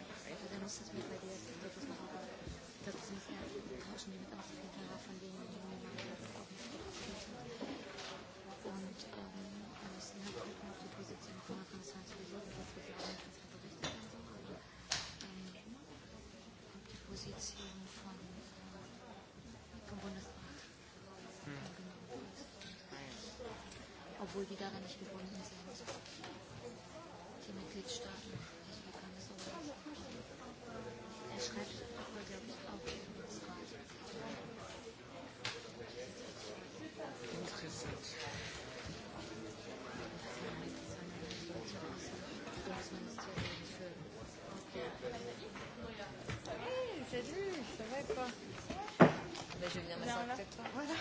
Danach ist mir bei dir, das ist noch das ist nicht mehr tauschen die mit aus dem Fahrer von denen, die man auch nicht Und ähm, müssen halt gucken auf die Position von der Kommissarsvision, was wir sagen, was wir berichtet haben, sondern ähm, die Position von, äh, vom Bundesrat hm. genommen wird. Obwohl die daran nicht gebunden sind. Die Mitgliedstaaten voilà.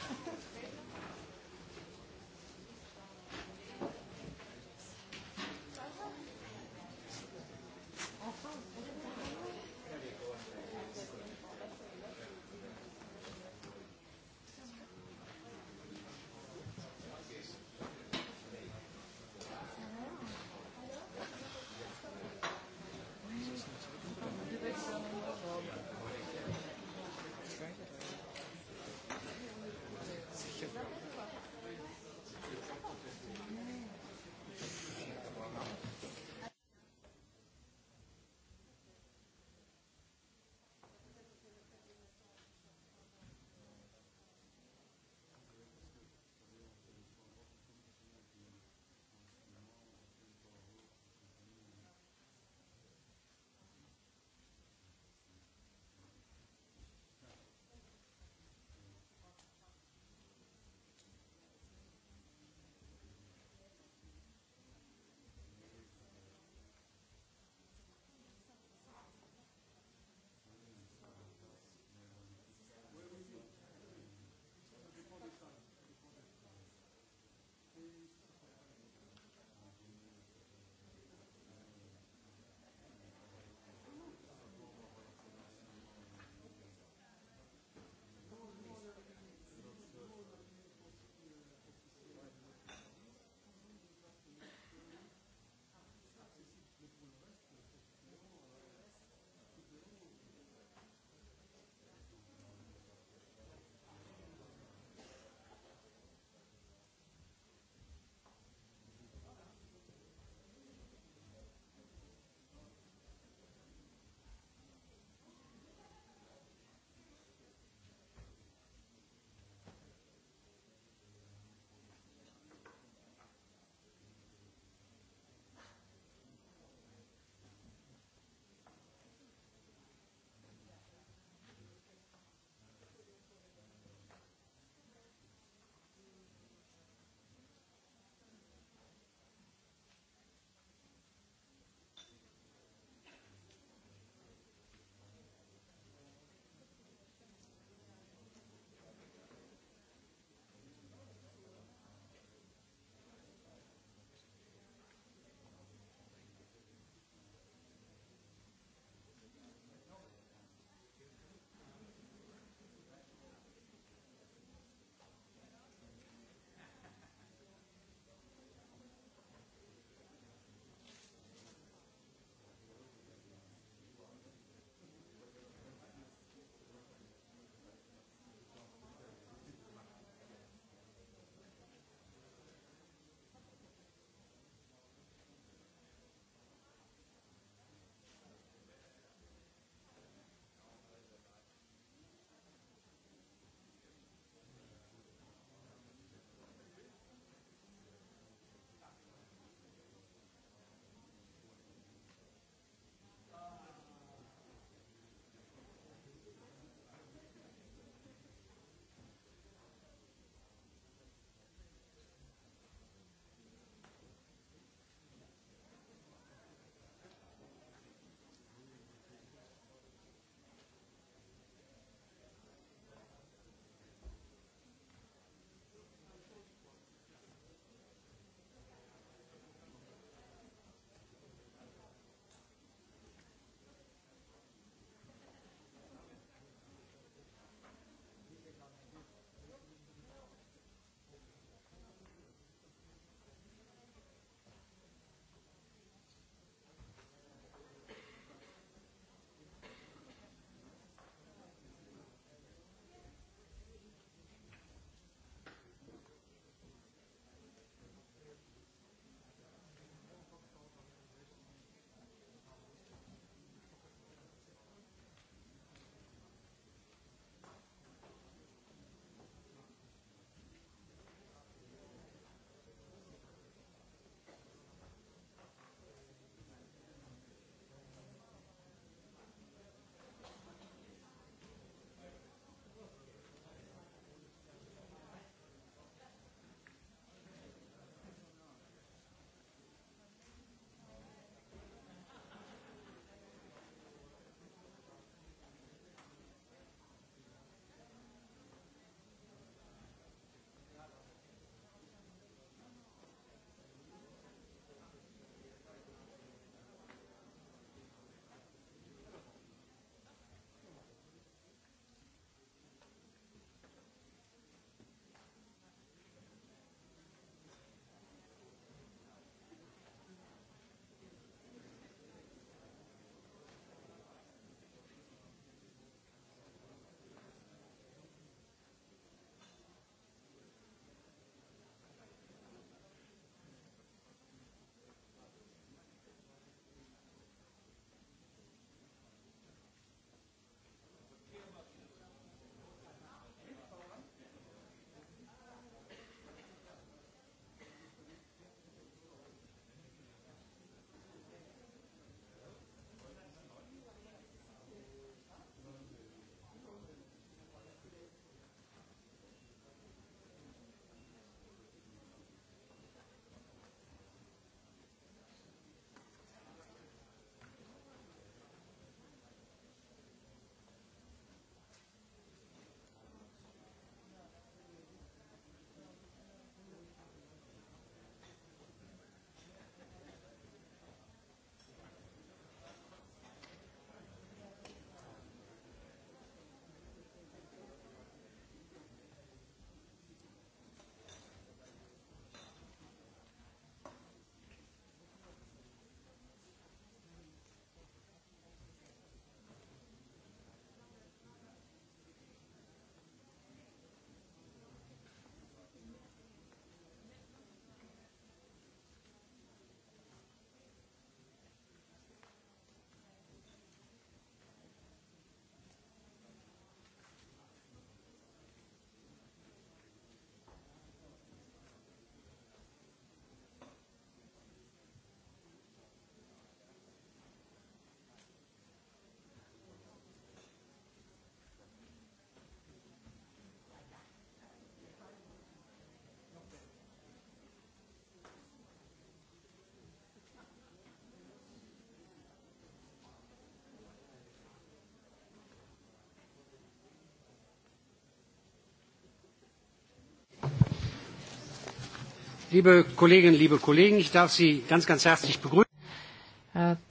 Liebe Kolleginnen, liebe Kollegen, ich darf Sie ganz, ganz herzlich begrüßen.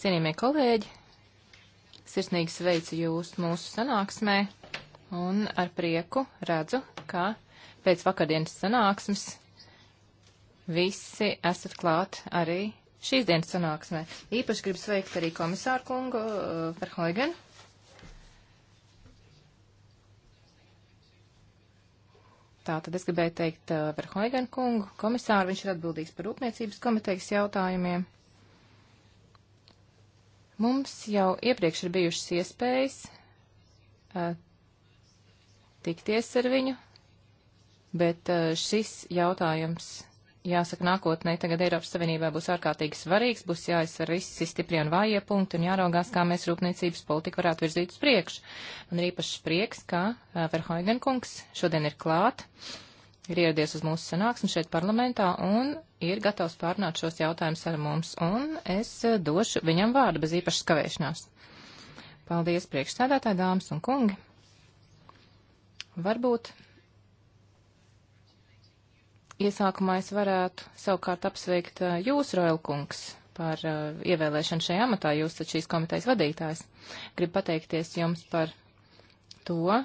Cienījamie kolēģi, sirsnīgi sveicu jūs mūsu sanāksmē un ar prieku redzu, ka pēc vakardienas sanāksmes visi esat klāt arī šīs dienas sanāksmē. Īpaši gribu sveikt arī komisāru kungu Verhoigenu. Uh, Tātad es gribēju teikt uh, Verhoigan kungu, komisāru, viņš ir atbildīgs par rūpniecības komitejas jautājumiem. Mums jau iepriekš ir bijušas iespējas uh, tikties ar viņu, bet uh, šis jautājums jāsaka, nākotnē tagad Eiropas Savienībā būs ārkārtīgi svarīgs, būs jāizsver visi stiprie un vājie punkti un jāraugās, kā mēs rūpniecības politiku varētu virzīt uz priekšu. Man ir īpašs prieks, ka uh, Verhoigen kungs šodien ir klāt, ir ieradies uz mūsu sanāksmi šeit parlamentā un ir gatavs pārnāt šos jautājumus ar mums, un es uh, došu viņam vārdu bez īpašas kavēšanās. Paldies, priekšsēdētāji, dāmas un kungi! Varbūt Iesākumā es varētu savukārt apsveikt jūs, Roilkungs, par uh, ievēlēšanu šajā amatā. Jūs taču šīs komitejas vadītājs. Gribu pateikties jums par to,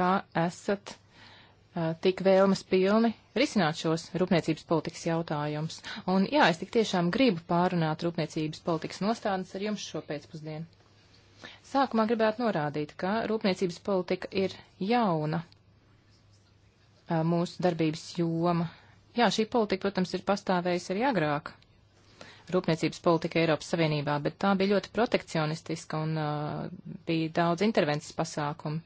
kā esat uh, tik vēlmes pilni risināt šos rūpniecības politikas jautājumus. Un jā, es tik tiešām gribu pārunāt rūpniecības politikas nostādnes ar jums šo pēcpusdienu. Sākumā gribētu norādīt, ka rūpniecības politika ir jauna uh, mūsu darbības joma Jā, šī politika, protams, ir pastāvējusi arī agrāk. Rūpniecības politika Eiropas Savienībā, bet tā bija ļoti protekcionistiska un uh, bija daudz intervences pasākumu.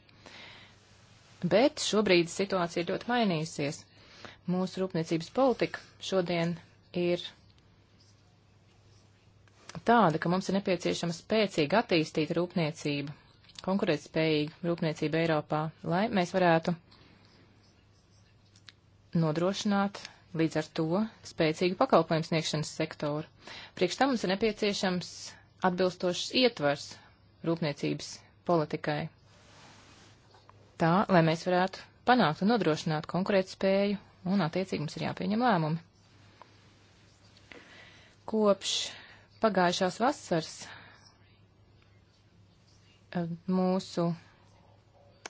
Bet šobrīd situācija ir ļoti mainījusies. Mūsu rūpniecības politika šodien ir tāda, ka mums ir nepieciešama spēcīga attīstīta rūpniecība, konkurētspējīga rūpniecība Eiropā, lai mēs varētu nodrošināt līdz ar to spēcīgu pakalpojumu sniegšanas sektoru. Priekš tam mums ir nepieciešams atbilstošs ietvars rūpniecības politikai. Tā, lai mēs varētu panākt un nodrošināt konkurēt spēju, un attiecīgi mums ir jāpieņem lēmumi. Kopš pagājušās vasaras eh, mūsu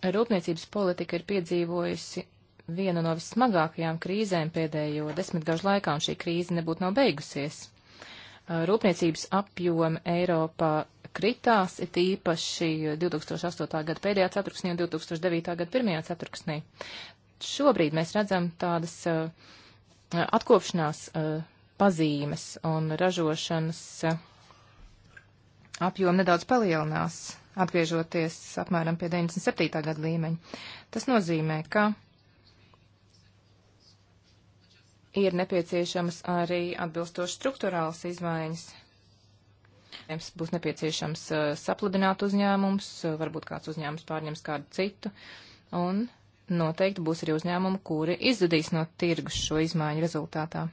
rūpniecības politika ir piedzīvojusi viena no vissmagākajām krīzēm pēdējo desmitgažu laikā, un šī krīze nebūtu nav beigusies. Rūpniecības apjomi Eiropā kritās, it īpaši 2008. gada pēdējā ceturksnī un 2009. gada pirmajā ceturksnī. Šobrīd mēs redzam tādas uh, atkopšanās uh, pazīmes un ražošanas uh, apjomi nedaudz palielinās, atgriežoties apmēram pie 97. gada līmeņa. Tas nozīmē, ka ir nepieciešamas arī atbilstošas struktūrālas izmaiņas. Jums būs nepieciešams uh, sapludināt uzņēmums, uh, varbūt kāds uzņēmums pārņems kādu citu, un noteikti būs arī uzņēmumi, kuri izzudīs no tirgus šo izmaiņu rezultātā.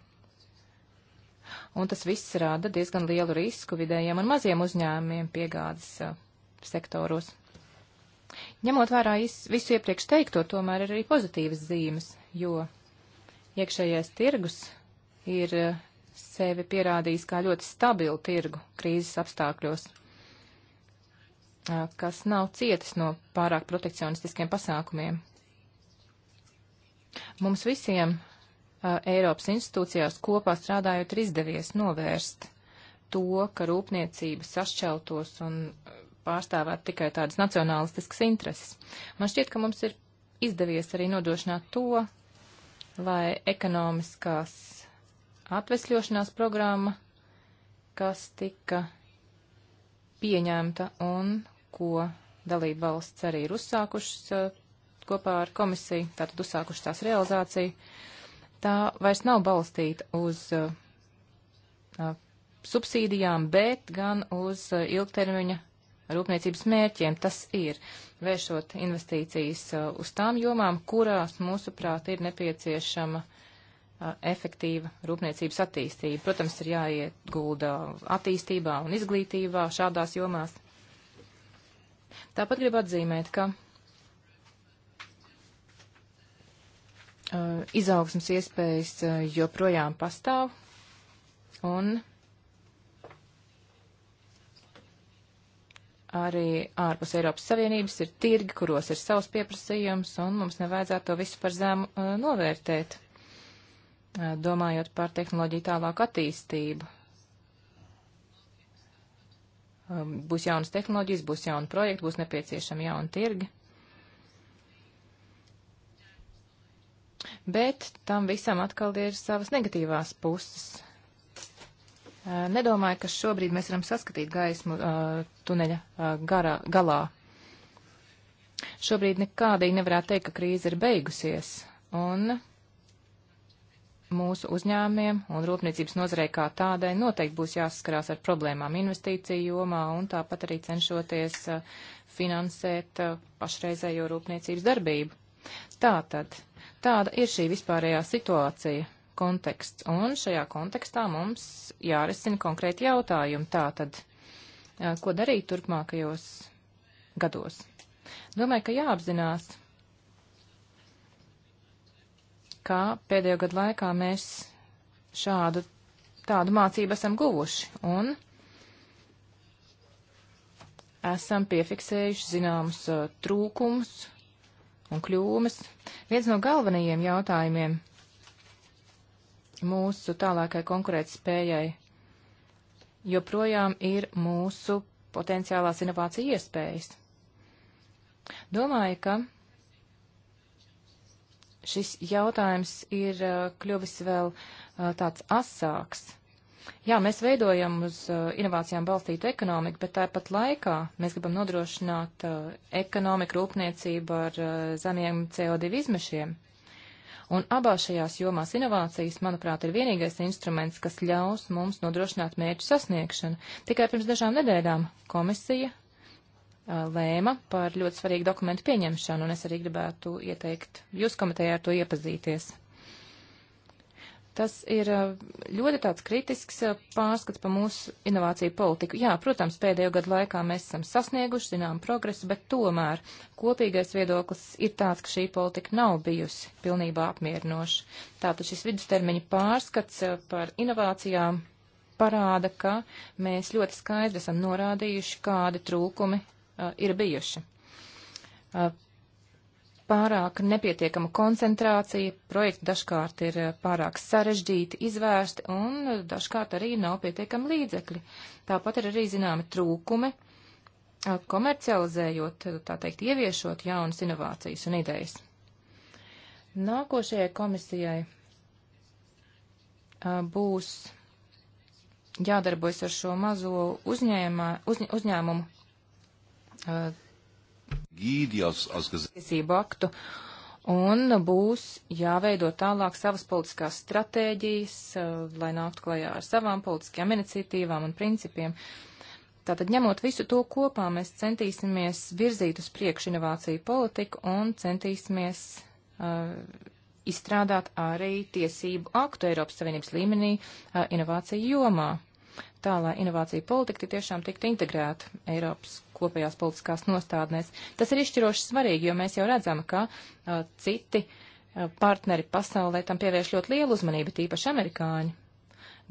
Un tas viss rada diezgan lielu risku vidējiem un maziem uzņēmumiem piegādes uh, sektoros. Ņemot vērā visu iepriekš teikto, tomēr ir arī pozitīvas zīmes, jo Iekšējais tirgus ir eh, sevi pierādījis kā ļoti stabilu tirgu krīzes apstākļos, eh, kas nav cietis no pārāk protekcionistiskiem pasākumiem. Mums visiem eh, Eiropas institūcijās kopā strādājot ir izdevies novērst to, ka rūpniecība sašķeltos un pārstāvēt tikai tādas nacionālistiskas intereses. Man šķiet, ka mums ir izdevies arī nodrošināt to, lai ekonomiskās atvesļošanās programma, kas tika pieņemta un ko dalība valsts arī ir uzsākušas eh, kopā ar komisiju, tātad uzsākušas tās realizāciju, tā vairs nav balstīta uz eh, eh, subsīdijām, bet gan uz ilgtermiņa rūpniecības mērķiem. Tas ir vēršot investīcijas uh, uz tām jomām, kurās, mūsuprāt, ir nepieciešama uh, efektīva rūpniecības attīstība. Protams, ir jāiegulda attīstībā un izglītībā šādās jomās. Tāpat gribu atzīmēt, ka uh, izaugsmas iespējas uh, joprojām pastāv un arī ārpus Eiropas Savienības ir tirgi, kuros ir savs pieprasījums, un mums nevajadzētu to visu par zemu uh, novērtēt, uh, domājot par tehnoloģiju tālāku attīstību. Uh, būs jaunas tehnoloģijas, būs jauni projekti, būs nepieciešami jauni tirgi. Bet tam visam atkal ir savas negatīvās puses Eh, nedomāju, ka šobrīd mēs varam saskatīt gaismu eh, tuneļa eh, garā, galā. Šobrīd nekādīgi nevarētu teikt, ka krīze ir beigusies, un mūsu uzņēmumiem un rūpniecības nozarei kā tādai noteikti būs jāsaskarās ar problēmām investīciju jomā un tāpat arī cenšoties finansēt pašreizējo rūpniecības darbību. Tātad, tāda ir šī vispārējā situācija konteksts, un šajā kontekstā mums jārisina konkrēti jautājumi. Tā tad, ko darīt turpmākajos gados? Domāju, ka jāapzinās, kā pēdējo gadu laikā mēs šādu tādu mācību esam guvuši, un esam piefiksējuši zināmus uh, trūkumus un kļūmes. Viens no galvenajiem jautājumiem mūsu tālākai konkurētspējai, joprojām ir mūsu potenciālās inovācija iespējas. Domāju, ka šis jautājums ir uh, kļuvis vēl uh, tāds asāks. Jā, mēs veidojam uz uh, inovācijām balstītu ekonomiku, bet tāpat laikā mēs gribam nodrošināt ekonomiku rūpniecību ar zemiem CO2 izmešiem. Un abās šajās jomās inovācijas, manuprāt, ir vienīgais instruments, kas ļaus mums nodrošināt mērķu sasniegšanu. Tikai pirms dažām nedēļām komisija a, lēma par ļoti svarīgu dokumentu pieņemšanu, un es arī gribētu ieteikt jūs komitejā ar to iepazīties. Tas ir eh, ļoti tāds kritisks eh, pārskats par mūsu inovāciju politiku. Jā, protams, pēdējo gadu laikā mēs esam sasnieguši zinām progresu, bet tomēr kopīgais viedoklis ir tāds, ka šī politika nav bijusi pilnībā apmierinoša. Tātad šis vidustermiņa pārskats eh, par inovācijām parāda, ka mēs ļoti skaidri esam norādījuši, kādi trūkumi uh, ir bijuši. Uh, pārāk nepietiekama koncentrācija, projekti dažkārt ir eh, pārāk sarežģīti, izvērsti un eh, dažkārt arī nav pietiekami līdzekļi. Tāpat ir arī zināmi trūkumi, eh, komercializējot, tā teikt, ieviešot jaunas inovācijas un idejas. Nākošajai komisijai būs jādarbojas ar šo mazo uzņēmā, uz, uzņēmumu tiesību aktu un būs jāveido tālāk savas politiskās stratēģijas, eh, lai nāktu klajā ar savām politiskajām iniciatīvām un principiem. Tātad ņemot visu to kopā, mēs centīsimies virzīt uz priekšu inovāciju politiku un centīsimies uh, izstrādāt arī tiesību aktu Eiropas Savienības līmenī uh, inovāciju jomā, tā lai inovācija politika tiešām tiktu integrēta Eiropas kopējās politiskās nostādnēs. Tas ir izšķiroši svarīgi, jo mēs jau redzam, ka uh, citi uh, partneri pasaulē tam pievērš ļoti lielu uzmanību, tīpaši amerikāņi.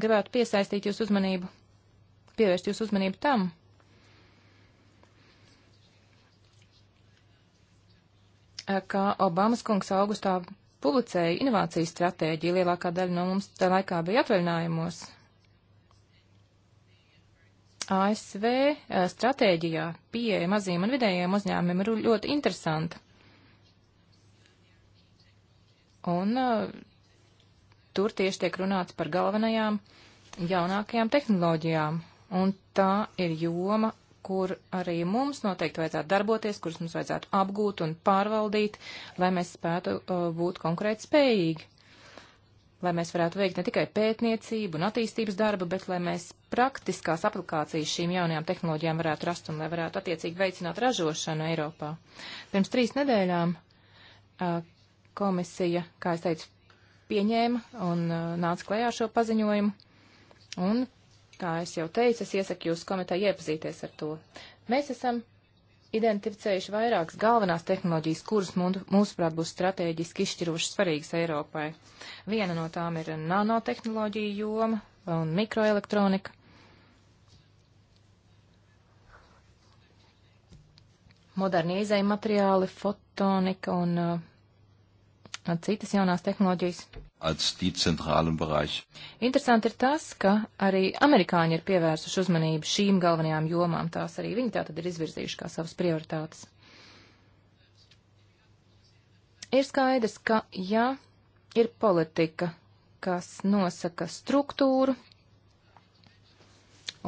Gribētu piesaistīt jūsu uzmanību, pievērst jūsu uzmanību tam, uh, ka Obamas kungs augustā publicēja inovāciju stratēģiju, lielākā daļa no mums tajā laikā bija atvaļinājumos, ASV stratēģijā pieeja maziem un vidējiem uzņēmumiem ir ļoti interesanta. Un uh, tur tieši tiek runāts par galvenajām jaunākajām tehnoloģijām. Un tā ir joma, kur arī mums noteikti vajadzētu darboties, kuras mums vajadzētu apgūt un pārvaldīt, lai mēs spētu uh, būt konkurēt spējīgi lai mēs varētu veikt ne tikai pētniecību un attīstības darbu, bet lai mēs praktiskās aplikācijas šīm jaunajām tehnoloģijām varētu rast un lai varētu attiecīgi veicināt ražošanu Eiropā. Pirms trīs nedēļām komisija, kā es teicu, pieņēma un nāca klajā šo paziņojumu. Un, kā es jau teicu, es iesaku jūs komitē iepazīties ar to. Mēs esam identificējuši vairākas galvenās tehnoloģijas, kuras mūsuprāt būs strateģiski izšķiroši svarīgas Eiropai. Viena no tām ir nanotehnoloģija joma un mikroelektronika. Modernie izēja materiāli, fotonika un uh, citas jaunās tehnoloģijas. Interesanti ir tas, ka arī amerikāņi ir pievērsuši uzmanību šīm galvenajām jomām. Tās arī viņi tātad ir izvirzījuši kā savas prioritātes. Ir skaidrs, ka ja ir politika, kas nosaka struktūru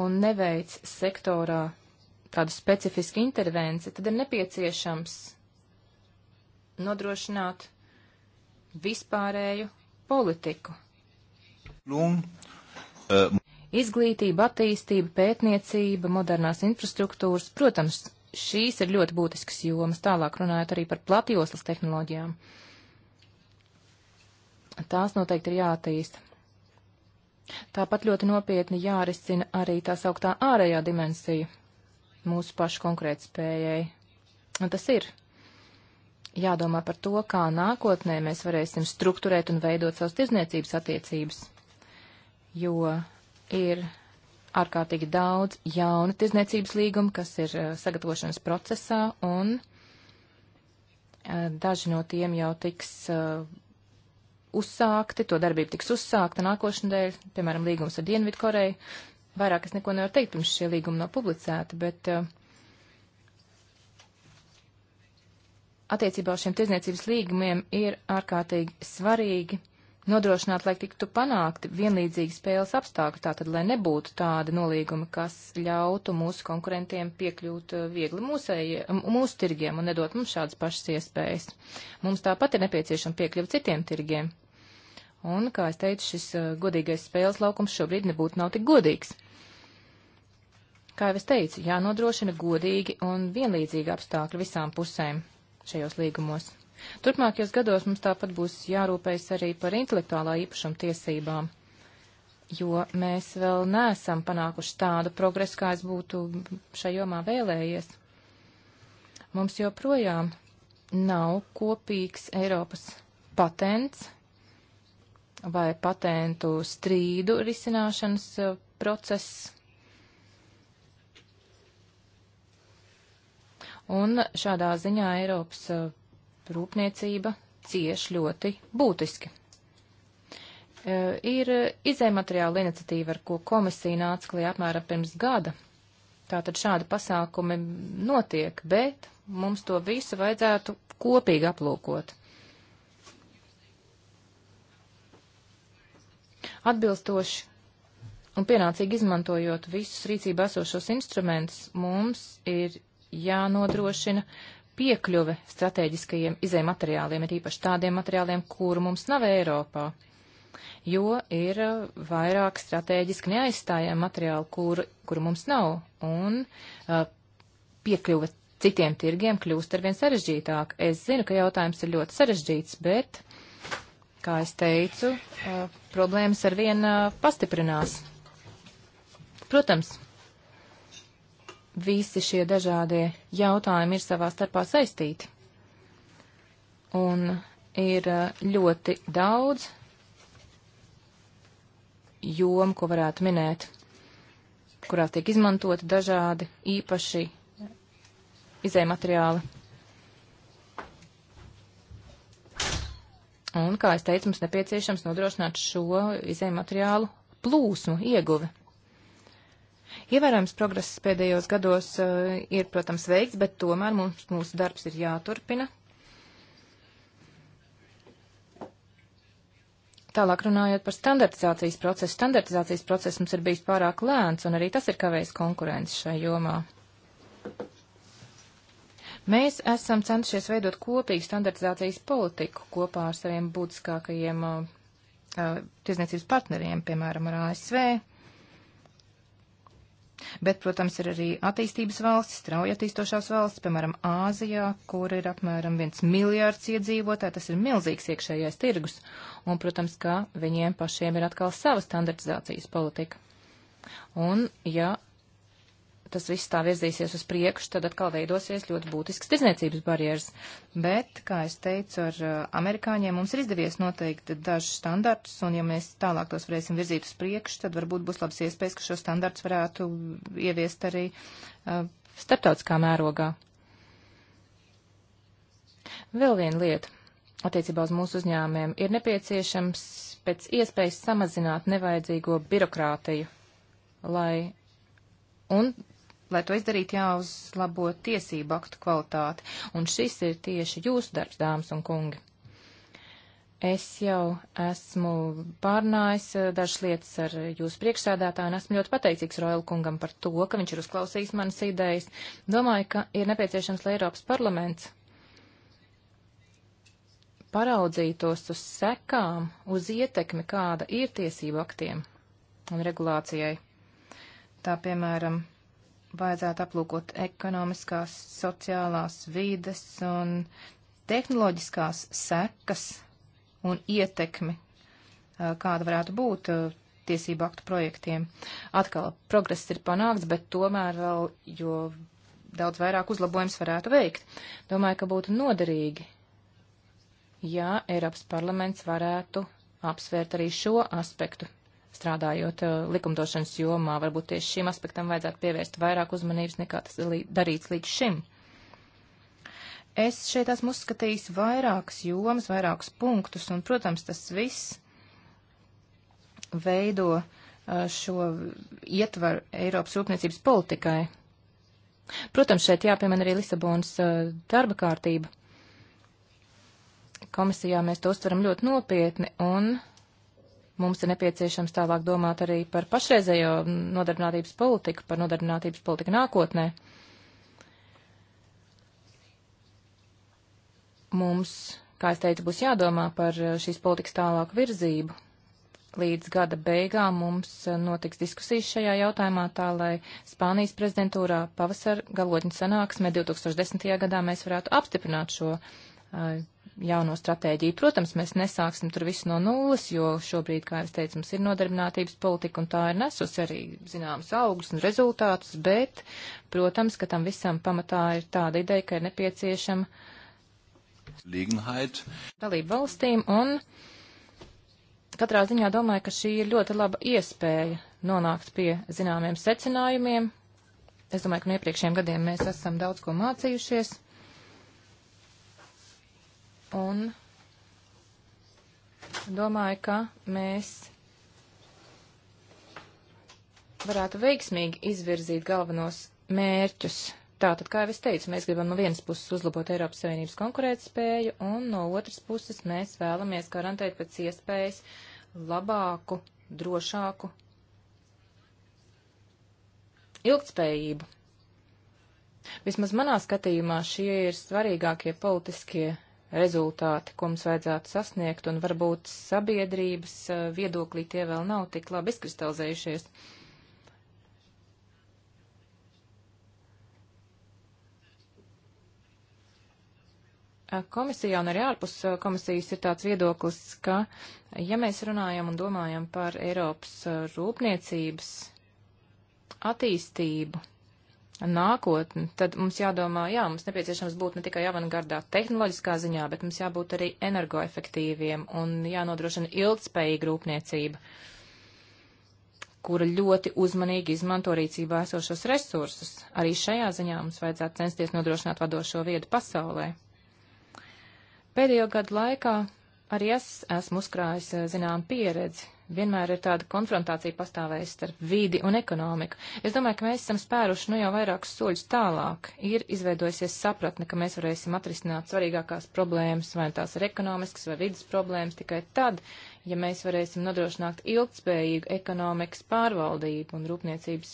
un neveic sektorā tādu specifisku intervenciju, tad ir nepieciešams nodrošināt vispārēju politiku. Lung, uh, Izglītība, attīstība, pētniecība, modernās infrastruktūras, protams, šīs ir ļoti būtiskas jomas, tālāk runājot arī par platjoslas tehnoloģijām. Tās noteikti ir jātīsta. Tāpat ļoti nopietni jārisina arī tā sauktā ārējā dimensija mūsu pašu konkrētspējai. Un tas ir jādomā par to, kā nākotnē mēs varēsim strukturēt un veidot savas tirzniecības attiecības, jo ir ārkārtīgi daudz jaunu tirzniecības līgumu, kas ir eh, sagatavošanas procesā, un eh, daži no tiem jau tiks eh, uzsākti, to darbību tiks uzsākta nākošanadēļ, piemēram, līgums ar Dienvidkoreju. Vairāk es neko nevaru teikt, pirms šie līgumi nav publicēti, bet uh, attiecībā uz šiem tirdzniecības līgumiem ir ārkārtīgi svarīgi nodrošināt, lai tiktu panākti vienlīdzīgi spēles apstākļi, tātad, lai nebūtu tādi nolīgumi, kas ļautu mūsu konkurentiem piekļūt uh, viegli mūsēji, mūsu tirgiem un nedot mums šādas pašas iespējas. Mums tāpat ir nepieciešama piekļuva citiem tirgiem. Un, kā es teicu, šis uh, godīgais spēles laukums šobrīd nebūtu nav tik godīgs. Kā jau es teicu, jānodrošina godīgi un vienlīdzīgi apstākļi visām pusēm šajos līgumos. Turpmākajos gados mums tāpat būs jārūpējas arī par intelektuālā īpašuma tiesībām, jo mēs vēl neesam panākuši tādu progresu, kā es būtu šajā jomā vēlējies. Mums joprojām nav kopīgs Eiropas patents vai patentu strīdu risināšanas eh, process un šādā ziņā Eiropas uh, rūpniecība cieš ļoti būtiski. Uh, ir izējumateriāla iniciatīva, ar ko komisija nāca klajā apmēram pirms gada. Tātad šādi pasākumi notiek, bet mums to visu vajadzētu kopīgi aplūkot. Atbilstoši un pienācīgi izmantojot visus rīcībā esošos instrumentus, mums ir jānodrošina piekļuve strateģiskajiem izējumateriāliem, ir īpaši tādiem materiāliem, kuru mums nav Eiropā, jo ir uh, vairāk strateģiski neaizstājami materiāli, kuru, kuru mums nav, un uh, piekļuve citiem tirgiem kļūst arvien sarežģītāk. Es zinu, ka jautājums ir ļoti sarežģīts, bet, kā es teicu, uh, problēmas arvien uh, pastiprinās. Protams, visi šie dažādie jautājumi ir savā starpā saistīti. Un ir eh, ļoti daudz jomu, ko varētu minēt, kurās tiek izmantoti dažādi īpaši izēja materiāli. Un, kā es teicu, mums nepieciešams nodrošināt šo izēja materiālu plūsmu ieguvi. Ievērojams progress pēdējos gados uh, ir, protams, veikts, bet tomēr mums, mūsu darbs ir jāturpina. Tālāk runājot par standartizācijas procesu. Standartizācijas process mums ir bijis pārāk lēns, un arī tas ir kavējis konkurences šai jomā. Mēs esam centušies veidot kopīgu standartizācijas politiku kopā ar saviem būtiskākajiem uh, eh, uh, eh, tiesniecības partneriem, piemēram, ar ASV, Bet, protams, ir arī attīstības valstis, strauji attīstošās valstis, piemēram, Āzijā, kur ir apmēram viens miljārds iedzīvotāji, tas ir milzīgs iekšējais tirgus. Un, protams, ka viņiem pašiem ir atkal sava standartizācijas politika. Un, ja tas viss tā virzīsies uz priekšu, tad atkal veidosies ļoti būtisks tirzniecības barjeras. Bet, kā es teicu, ar uh, amerikāņiem mums ir izdevies noteikt dažus standartus, un ja mēs tālāk tos varēsim virzīt uz priekšu, tad varbūt būs labs iespējas, ka šo standartus varētu ieviest arī uh, starptautiskā mērogā. Vēl viena lieta attiecībā uz mūsu uzņēmumiem ir nepieciešams pēc iespējas samazināt nevajadzīgo birokrātiju, lai un lai to izdarītu, jāuzlabo tiesību aktu kvalitāti, un šis ir tieši jūsu darbs, dāmas un kungi. Es jau esmu pārnājis eh, dažas lietas ar jūsu priekšsēdētāju un esmu ļoti pateicīgs Roila kungam par to, ka viņš ir uzklausījis manas idejas. Domāju, ka ir nepieciešams, lai Eiropas parlaments paraudzītos uz sekām, uz ietekmi, kāda ir tiesību aktiem un regulācijai. Tā piemēram, vajadzētu aplūkot ekonomiskās, sociālās, vīdes un tehnoloģiskās sekas un ietekmi, kāda varētu būt tiesību aktu projektiem. Atkal progress ir panākts, bet tomēr vēl, jo daudz vairāk uzlabojums varētu veikt. Domāju, ka būtu noderīgi, ja Eiropas parlaments varētu apsvērt arī šo aspektu strādājot eh, likumdošanas jomā. Varbūt tieši šim aspektam vajadzētu pievērst vairāk uzmanības nekā tas darīts līdz šim. Es šeit esmu uzskatījis vairākas jomas, vairākus punktus, un, protams, tas viss veido eh, šo ietvaru Eiropas rūpniecības politikai. Protams, šeit jāpiemina arī Lisabonas eh, darba kārtība. Komisijā mēs to uztveram ļoti nopietni, un mums ir nepieciešams tālāk domāt arī par pašreizējo nodarbinātības politiku, par nodarbinātības politiku nākotnē. Mums, kā es teicu, būs jādomā par šīs politikas tālāku virzību. Līdz gada beigām mums notiks diskusijas šajā jautājumā, tā lai Spānijas prezidentūrā pavasara galotņu sanāksmē 2010. gadā mēs varētu apstiprināt šo uh, Uh, jauno stratēģiju. Protams, mēs nesāksim tur visu no nulles, jo šobrīd, kā es teicu, mums ir nodarbinātības politika un tā ir nesusi arī zināmas augļus un rezultātus, bet, protams, ka tam visam pamatā ir tāda ideja, ka ir nepieciešama dalība valstīm un katrā ziņā domāju, ka šī ir ļoti laba iespēja nonākt pie zināmiem secinājumiem. Es domāju, ka no iepriekšējiem gadiem mēs esam daudz ko mācījušies. Un domāju, ka mēs varētu veiksmīgi izvirzīt galvenos mērķus. Tātad, kā jau es teicu, mēs gribam no vienas puses uzlabot Eiropas Savienības konkurētspēju, un no otras puses mēs vēlamies garantēt pēc iespējas labāku, drošāku ilgtspējību. Vismaz manā skatījumā šie ir svarīgākie politiskie rezultāti, ko mums vajadzētu sasniegt, un varbūt sabiedrības eh, viedoklī tie vēl nav tik labi izkristalizējušies. Eh, komisijā un arī ārpus eh, komisijas ir tāds viedoklis, ka, ja mēs runājam un domājam par Eiropas rūpniecības attīstību, nākotni, tad mums jādomā, jā, mums nepieciešams būt ne tikai avangardā tehnoloģiskā ziņā, bet mums jābūt arī energoefektīviem un jānodrošina ilgspējīga rūpniecība, kura ļoti uzmanīgi izmanto rīcībā esošos resursus. Arī šajā ziņā mums vajadzētu censties nodrošināt vadošo vietu pasaulē. Pēdējo gadu laikā arī es esmu uzkrājis zinām pieredzi vienmēr ir tāda konfrontācija pastāvējusi starp vīdi un ekonomiku. Es domāju, ka mēs esam spēruši nu jau vairākus soļus tālāk. Ir izveidojusies sapratne, ka mēs varēsim atrisināt svarīgākās problēmas, vai nu tās ir ekonomiskas vai vidas problēmas, tikai tad, ja mēs varēsim nodrošināt ilgspējīgu ekonomikas pārvaldību un rūpniecības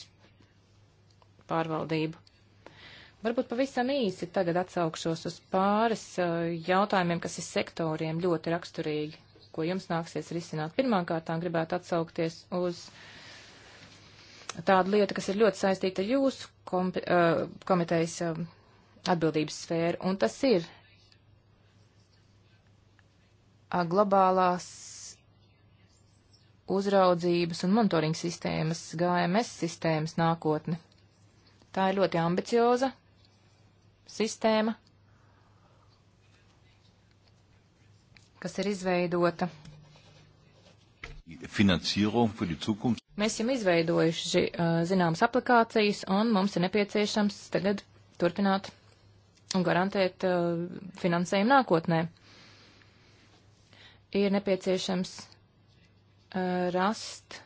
pārvaldību. Varbūt pavisam īsi tagad atsaukšos uz pāris uh, jautājumiem, kas ir sektoriem ļoti raksturīgi ko jums nāksies risināt. Pirmkārtām gribētu atsaukties uz tādu lietu, kas ir ļoti saistīta ar jūsu kompi, uh, komitejas uh, atbildības sfēru, un tas ir uh, globālās uzraudzības un monitoringa sistēmas, GMS sistēmas nākotne. Tā ir ļoti ambicioza sistēma, kas ir izveidota. Mēs jau izveidojuši zināmas aplikācijas, un mums ir nepieciešams tagad turpināt un garantēt finansējumu nākotnē. Ir nepieciešams rast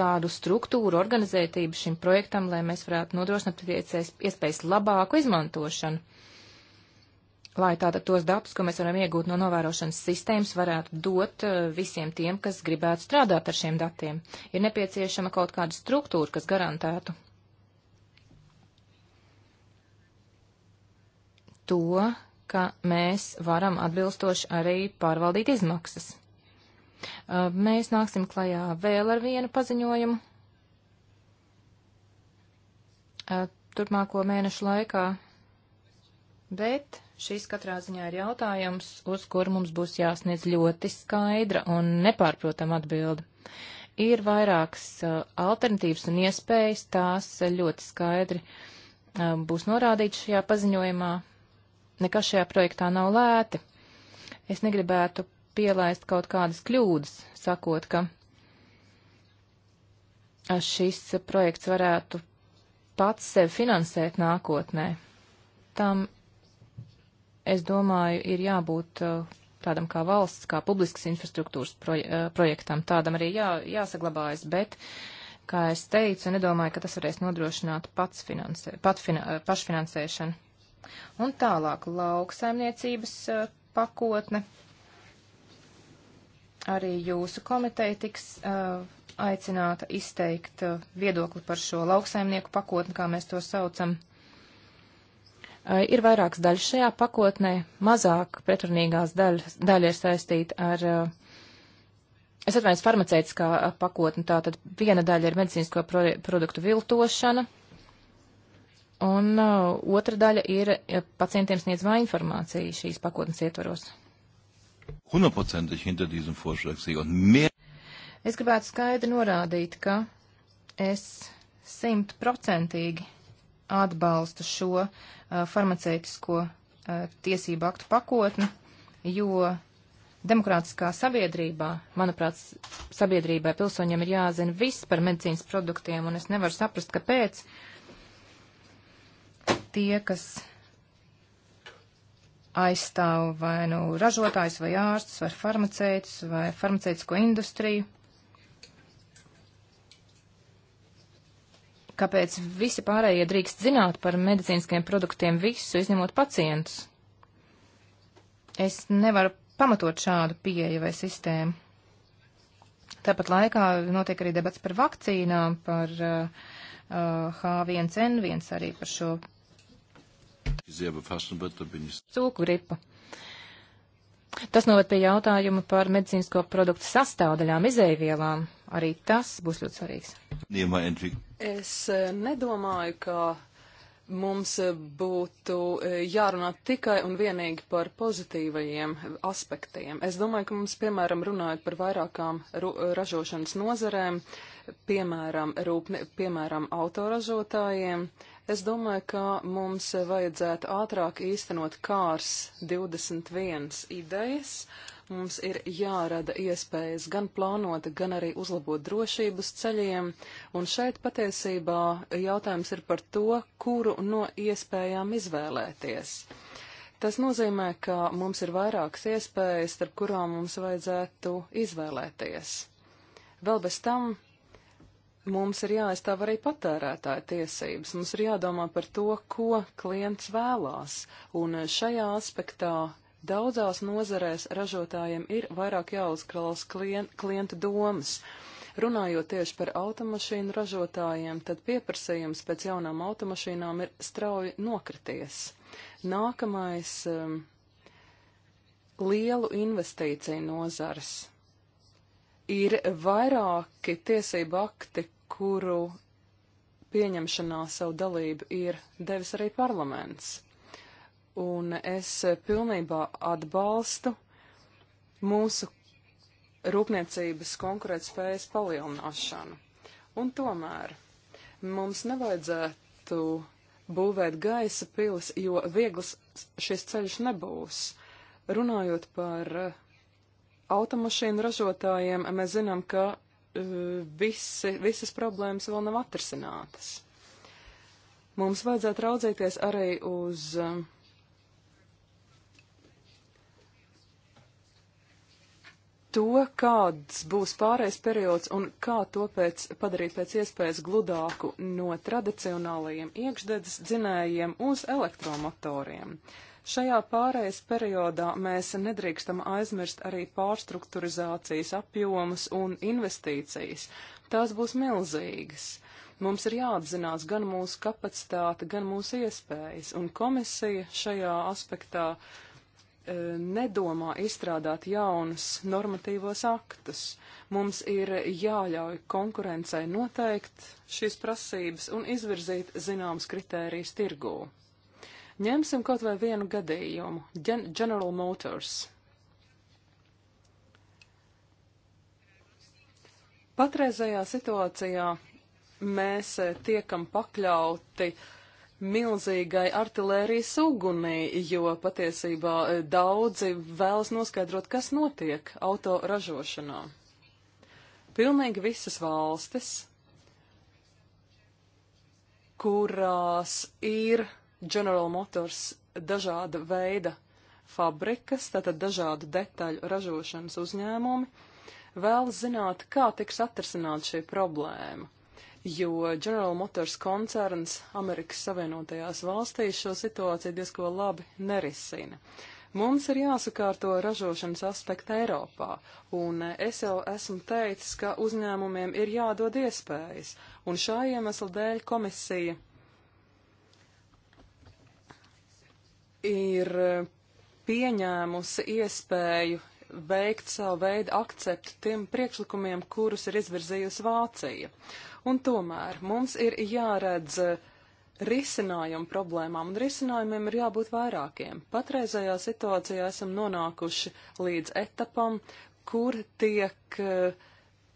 tādu struktūru, organizētību šim projektam, lai mēs varētu nodrošināt pēc iespējas labāku izmantošanu lai tātad tos datus, ko mēs varam iegūt no novērošanas sistēmas, varētu dot eh, visiem tiem, kas gribētu strādāt ar šiem datiem. Ir nepieciešama kaut kāda struktūra, kas garantētu to, ka mēs varam atbilstoši arī pārvaldīt izmaksas. Eh, mēs nāksim klajā vēl ar vienu paziņojumu. Eh, turpmāko mēnešu laikā, bet Šis katrā ziņā ir jautājums, uz kuru mums būs jāsniedz ļoti skaidra un nepārprotama atbilde. Ir vairākas uh, alternatīvas un iespējas, tās ļoti skaidri uh, būs norādītas šajā paziņojumā. Nekas šajā projektā nav lēti. Es negribētu pielaist kaut kādas kļūdas, sakot, ka uh, šis projekts varētu pats sevi finansēt nākotnē. Tam es domāju, ir jābūt uh, tādam kā valsts, kā publiskas infrastruktūras proj uh, projektam. Tādam arī jā, jāsaglabājas, bet, kā es teicu, nedomāju, ka tas varēs nodrošināt pats finansē, pat fina, uh, pašfinansēšanu. Un tālāk lauksaimniecības pakotne. Arī jūsu komiteja tiks uh, aicināta izteikt uh, viedokli par šo lauksaimnieku pakotni, kā mēs to saucam. Eh, ir vairākas daļas šajā pakotnē, mazāk pretrunīgās daļas, daļa ir saistīta ar, eh, es atvainojos, farmaceitiskā eh, pakotne, tātad viena daļa ir medicīnisko pro produktu viltošana, un otra daļa ir pacientiem sniedzamā informācija šīs pakotnes ietvaros. 100% hinter diesem Vorschlag sehe und mehr. Es gribētu skaidri norādīt, ka es simtprocentīgi atbalstu šo uh, farmaceitisko uh, tiesību aktu pakotni, jo demokrātiskā sabiedrībā, manuprāt, sabiedrībai pilsoņiem ir jāzina viss par medicīnas produktiem, un es nevaru saprast, kāpēc tie, kas aizstāv vai nu ražotājs vai ārsts vai farmaceitus vai farmaceitisko industriju, kāpēc visi pārējie drīkst zināt par medicīniskiem produktiem visu, izņemot pacientus. Es nevaru pamatot šādu pieeju vai sistēmu. Tāpat laikā notiek arī debats par vakcīnām, par uh, H1N1 uh, arī par šo cūku gripu. Tas novad pie jautājuma par medicīnisko produktu sastāvdaļām, izēvielām arī tas būs ļoti svarīgs. Es e, nedomāju, ka mums būtu e, jārunā tikai un vienīgi par pozitīvajiem aspektiem. Es domāju, ka mums, piemēram, runājot par vairākām ražošanas nozarēm, piemēram, rūpne, piemēram autoražotājiem, Es domāju, ka mums vajadzētu ātrāk īstenot kārs 21 idejas. Mums ir jārada iespējas gan plānot, gan arī uzlabot drošības ceļiem, un šeit patiesībā jautājums ir par to, kuru no iespējām izvēlēties. Tas nozīmē, ka mums ir vairākas iespējas, starp kurām mums vajadzētu izvēlēties. Vēl bez tam mums ir jāaizstāv arī patērētāja tiesības. Mums ir jādomā par to, ko klients vēlās. Un šajā aspektā daudzās nozarēs ražotājiem ir vairāk jāuzklaus klien, klienta domas. Runājot tieši par automašīnu ražotājiem, tad pieprasījums pēc jaunām automašīnām ir strauji nokrities. Nākamais um, - lielu investīciju nozars Ir vairāki tiesību akti, kuru pieņemšanā savu dalību ir devis arī parlaments. Un es pilnībā atbalstu mūsu rūpniecības konkurētspējas palielināšanu. Un tomēr mums nevajadzētu būvēt gaisa pils, jo viegls šis ceļš nebūs. Runājot par automašīnu ražotājiem mēs zinām, ka e, visi, visas problēmas vēl nav atrasinātas. Mums vajadzētu raudzīties arī uz e, to, kāds būs pārējais periods un kā to pēc, padarīt pēc iespējas gludāku no tradicionālajiem iekšdedzes dzinējiem uz elektromotoriem. Uh, Šajā pārējais periodā mēs nedrīkstam aizmirst arī pārstrukturizācijas apjomus un investīcijas. Tās būs milzīgas. Mums ir jāapzinās gan mūsu kapacitāte, gan mūsu iespējas, un komisija šajā aspektā e, nedomā izstrādāt jaunus normatīvos aktus. Mums ir jāļauj konkurencei noteikt šīs prasības un izvirzīt zināmas kritērijas tirgū. Ņemsim kaut vai vienu gadījumu Gen - General Motors. Patreizajā situācijā mēs eh, tiekam pakļauti milzīgai artilērijas ugunī, jo patiesībā eh, daudzi vēlas noskaidrot, kas notiek auto ražošanā. Pilnīgi visas valstis, kurās ir General Motors dažāda veida fabrikas, tātad dažādu detaļu ražošanas uzņēmumi, vēlas zināt, kā tiks atrisināt šī problēma, jo General Motors koncerns Amerikas Savienotajās valstīs šo situāciju diezko labi nerisina. Mums ir jāsakārto ražošanas aspekta Eiropā, un es jau esmu teicis, ka uzņēmumiem ir jādod iespējas, un šā iemesla dēļ komisija ir e, pieņēmusi iespēju veikt savu veidu akceptu tiem priekšlikumiem, kurus ir izvirzījusi Vācija. Un tomēr mums ir jāredz e, risinājumu problēmām, un risinājumiem ir jābūt vairākiem. Patreizajā situācijā esam nonākuši līdz etapam, kur tiek e,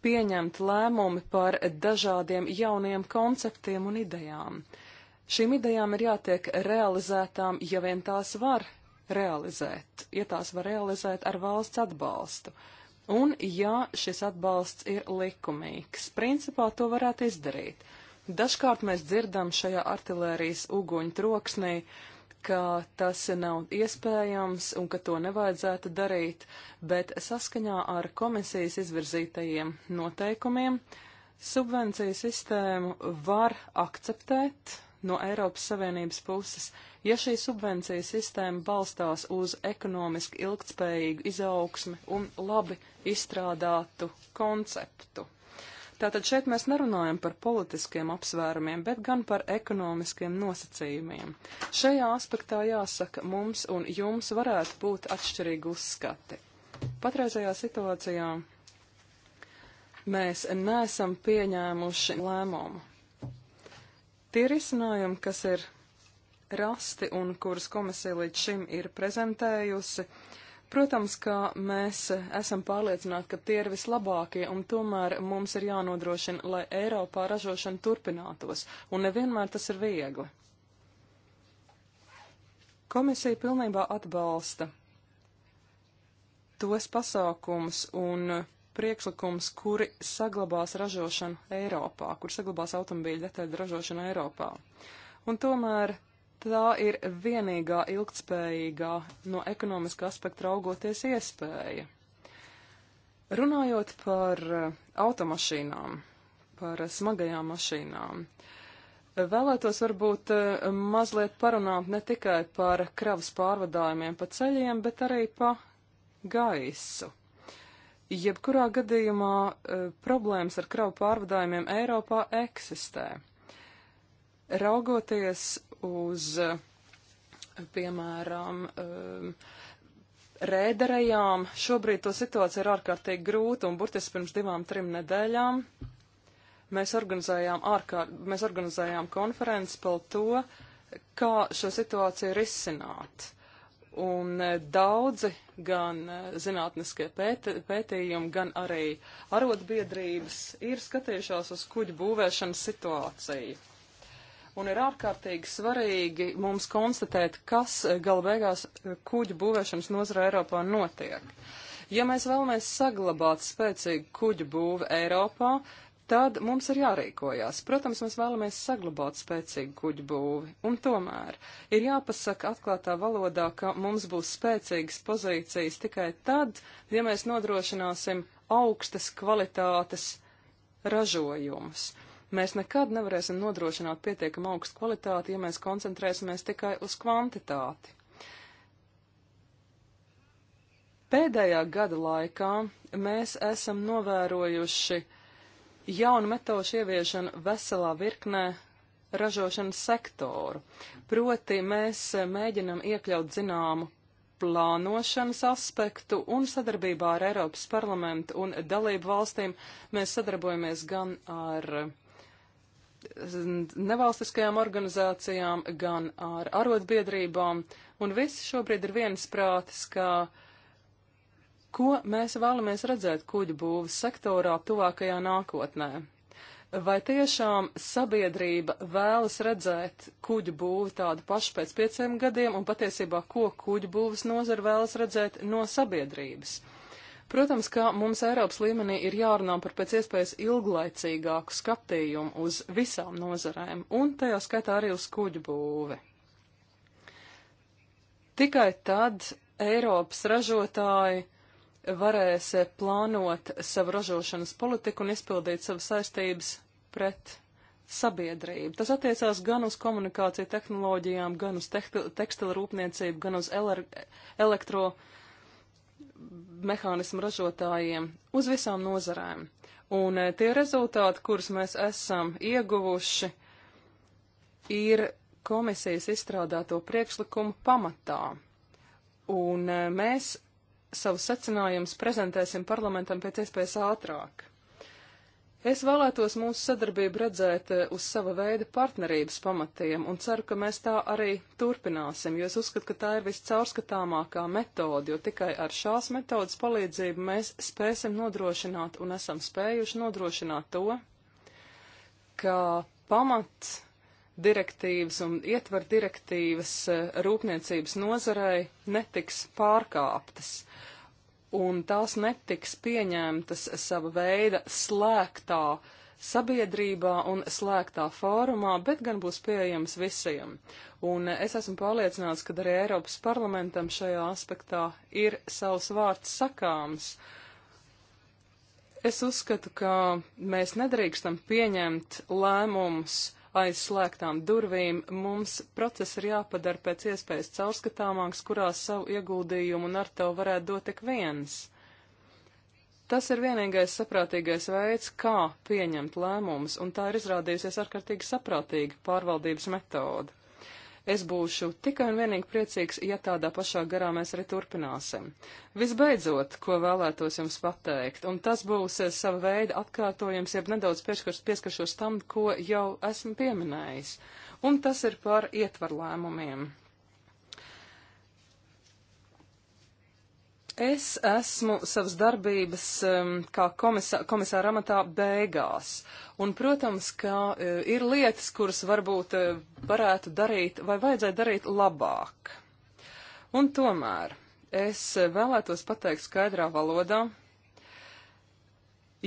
pieņemti lēmumi par dažādiem jauniem konceptiem un idejām. Uh, Šīm idejām ir jātiek realizētām, ja vien tās var realizēt, ja tās var realizēt ar valsts atbalstu. Un ja šis atbalsts ir likumīgs, principā to varētu izdarīt. Dažkārt mēs dzirdam šajā artilērijas uguņu troksnī, ka tas nav iespējams un ka to nevajadzētu darīt, bet saskaņā ar komisijas izvirzītajiem noteikumiem subvenciju sistēmu var akceptēt no Eiropas Savienības puses. Ja šī subvencija sistēma balstās uz ekonomiski ilgtspējīgu izaugsmi un labi izstrādātu konceptu. Tātad šeit mēs nerunājam par politiskiem apsvērumiem, bet gan par ekonomiskiem nosacījumiem. Šajā aspektā jāsaka, mums un jums varētu būt atšķirīgi uzskati. Patreizajā situācijā mēs nesam pieņēmuši lēmumu. Tie risinājumi, kas ir rasti un kuras komisija līdz šim ir prezentējusi, protams, ka mēs esam pārliecināti, ka tie ir vislabākie, un tomēr mums ir jānodrošina, lai Eiropā ražošana turpinātos, un nevienmēr tas ir viegli. Komisija pilnībā atbalsta tos pasākums un priekšlikums, kuri saglabās ražošanu Eiropā, kur saglabās automobīļa detaļu ražošanu Eiropā. Un tomēr tā ir vienīgā ilgtspējīgā no ekonomiska aspekta raugoties iespēja. Runājot par eh, automašīnām, par eh, smagajām mašīnām, vēlētos varbūt eh, mazliet parunāt ne tikai par kravas pārvadājumiem pa ceļiem, bet arī pa gaisu. Jebkurā gadījumā e, problēmas ar kravu pārvadājumiem Eiropā eksistē. Raugoties uz, e, piemēram, e, rēderējām, šobrīd to situācija ir ārkārtīgi grūta un burtiski pirms divām, trim nedēļām mēs organizējām, ārkār, mēs organizējām konferences par to, kā šo situāciju risināt. Uh, Un e, daudzi gan e, zinātniskie pēti, pētījumi, gan arī arotbiedrības ir skatījušās uz kuģu būvēšanas situāciju. Un ir ārkārtīgi svarīgi mums konstatēt, kas e, galu beigās kuģu būvēšanas nozara Eiropā notiek. Ja mēs vēlamies saglabāt spēcīgu kuģu būvu Eiropā, uh, tad mums ir jārīkojās. Protams, mēs vēlamies saglabāt spēcīgu kuģu būvi, un tomēr ir jāpasaka atklātā valodā, ka mums būs spēcīgas pozīcijas tikai tad, ja mēs nodrošināsim augstas kvalitātes ražojumus. Mēs nekad nevarēsim nodrošināt pietiekam augstu kvalitāti, ja mēs koncentrēsimies tikai uz kvantitāti. Pēdējā gada laikā mēs esam novērojuši uh, jaunu metošu ieviešanu veselā virknē ražošanas sektoru. Proti mēs mēģinam iekļaut zināmu plānošanas aspektu un sadarbībā ar Eiropas parlamentu un dalību valstīm mēs sadarbojamies gan ar nevalstiskajām organizācijām, gan ar arotbiedrībām, un visi šobrīd ir viensprātis, ka uh, Ko mēs vēlamies redzēt kuģu būvas sektorā tuvākajā nākotnē? Vai tiešām sabiedrība vēlas redzēt kuģu būvu tādu pašu pēc pieciem gadiem un patiesībā, ko kuģu būvas nozara vēlas redzēt no sabiedrības? Protams, ka mums Eiropas līmenī ir jārunā par pēc iespējas ilglaicīgāku skatījumu uz visām nozarēm, un tajā skaitā arī uz kuģu būvi. Tikai tad Eiropas ražotāji varēs eh, plānot savu ražošanas politiku un izpildīt savas saistības pret sabiedrību. Tas attiecās gan uz komunikāciju tehnoloģijām, gan uz tekstilu rūpniecību, gan uz ele elektro mehānismu ražotājiem, uz visām nozarēm. Un eh, tie rezultāti, kurus mēs esam ieguvuši, ir komisijas izstrādāto priekšlikumu pamatā. Un eh, mēs savus secinājumus prezentēsim parlamentam pēc iespējas ātrāk. Es vēlētos mūsu sadarbību redzēt eh, uz sava veida partnerības pamatiem un ceru, ka mēs tā arī turpināsim, jo es uzskatu, ka tā ir viscaurskatāmākā metode, jo tikai ar šās metodas palīdzību mēs spēsim nodrošināt un esam spējuši nodrošināt to, ka pamats direktīvas un ietver direktīvas eh, rūpniecības nozarei netiks pārkāptas. Un tās netiks pieņemtas sava veida slēgtā sabiedrībā un slēgtā fórumā, bet gan būs pieejams visiem. Un eh, es esmu pārliecināts, ka arī Eiropas parlamentam šajā aspektā ir savs vārds sakāms. Es uzskatu, ka mēs nedrīkstam pieņemt lēmumus, uh, aiz slēgtām durvīm. Mums process ir jāpadara pēc iespējas caurskatāmāks, kurā savu ieguldījumu un ar tev varētu dot tik viens. Tas ir vienīgais saprātīgais veids, kā pieņemt lēmumus, un tā ir izrādījusies ārkārtīgi saprātīga pārvaldības metode. Es būšu tikai un vienīgi priecīgs, ja tādā pašā garā mēs arī turpināsim. Visbeidzot, ko vēlētos jums pateikt, un tas būs sava veida atkārtojums, jeb nedaudz pieskars, pieskaršos tam, ko jau esmu pieminējis, un tas ir par ietvarlēmumiem. Es esmu savas darbības um, kā komisā, komisāra amatā beigās. Un, protams, ka e, ir lietas, kuras varbūt e, varētu darīt vai vajadzētu darīt labāk. Un tomēr es vēlētos pateikt skaidrā valodā,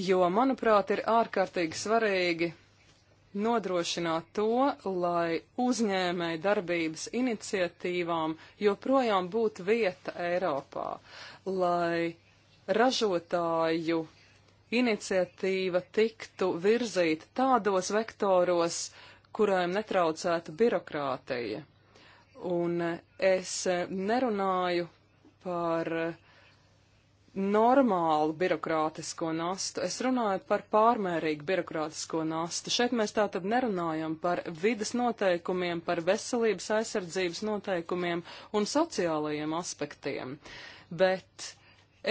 jo, manuprāt, ir ārkārtīgi svarīgi nodrošināt to, lai uzņēmēji darbības iniciatīvām joprojām būtu vieta Eiropā, lai ražotāju iniciatīva tiktu virzīta tādos vektoros, kurām netraucētu birokrātija. Un es nerunāju par uh, normālu birokrātisko nastu. Es runāju par pārmērīgu birokrātisko nastu. Šeit mēs tā tad nerunājam par vidas noteikumiem, par veselības aizsardzības noteikumiem un sociālajiem aspektiem. Bet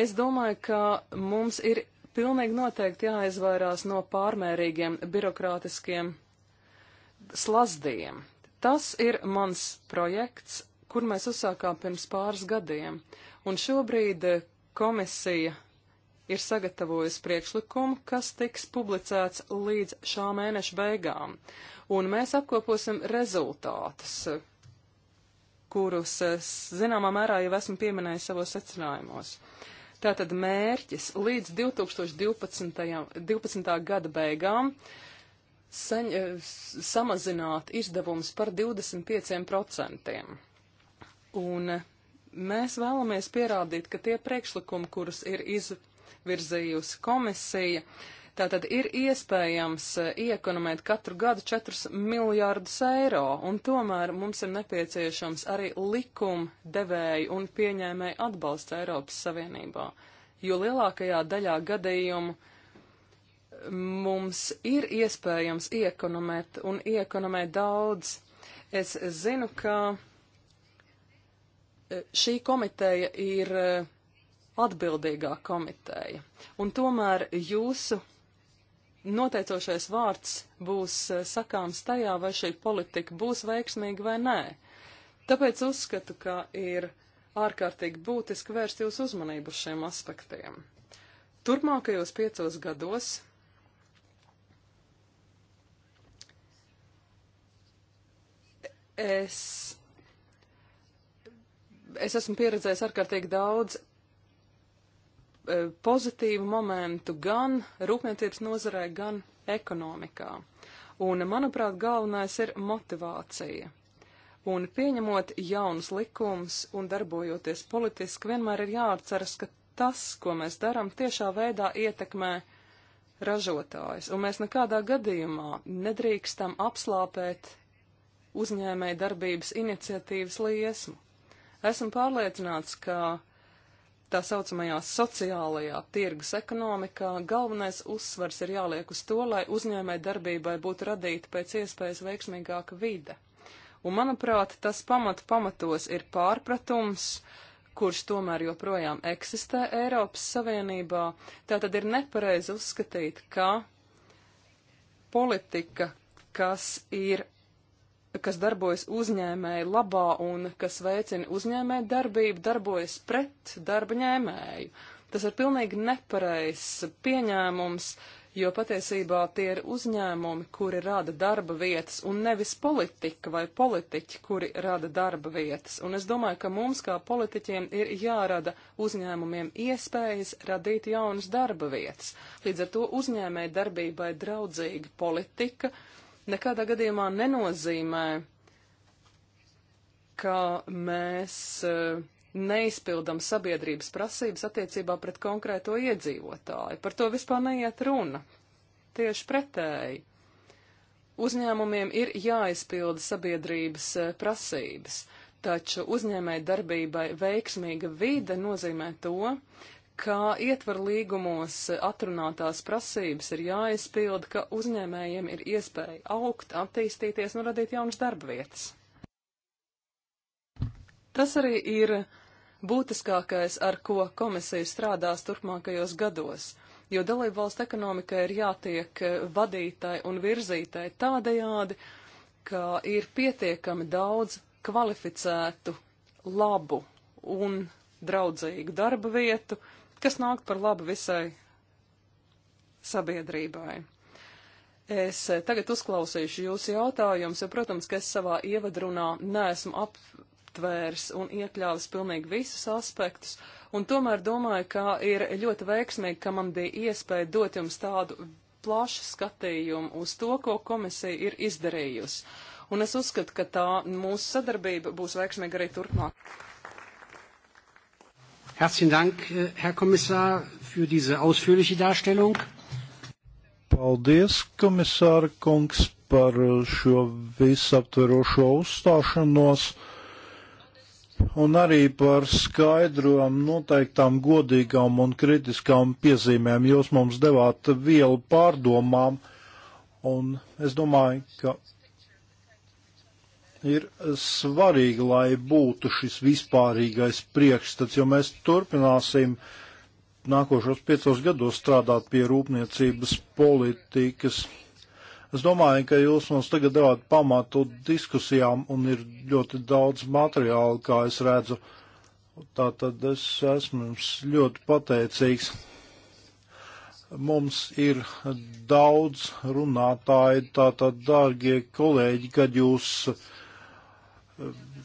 es domāju, ka mums ir pilnīgi noteikti jāizvairās no pārmērīgiem birokrātiskiem slazdiem. Tas ir mans projekts, kur mēs uzsākām pirms pāris gadiem. Un šobrīd komisija ir sagatavojusi priekšlikumu, kas tiks publicēts līdz šā mēneša beigām, un mēs apkoposim rezultātus, kurus, zināmā mērā, jau esmu pieminējis savos secinājumos. Tātad mērķis līdz 2012. 12. gada beigām saņ, eh, samazināt izdevums par 25%. Un Mēs vēlamies pierādīt, ka tie priekšlikumi, kurus ir izvirzījusi komisija, tātad ir iespējams eh, iekonomēt katru gadu 4 miljārdus eiro, un tomēr mums ir nepieciešams arī likuma devēju un pieņēmēju atbalsts Eiropas Savienībā, jo lielākajā daļā gadījumu eh, mums ir iespējams iekonomēt un iekonomēt daudz. Es zinu, ka Eh, šī komiteja ir eh, atbildīgā komiteja, un tomēr jūsu noteicošais vārds būs eh, sakāms tajā, vai šī politika būs veiksmīga vai nē. Tāpēc uzskatu, ka ir ārkārtīgi būtiski vērst jūsu uzmanību uz šiem aspektiem. Turpmākajos piecos gados es es esmu pieredzējis ārkārtīgi daudz e, pozitīvu momentu gan rūpniecības nozarē, gan ekonomikā. Un, manuprāt, galvenais ir motivācija. Un pieņemot jaunus likumus un darbojoties politiski, vienmēr ir jāatceras, ka tas, ko mēs darām, tiešā veidā ietekmē ražotājs. Un mēs nekādā gadījumā nedrīkstam apslāpēt uzņēmēja darbības iniciatīvas liesmu. Esmu pārliecināts, ka tā saucamajā sociālajā tirgus ekonomikā galvenais uzsvars ir jāliek uz to, lai uzņēmē darbībai būtu radīta pēc iespējas veiksmīgāka vide. Un, manuprāt, tas pamat pamatos ir pārpratums, kurš tomēr joprojām eksistē Eiropas Savienībā. Tā tad ir nepareizi uzskatīt, ka politika, kas ir kas darbojas uzņēmēju labā un kas veicina uzņēmēju darbību, darbojas pret darba ņēmēju. Tas ir pilnīgi nepareizs pieņēmums, jo patiesībā tie ir uzņēmumi, kuri rada darba vietas, un nevis politika vai politiķi, kuri rada darba vietas. Un es domāju, ka mums kā politiķiem ir jārada uzņēmumiem iespējas radīt jaunas darba vietas. Līdz ar to uzņēmēji darbībai draudzīga politika, uh, nekādā gadījumā nenozīmē, ka mēs eh, neizpildam sabiedrības prasības attiecībā pret konkrēto iedzīvotāju. Par to vispār neiet runa. Tieši pretēji. Uzņēmumiem ir jāizpilda sabiedrības eh, prasības, taču uzņēmēja darbībai veiksmīga vide nozīmē to, ka ietver līgumos atrunātās prasības ir jāizpilda, ka uzņēmējiem ir iespēja augt, attīstīties un radīt jaunas darba vietas. Tas arī ir būtiskākais, ar ko komisija strādās turpmākajos gados, jo dalību valsts ekonomikai ir jātiek vadītai un virzītai tādējādi, ka ir pietiekami daudz kvalificētu, labu un draudzīgu darba vietu, kas nāk par labu visai sabiedrībai. Es eh, tagad uzklausīšu jūsu jautājumus, jo, protams, ka es savā ievadrunā neesmu aptvērs un iekļāvis pilnīgi visus aspektus, un tomēr domāju, ka ir ļoti veiksmīgi, ka man bija iespēja dot jums tādu plašu skatījumu uz to, ko komisija ir izdarījusi. Un es uzskatu, ka tā mūsu sadarbība būs veiksmīga arī turpmāk. Herzlichen Dank, äh, Herr Kommissar, für diese ausführliche Darstellung. Paldies, komisāra kungs, par šo visaptverošo uzstāšanos un arī par skaidrām, noteiktām, godīgām un kritiskām piezīmēm. Jūs mums devāt vielu pārdomām, un es domāju, ka ir svarīgi, lai būtu šis vispārīgais priekšstats, jo mēs turpināsim nākošos piecos gados strādāt pie rūpniecības politikas. Es domāju, ka jūs mums tagad devāt pamatu diskusijām un ir ļoti daudz materiāla, kā es redzu. Tātad es esmu jums ļoti pateicīgs. Mums ir daudz runātāji, tātad, dārgie kolēģi, kad jūs uh,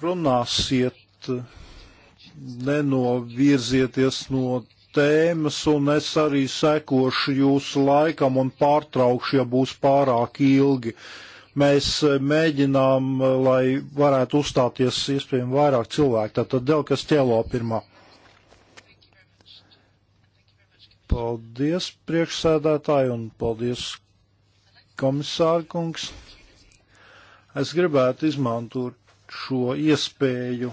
runāsiet, nenovirzieties no tēmas, un es arī sekošu jūsu laikam un pārtraukšu, ja būs pārāk ilgi. Mēs mēģinām, lai varētu uzstāties iespējami vairāk cilvēku. Tātad Delkas ķēlo pirmā. Paldies, priekšsēdētāji, un paldies, komisārkungs. Es gribētu izmantot šo iespēju,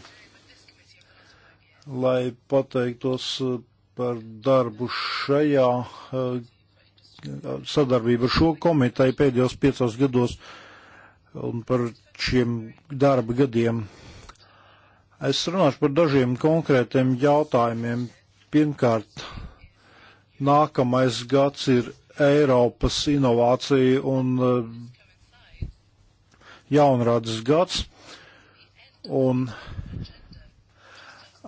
lai pateiktos par darbu šajā eh, sadarbību ar šo komiteju pēdējos piecos gados un par šiem darba gadiem. Es runāšu par dažiem konkrētiem jautājumiem. Pirmkārt, nākamais gads ir Eiropas inovācija un eh, jaunradas gads un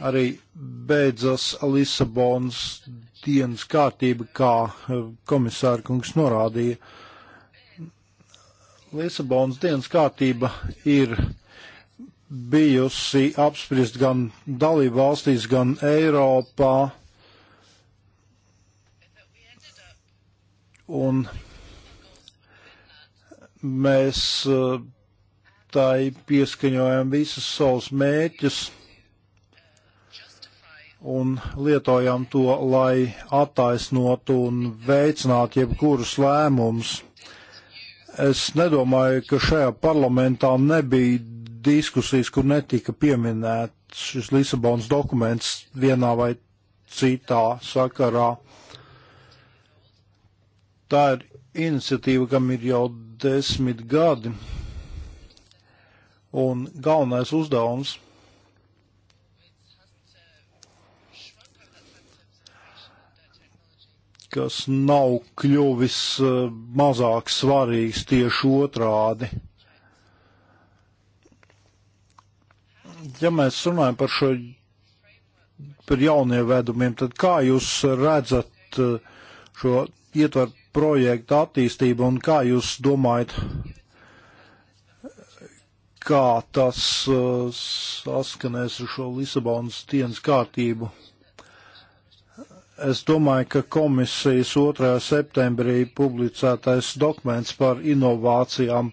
arī beidzas Lisabonas dienas kārtība, kā eh, komisāra kungs norādīja. Lisabonas dienas kārtība ir bijusi apspriest gan dalību valstīs, gan Eiropā. Un mēs uh, tai pieskaņojam visus savus mēķus un lietojam to, lai attaisnotu un veicinātu jebkurus lēmumus. Es nedomāju, ka šajā parlamentā nebija diskusijas, kur netika pieminēts šis Lisabonas dokuments vienā vai citā sakarā. Tā ir iniciatīva, kam ir jau desmit gadi. Un galvenais uzdevums kas nav kļuvis eh, mazāk svarīgs tieši otrādi. Ja mēs runājam par šo, par jaunievedumiem, tad kā jūs redzat eh, šo ietvaru projektu attīstību un kā jūs domājat, kā tas uh, saskanēs ar šo Lisabonas dienas kārtību. Es domāju, ka komisijas 2. septembrī publicētais dokuments par inovācijām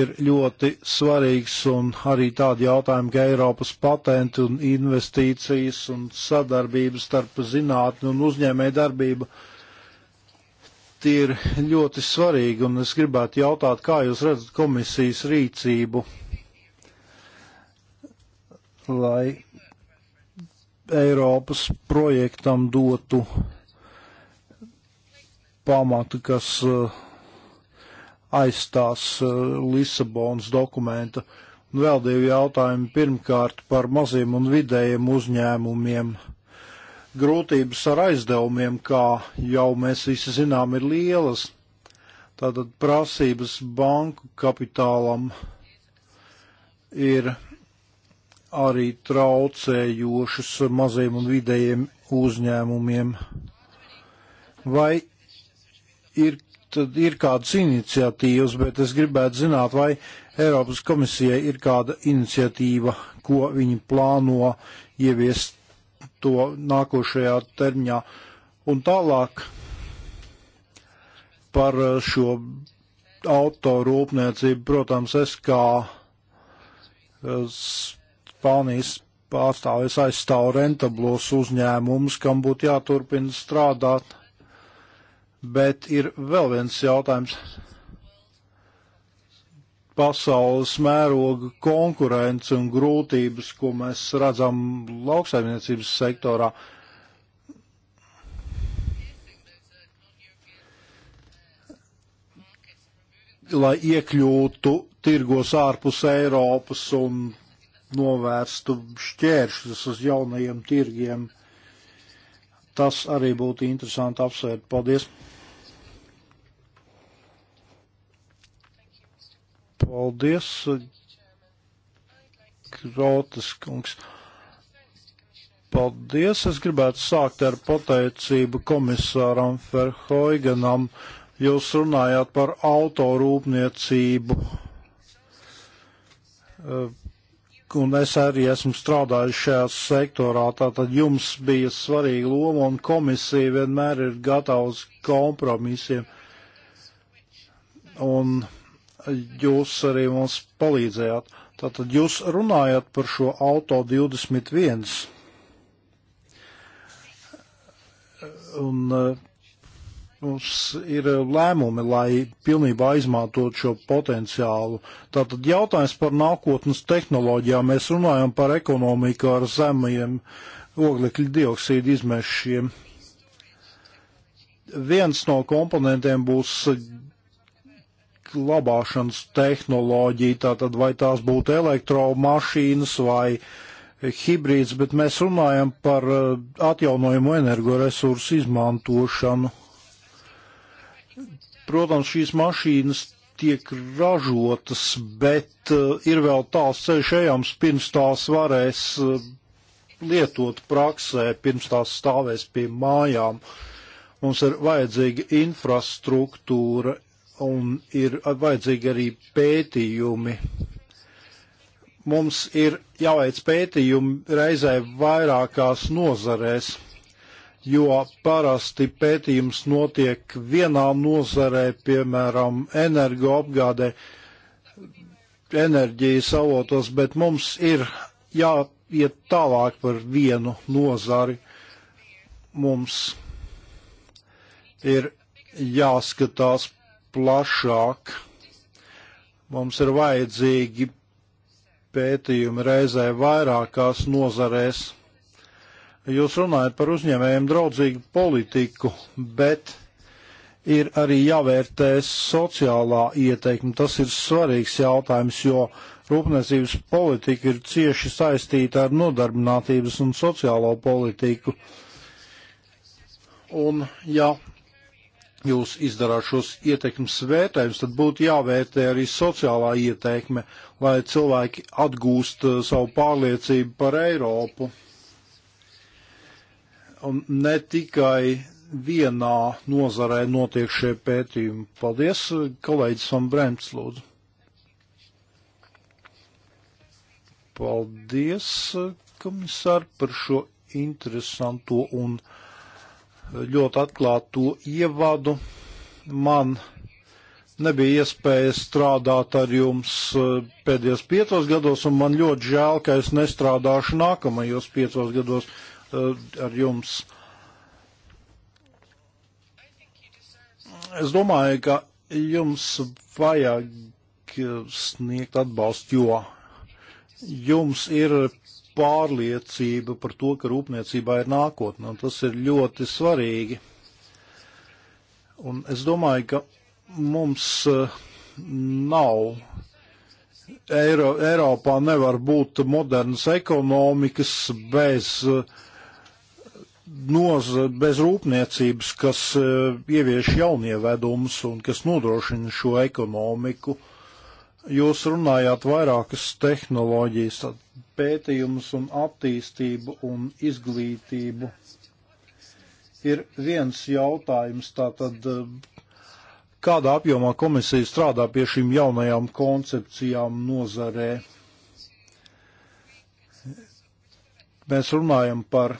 ir ļoti svarīgs un arī tādi jautājumi, ka Eiropas patenti un investīcijas un sadarbības starp zinātni un uzņēmē darbību uh, ir ļoti svarīga, un es gribētu jautāt, kā jūs redzat komisijas rīcību, lai Eiropas projektam dotu pamatu, kas uh, aizstās uh, Lisabonas dokumenta. Un vēl divi jautājumi. Pirmkārt par maziem un vidējiem uzņēmumiem grūtības ar aizdevumiem, kā jau mēs visi zinām, ir lielas. Tātad prasības banku kapitālam ir arī traucējošas maziem un vidējiem uzņēmumiem. Vai ir, tad ir kādas iniciatīvas, bet es gribētu zināt, vai Eiropas komisijai ir kāda iniciatīva, ko viņi plāno ieviest to nākošajā termiņā. Un tālāk par šo autorūpniecību, protams, es kā eh, Spānijas pārstāvis aizstāvu rentablos uzņēmumus, kam būtu jāturpina strādāt. Bet ir vēl viens jautājums pasaules mēroga konkurence un grūtības, ko mēs redzam lauksaimniecības sektorā. Lai iekļūtu tirgos ārpus Eiropas un novērstu šķēršļus uz jaunajiem tirgiem, tas arī būtu interesanti apsvērt. Paldies! Paldies, Grotas kungs. Paldies! Es gribētu sākt ar pateicību komisāram Ferhoiganam. Jūs runājāt par autorūpniecību. Eh, un es arī esmu strādājis šajā sektorā, tātad jums bija svarīga loma un komisija vienmēr ir gatava uz kompromisiem. Un jūs arī mums palīdzējāt. Tātad jūs runājat par šo auto 21. Un eh, mums ir lēmumi, lai pilnībā izmantot šo potenciālu. Tātad jautājums par nākotnes tehnoloģijām. Mēs runājam par ekonomiku ar zemajiem oglekļa dioksīdu izmešiem. Viens no komponentiem būs glabāšanas tehnoloģija, tātad vai tās būtu elektromašīnas vai hibrīds, bet mēs runājam par eh, atjaunojumu energoresursu izmantošanu. Protams, šīs mašīnas tiek ražotas, bet eh, ir vēl tāls ceļš ejams, pirms tās varēs eh, lietot praksē, pirms tās stāvēs pie mājām. Mums ir vajadzīga infrastruktūra, un ir vajadzīgi arī pētījumi. Mums ir jāveic pētījumi reizē vairākās nozarēs, jo parasti pētījums notiek vienā nozarē, piemēram, energoapgādē, enerģijas avotos, bet mums ir jāiet tālāk par vienu nozari. Mums ir jāskatās plašāk. Mums ir vajadzīgi pētījumi reizē vairākās nozarēs. Jūs runājat par uzņēmējiem draudzīgu politiku, bet ir arī jāvērtē sociālā ieteikuma. Tas ir svarīgs jautājums, jo rūpniecības politika ir cieši saistīta ar nodarbinātības un sociālo politiku. Un, ja jūs izdarāt šos ietekmes vērtējumus, tad būtu jāvērtē arī sociālā ietekme, lai cilvēki atgūst eh, savu pārliecību par Eiropu. Un ne tikai vienā nozarē notiek šie pētījumi. Paldies, kolēģis Van Bremts, lūdzu. Paldies, komisār, par šo interesanto un ļoti atklāto ievadu. Man nebija iespēja strādāt ar jums eh, pēdējos piecos gados, un man ļoti žēl, ka es nestrādāšu nākamajos piecos gados eh, ar jums. Es domāju, ka jums vajag eh, sniegt atbalstu, jo jums ir pārliecība par to, ka rūpniecībā ir nākotne, un tas ir ļoti svarīgi. Un es domāju, ka mums eh, nav, Eiro, Eiropā nevar būt modernas ekonomikas bez noz, bez rūpniecības, kas eh, ievieš jaunievedumus un kas nodrošina šo ekonomiku. Uh, Jūs runājāt vairākas tehnoloģijas, pētījumus un attīstību un izglītību. Ir viens jautājums, tātad eh, kādā apjomā komisija strādā pie šīm jaunajām koncepcijām nozarē? Mēs runājam par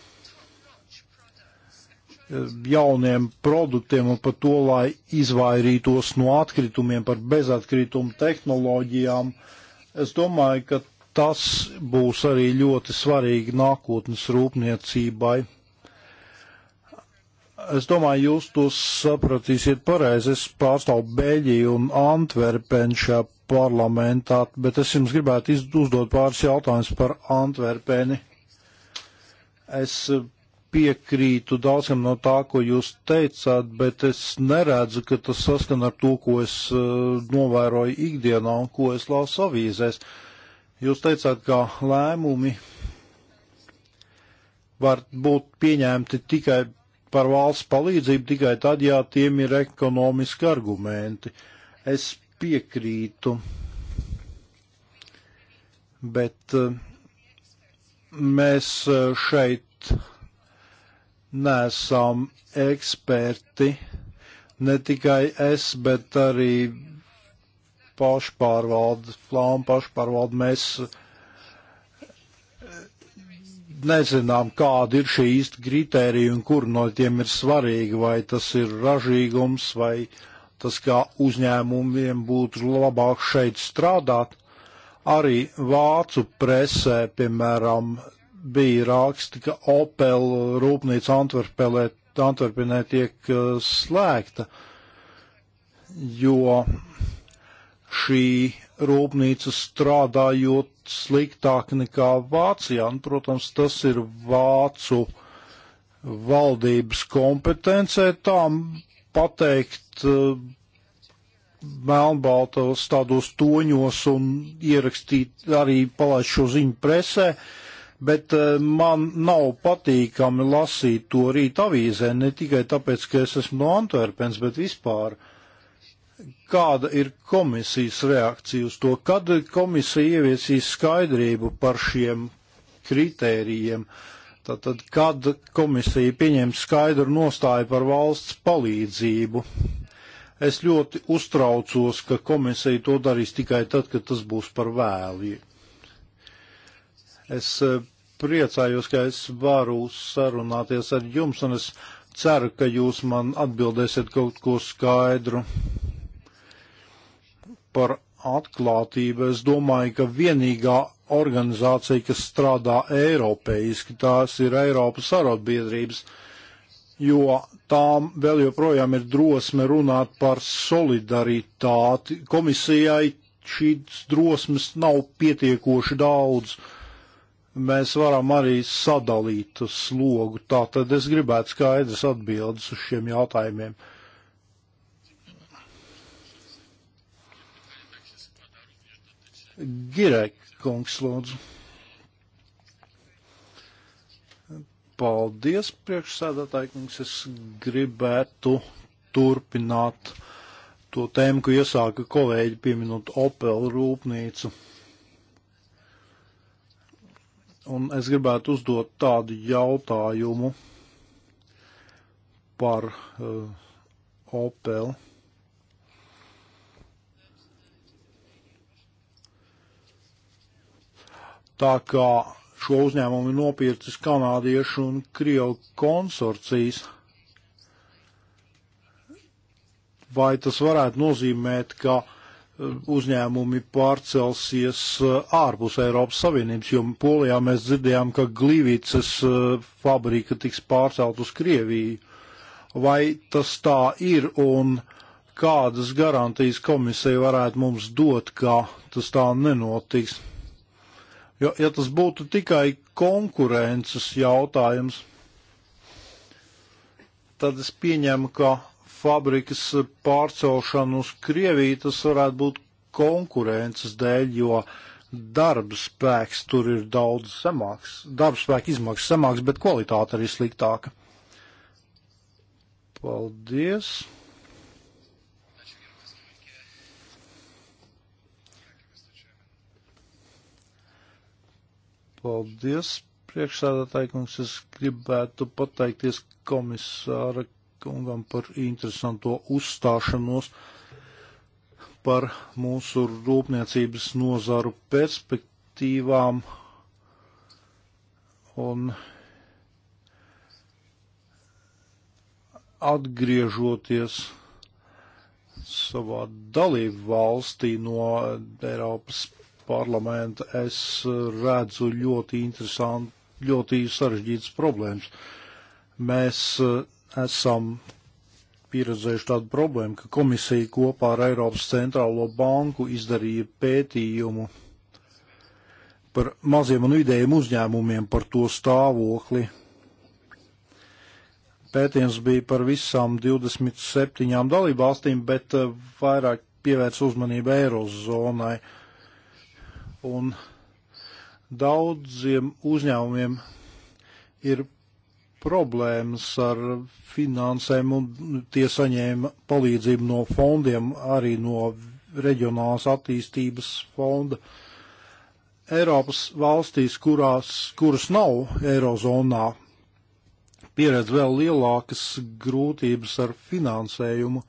jauniem produktiem un par to, lai izvairītos no atkritumiem, par bezatkritumu tehnoloģijām. Es domāju, ka tas būs arī ļoti svarīgi nākotnes rūpniecībai. Es domāju, jūs to sapratīsiet pareizi. Es pārstāvu Beļģiju un Antverpenu šajā parlamentā, bet es jums gribētu uzdot pāris jautājumus par Antverpeni. Es piekrītu daudzam no tā, ko jūs teicāt, bet es neredzu, ka tas saskan ar to, ko es uh, novēroju ikdienā un ko es lasu avīzēs. Jūs teicāt, ka lēmumi var būt pieņemti tikai par valsts palīdzību, tikai tad, ja tiem ir ekonomiski argumenti. Es piekrītu, bet uh, mēs eh, šeit nesam eksperti, ne tikai es, bet arī pašpārvalde, flāma pašpārvalde, mēs eh, nezinām, kāda ir šī īsta kritērija un kur no tiem ir svarīgi, vai tas ir ražīgums, vai tas kā uzņēmumiem būtu labāk šeit strādāt. Arī vācu presē, piemēram, bija raksti, ka Opel rūpnīca Antverpelē, Antverpenē tiek uh, slēgta, jo šī rūpnīca strādājot sliktāk nekā Vācijā, un, protams, tas ir Vācu valdības kompetencē tām pateikt uh, melnbaltos tādos toņos un ierakstīt arī palaist šo ziņu presē, uh, bet eh, man nav patīkami lasīt to rīt avīzē, ne tikai tāpēc, ka es esmu no Antverpens, bet vispār. Kāda ir komisijas reakcija uz to, kad komisija ieviesīs skaidrību par šiem kritērijiem? Tātad, kad komisija pieņems skaidru nostāju par valsts palīdzību? Es ļoti uztraucos, ka komisija to darīs tikai tad, kad tas būs par vēlu. Es eh, priecājos, ka es varu sarunāties ar jums, un es ceru, ka jūs man atbildēsiet kaut ko skaidru par atklātību. Es domāju, ka vienīgā organizācija, kas strādā eiropeiski, tās ir Eiropas arotbiedrības, jo tām vēl joprojām ir drosme runāt par solidaritāti. Komisijai šīs drosmes nav pietiekoši daudz. Uh, mēs varam arī sadalīt slogu. Tātad es gribētu skaidrs atbildes uz šiem jautājumiem. Girek, kungs, lūdzu. Paldies, priekšsēdētāji, kungs. Es gribētu turpināt to tēmu, ko iesāka kolēģi pieminot Opel rūpnīcu. Un es gribētu uzdot tādu jautājumu par uh, Opel. Tā kā šo uzņēmumu ir nopircis kanādiešu un krievu konsorcijas, vai tas varētu nozīmēt, ka uzņēmumi pārcelsies uh, ārpus Eiropas Savienības, jo Polijā mēs dzirdējām, ka Glīvīcas uh, fabrika tiks pārcelt uz Krieviju. Vai tas tā ir un kādas garantijas komisija varētu mums dot, ka tas tā nenotiks? Jo, ja tas būtu tikai konkurences jautājums, tad es pieņemu, ka fabrikas pārcelšanu uz Krieviju, tas varētu būt konkurences dēļ, jo darba spēks tur ir daudz zemāks, darba spēka izmaksas zemāks, bet kvalitāte arī sliktāka. Paldies! Paldies, priekšsādātāji kungs. Es gribētu pateikties komisāra kungam par interesanto uzstāšanos par mūsu rūpniecības nozaru perspektīvām un atgriežoties savā dalību valstī no Eiropas parlamenta, es redzu ļoti interesantu, ļoti sarežģītas problēmas. Mēs esam pieredzējuši tādu problēmu, ka komisija kopā ar Eiropas centrālo banku izdarīja pētījumu par maziem un vidējiem uzņēmumiem, par to stāvokli. Pētījums bija par visām 27 dalībvalstīm, bet eh, vairāk pievērs uzmanību Eirozonai. Un daudziem uzņēmumiem ir problēmas ar finansēm un tie saņēma palīdzību no fondiem, arī no reģionālās attīstības fonda. Eiropas valstīs, kurās, kuras nav Eirozonā, pieredz vēl lielākas grūtības ar finansējumu.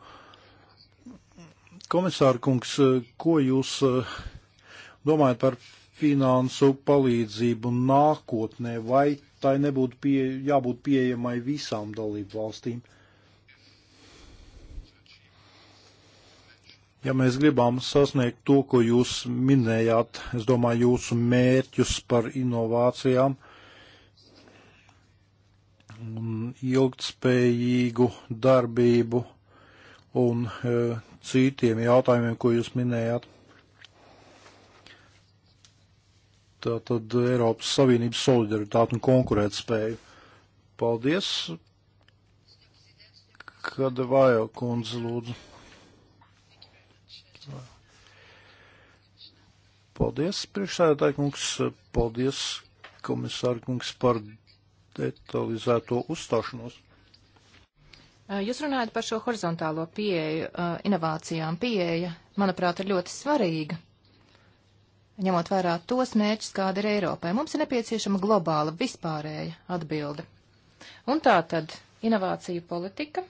Komisārkungs, ko jūs eh, domājat par finansu palīdzību nākotnē, vai tai nebūtu pie, jābūt pieejamai visām dalību valstīm. Ja mēs gribam sasniegt to, ko jūs minējāt, es domāju, jūsu mērķus par inovācijām un ilgtspējīgu darbību un e, citiem jautājumiem, ko jūs minējāt, tātad Eiropas Savienības solidaritāti un konkurētspēju. Paldies, kad vajag kundze lūdzu. Paldies, priekšsēdētāji kungs, paldies, komisāri kungs, par detalizēto uzstāšanos. Jūs runājat par šo horizontālo pieeju, inovācijām pieeja, manuprāt, ir ļoti svarīga ņemot vērā tos mērķus, kāda ir Eiropai. Mums ir nepieciešama globāla vispārēja atbilde. Un tā tad inovāciju politika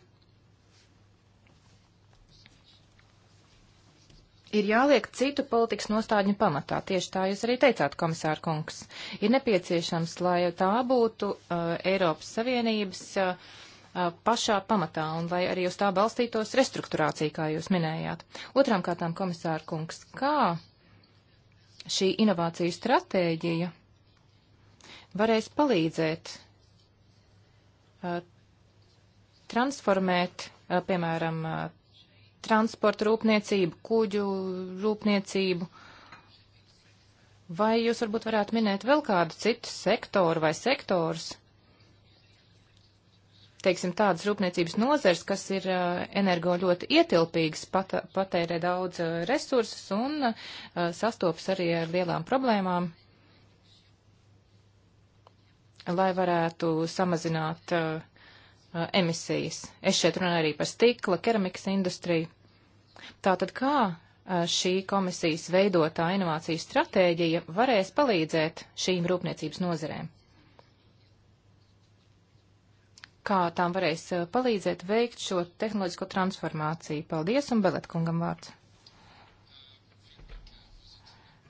ir jāliek citu politikas nostādņu pamatā. Tieši tā jūs arī teicāt, komisāra kungs. Ir nepieciešams, lai tā būtu uh, Eiropas Savienības uh, uh pašā pamatā un lai arī uz tā balstītos restruktūrācija, kā jūs minējāt. Otrām kārtām, komisāra kungs, kā šī inovāciju stratēģija varēs palīdzēt uh, transformēt, uh, piemēram, uh, transporta rūpniecību, kuģu rūpniecību. Vai jūs varbūt varētu minēt vēl kādu citu sektoru vai sektors, teiksim, tādas rūpniecības nozars, kas ir eh, energo ļoti ietilpīgas, pat, patērē daudz eh, resursus un eh, sastopas arī ar lielām problēmām, lai varētu samazināt emisijas. Es šeit runāju arī par stikla, keramikas industriju. Tātad kā šī komisijas veidotā inovācijas stratēģija varēs palīdzēt šīm rūpniecības nozerēm? kā tām varēs eh, palīdzēt veikt šo tehnoloģisko transformāciju. Paldies un Beletkungam vārds.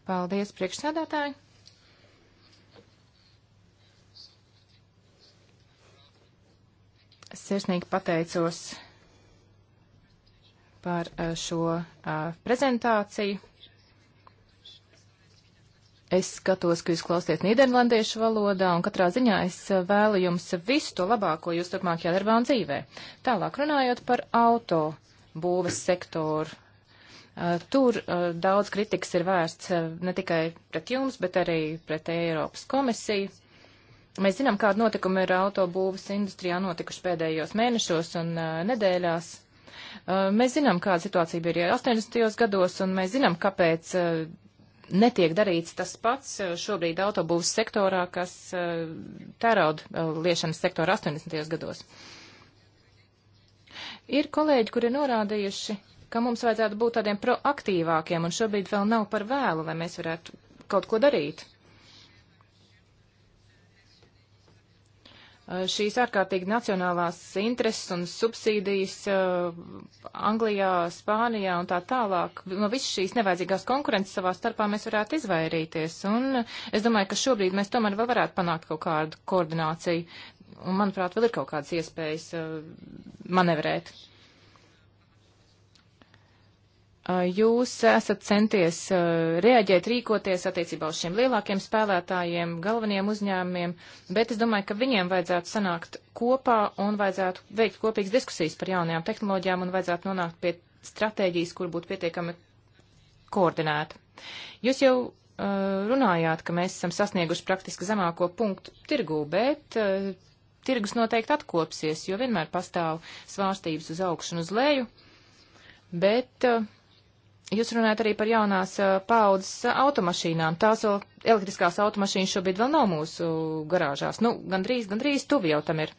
Paldies, priekšsēdētāji. Sirsnīgi pateicos par eh, šo eh, prezentāciju. Es skatos, ka jūs klausiet nīderlandiešu valodā, un katrā ziņā es eh, vēlu jums visu to labāko jūs turpmākajā darbā un dzīvē. Tālāk runājot par auto būves sektoru. Uh, tur uh, daudz kritikas ir vērsts uh, ne tikai pret jums, bet arī pret Eiropas komisiju. Mēs zinām, kāda notikuma ir autobūvas industrijā notikuši pēdējos mēnešos un nedēļās. Mēs zinām, kāda situācija bija arī 80. gados, un mēs zinām, kāpēc netiek darīts tas pats eh, šobrīd autobūvas sektorā, kas eh, tērauda eh, liešanas sektora 80. gados. Ir kolēģi, kuri norādījuši, ka mums vajadzētu būt tādiem proaktīvākiem, un šobrīd vēl nav par vēlu, lai mēs varētu kaut ko darīt. Eh, šīs ārkārtīgi nacionālās intereses un subsīdijas uh, Anglijā, Spānijā un tā tālāk. No visas šīs nevajadzīgās konkurences savā starpā mēs varētu izvairīties. Un eh, es domāju, ka šobrīd mēs tomēr vēl varētu panākt kaut kādu koordināciju. Un, manuprāt, vēl ir kaut kādas iespējas uh, manevrēt. Jūs esat centies reaģēt, rīkoties attiecībā uz šiem lielākiem spēlētājiem, galveniem uzņēmumiem, bet es domāju, ka viņiem vajadzētu sanākt kopā un vajadzētu veikt kopīgas diskusijas par jaunajām tehnoloģijām un vajadzētu nonākt pie stratēģijas, kur būtu pietiekami koordinēta. Jūs jau runājāt, ka mēs esam sasnieguši praktiski zemāko punktu tirgū, bet uh, tirgus noteikti atkopsies, jo vienmēr pastāv svārstības uz augšu un uz leju. Bet uh, Jūs runājat arī par jaunās paudzes automašīnām. Tās vēl elektriskās automašīnas šobrīd vēl nav mūsu garāžās. Nu, gandrīz, gandrīz tuvi jau tam ir.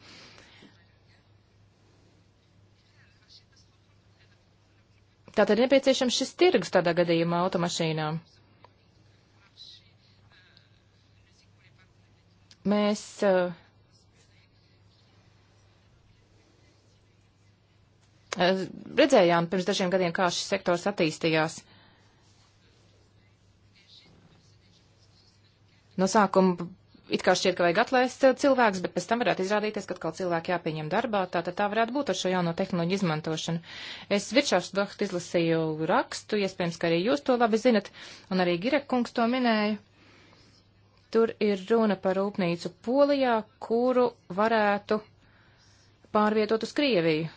Tātad ir nepieciešams šis tirgus tādā gadījumā automašīnām. Mēs uh, Redzējām pirms dažiem gadiem, kā šis sektors attīstījās. No sākuma it kā šķiet, ka vajag atlaist eh, cilvēks, bet pēc tam varētu izrādīties, ka atkal cilvēki jāpieņem darbā, tā tad tā varētu būt ar šo jauno tehnoloģiju izmantošanu. Es Viršāvs Bakht izlasīju rakstu, iespējams, ka arī jūs to labi zinat, un arī Girekungs to minēja. Tur ir runa par rūpnīcu Polijā, kuru varētu pārvietot uz Krieviju.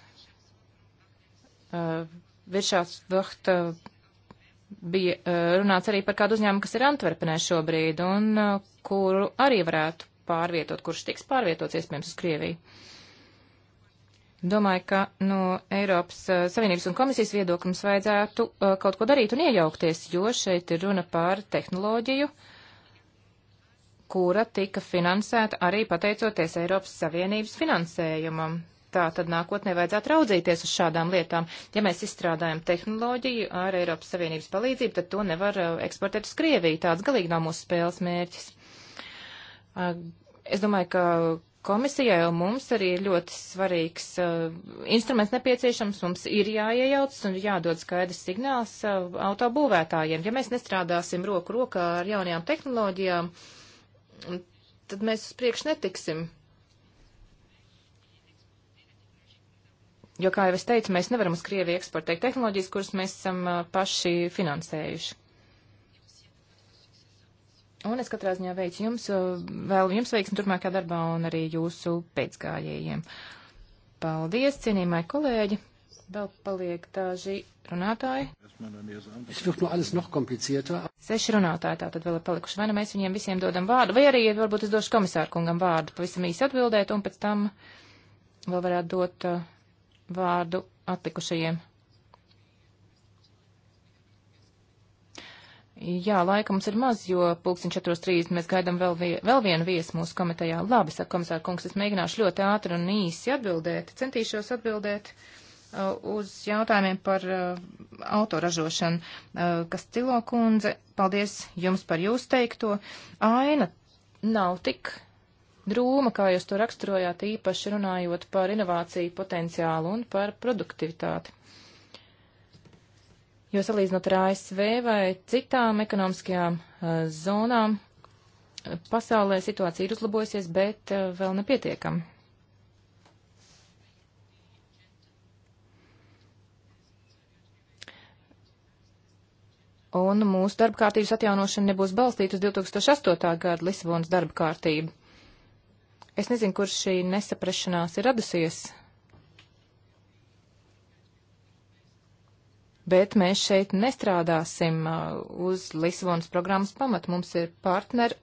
Eh, Viršāsvacht eh, bija eh, runāts arī par kādu uzņēmumu, kas ir Antverpenē šobrīd un kuru arī varētu pārvietot, kurš tiks pārvietots iespējams uz Krieviju. Domāju, ka no Eiropas uh, Savienības un komisijas viedokļa mums vajadzētu uh, kaut ko darīt un iejaukties, jo šeit ir runa par tehnoloģiju, kura tika finansēta arī pateicoties Eiropas Savienības finansējumam. Tā tad nākotnē vajadzētu raudzīties uz šādām lietām. Ja mēs izstrādājam tehnoloģiju ar Eiropas Savienības palīdzību, tad to nevar uh, eksportēt uz Krieviju. Tāds galīgi nav mūsu spēles mērķis. Uh, es domāju, ka komisijai un mums arī ir ļoti svarīgs uh, instruments nepieciešams. Mums ir jāiejaucas un jādod skaidrs signāls uh, autobūvētājiem. Ja mēs nestrādāsim roku rokā ar jaunajām tehnoloģijām, tad mēs uz priekšu netiksim. Jo, kā jau es teicu, mēs nevaram uz Krieviju eksportēt tehnoloģijas, kuras mēs esam paši finansējuši. Un es katrā ziņā veicu jums, vēlu jums veiksmi turpmākajā darbā un arī jūsu pēcgājējiem. Paldies, cienījumai kolēģi. Vēl paliek daži runātāji. Seši runātāji tā tad vēl ir palikuši. Vai nu mēs viņiem visiem dodam vārdu, vai arī varbūt es došu komisāru kungam vārdu pavisam īsi atbildēt, un pēc tam vēl varētu dot uh, vārdu atlikušajiem. Jā, laika mums ir maz, jo pulksten 4.30 mēs gaidām vēl, vie, vēl vienu viesu mūsu komitejā. Labi, saka komisāra kungs, es mēģināšu ļoti ātri un īsi atbildēt. Centīšos atbildēt uh, uz jautājumiem par uh, autoražošanu. Uh, kas Cilo kundze, paldies jums par jūsu teikto. Aina nav tik drūma, kā jūs to raksturojāt, īpaši runājot par inovāciju potenciālu un par produktivitāti. Jo salīdzinot ar ASV vai citām ekonomiskajām uh, zonām, eh, pasaulē situācija ir uzlabojusies, bet uh, vēl nepietiekami. Un mūsu darba kārtības atjaunošana nebūs balstīta uz 2008. gada Lisabonas darba kārtību. Es nezinu, kur šī nesaprašanās ir radusies. Bet mēs šeit nestrādāsim uh, uz Lisabonas programmas pamatu. Mums ir partneru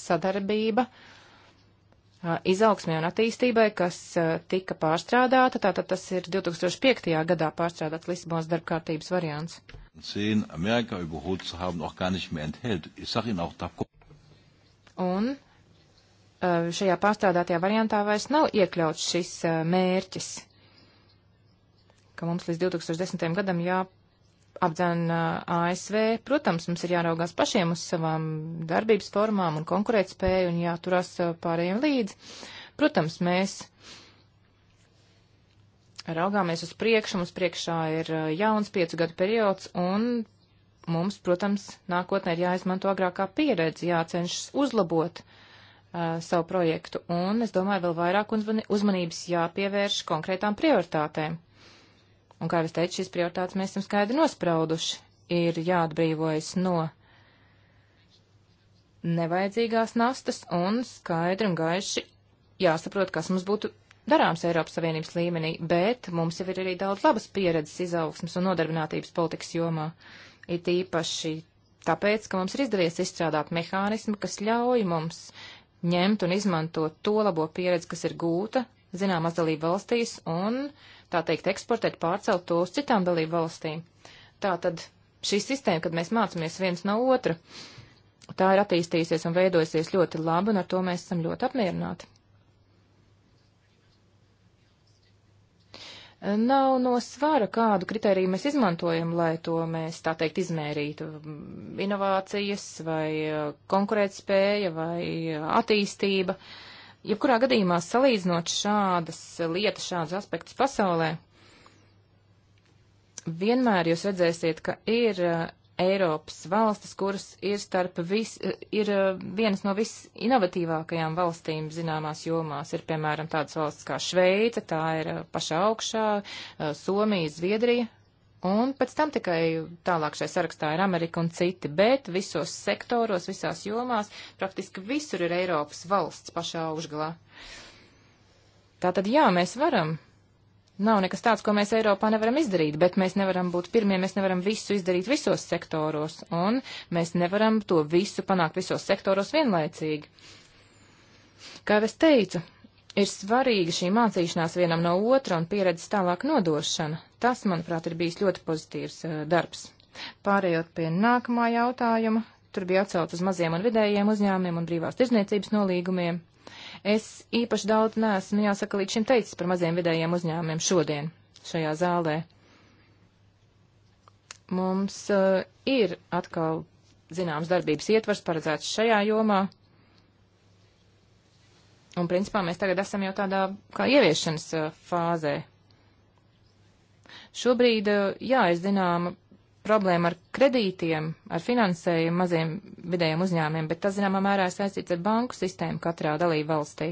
sadarbība uh, izaugsmē un attīstībai, kas uh, tika pārstrādāta. Tātad tas ir 2005. gadā pārstrādāts Lisabonas darbkārtības variants. Un Eh, šajā pārstrādātajā variantā vairs nav iekļauts šis eh, mērķis, ka mums līdz 2010. gadam jāapdzēna eh, ASV. Protams, mums ir jāraugās pašiem uz savām darbības formām un konkurētspēju un jāturās pārējiem līdzi. Protams, mēs raugāmies uz priekšu, mums priekšā ir jauns piecu gadu periods un mums, protams, nākotnē ir jāizmanto agrākā pieredze, jācenšas uzlabot uh, uh, savu projektu. Un es domāju, vēl vairāk uzmanības jāpievērš konkrētām prioritātēm. Un, kā jau es teicu, šīs prioritātes mēs esam skaidri nosprauduši. Ir jāatbrīvojas no nevajadzīgās nastas un skaidri un gaiši jāsaprot, kas mums būtu darāms Eiropas Savienības līmenī, bet mums jau ir arī daudz labas pieredzes izaugsmas un nodarbinātības politikas jomā. It īpaši tāpēc, ka mums ir izdevies izstrādāt mehānismu, kas ļauj mums ņemt un izmantot to labo pieredzi, kas ir gūta zināmās dalību valstīs un, tā teikt, eksportēt, pārcelt to uz citām dalību valstīm. Tā tad šī sistēma, kad mēs mācāmies viens no otra, tā ir attīstījusies un veidojusies ļoti labi, un ar to mēs esam ļoti apmierināti. Nav no svara, kādu kritēriju mēs izmantojam, lai to mēs, tā teikt, izmērītu. Inovācijas vai uh, konkurētspēja vai uh, attīstība. Jebkurā gadījumā salīdzinot šādas lietas, šādas aspektus pasaulē, vienmēr jūs redzēsiet, ka ir uh, Eiropas valstis, kuras ir, starp vis, ir eh, vienas no visinovatīvākajām valstīm zināmās jomās. Ir, piemēram, tādas valstis kā Šveica, tā ir eh, pašā augšā, eh, Somija, Zviedrija. Un pēc tam tikai tālāk šajā sarakstā ir Amerika un citi, bet visos sektoros, visās jomās, praktiski visur ir Eiropas valsts pašā augšgalā. Tātad jā, mēs varam Nav nekas tāds, ko mēs Eiropā nevaram izdarīt, bet mēs nevaram būt pirmie, mēs nevaram visu izdarīt visos sektoros, un mēs nevaram to visu panākt visos sektoros vienlaicīgi. Kā jau es teicu, ir svarīga šī mācīšanās vienam no otra un pieredzes tālāk nodošana. Tas, manuprāt, ir bijis ļoti pozitīvs uh, darbs. Pārējot pie nākamā jautājuma, tur bija atcelt uz maziem un vidējiem uzņēmumiem un brīvās tirzniecības nolīgumiem. Es īpaši daudz neesmu, jāsaka, līdz šim teicis par maziem vidējiem uzņēmumiem šodien šajā zālē. Mums uh, ir atkal zināms darbības ietvars paredzēts šajā jomā. Un, principā, mēs tagad esam jau tādā kā ieviešanas uh, fāzē. Šobrīd, uh, jā, ir zināma problēma ar kredītiem, ar finansējumu maziem vidējiem uzņēmiem, bet tas, zināmā mērā, saistīts ar banku sistēmu katrā dalību valstī.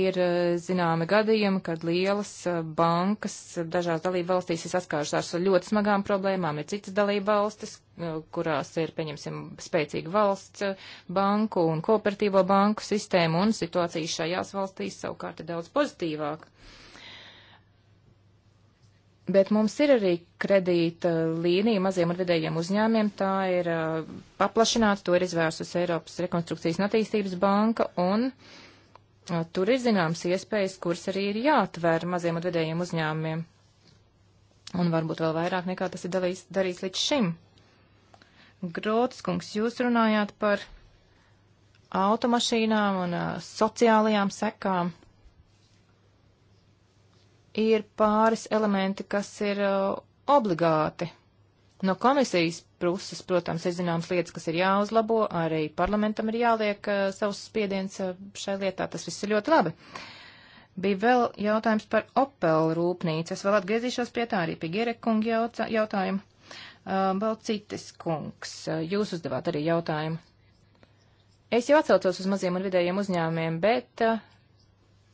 Ir eh, zināmi gadījumi, kad lielas eh, bankas dažās dalību valstīs ir saskārušās ar ļoti smagām problēmām. Ir citas dalību valstis, eh, kurās ir, pieņemsim, spēcīga valsts banku un kooperatīvo banku sistēma, un situācija šajās valstīs savukārt ir daudz pozitīvāka. Bet mums ir arī kredīta līnija maziem un vidējiem uzņēmiem. Tā ir uh, paplašināta, to ir izvērsusi Eiropas rekonstrukcijas un attīstības banka, un uh, tur ir zināms iespējas, kuras arī ir jāatver maziem un vidējiem uzņēmiem. Un varbūt vēl vairāk nekā tas ir dalīs, darīts līdz šim. Grotas kungs, jūs runājāt par automašīnām un uh, sociālajām sekām. Uh, ir pāris elementi, kas ir uh, obligāti. No komisijas puses, protams, ir zināmas lietas, kas ir jāuzlabo, arī parlamentam ir jāliek uh, savus spiediens uh, šai lietā, tas viss ir ļoti labi. Bija vēl jautājums par Opel rūpnīcu, es vēl atgriezīšos pie tā arī pie Gerekunga jautājuma. Balcītis uh, kungs, uh, jūs uzdevāt arī jautājumu. Es jau atcaucos uz maziem un vidējiem uzņēmumiem, bet uh,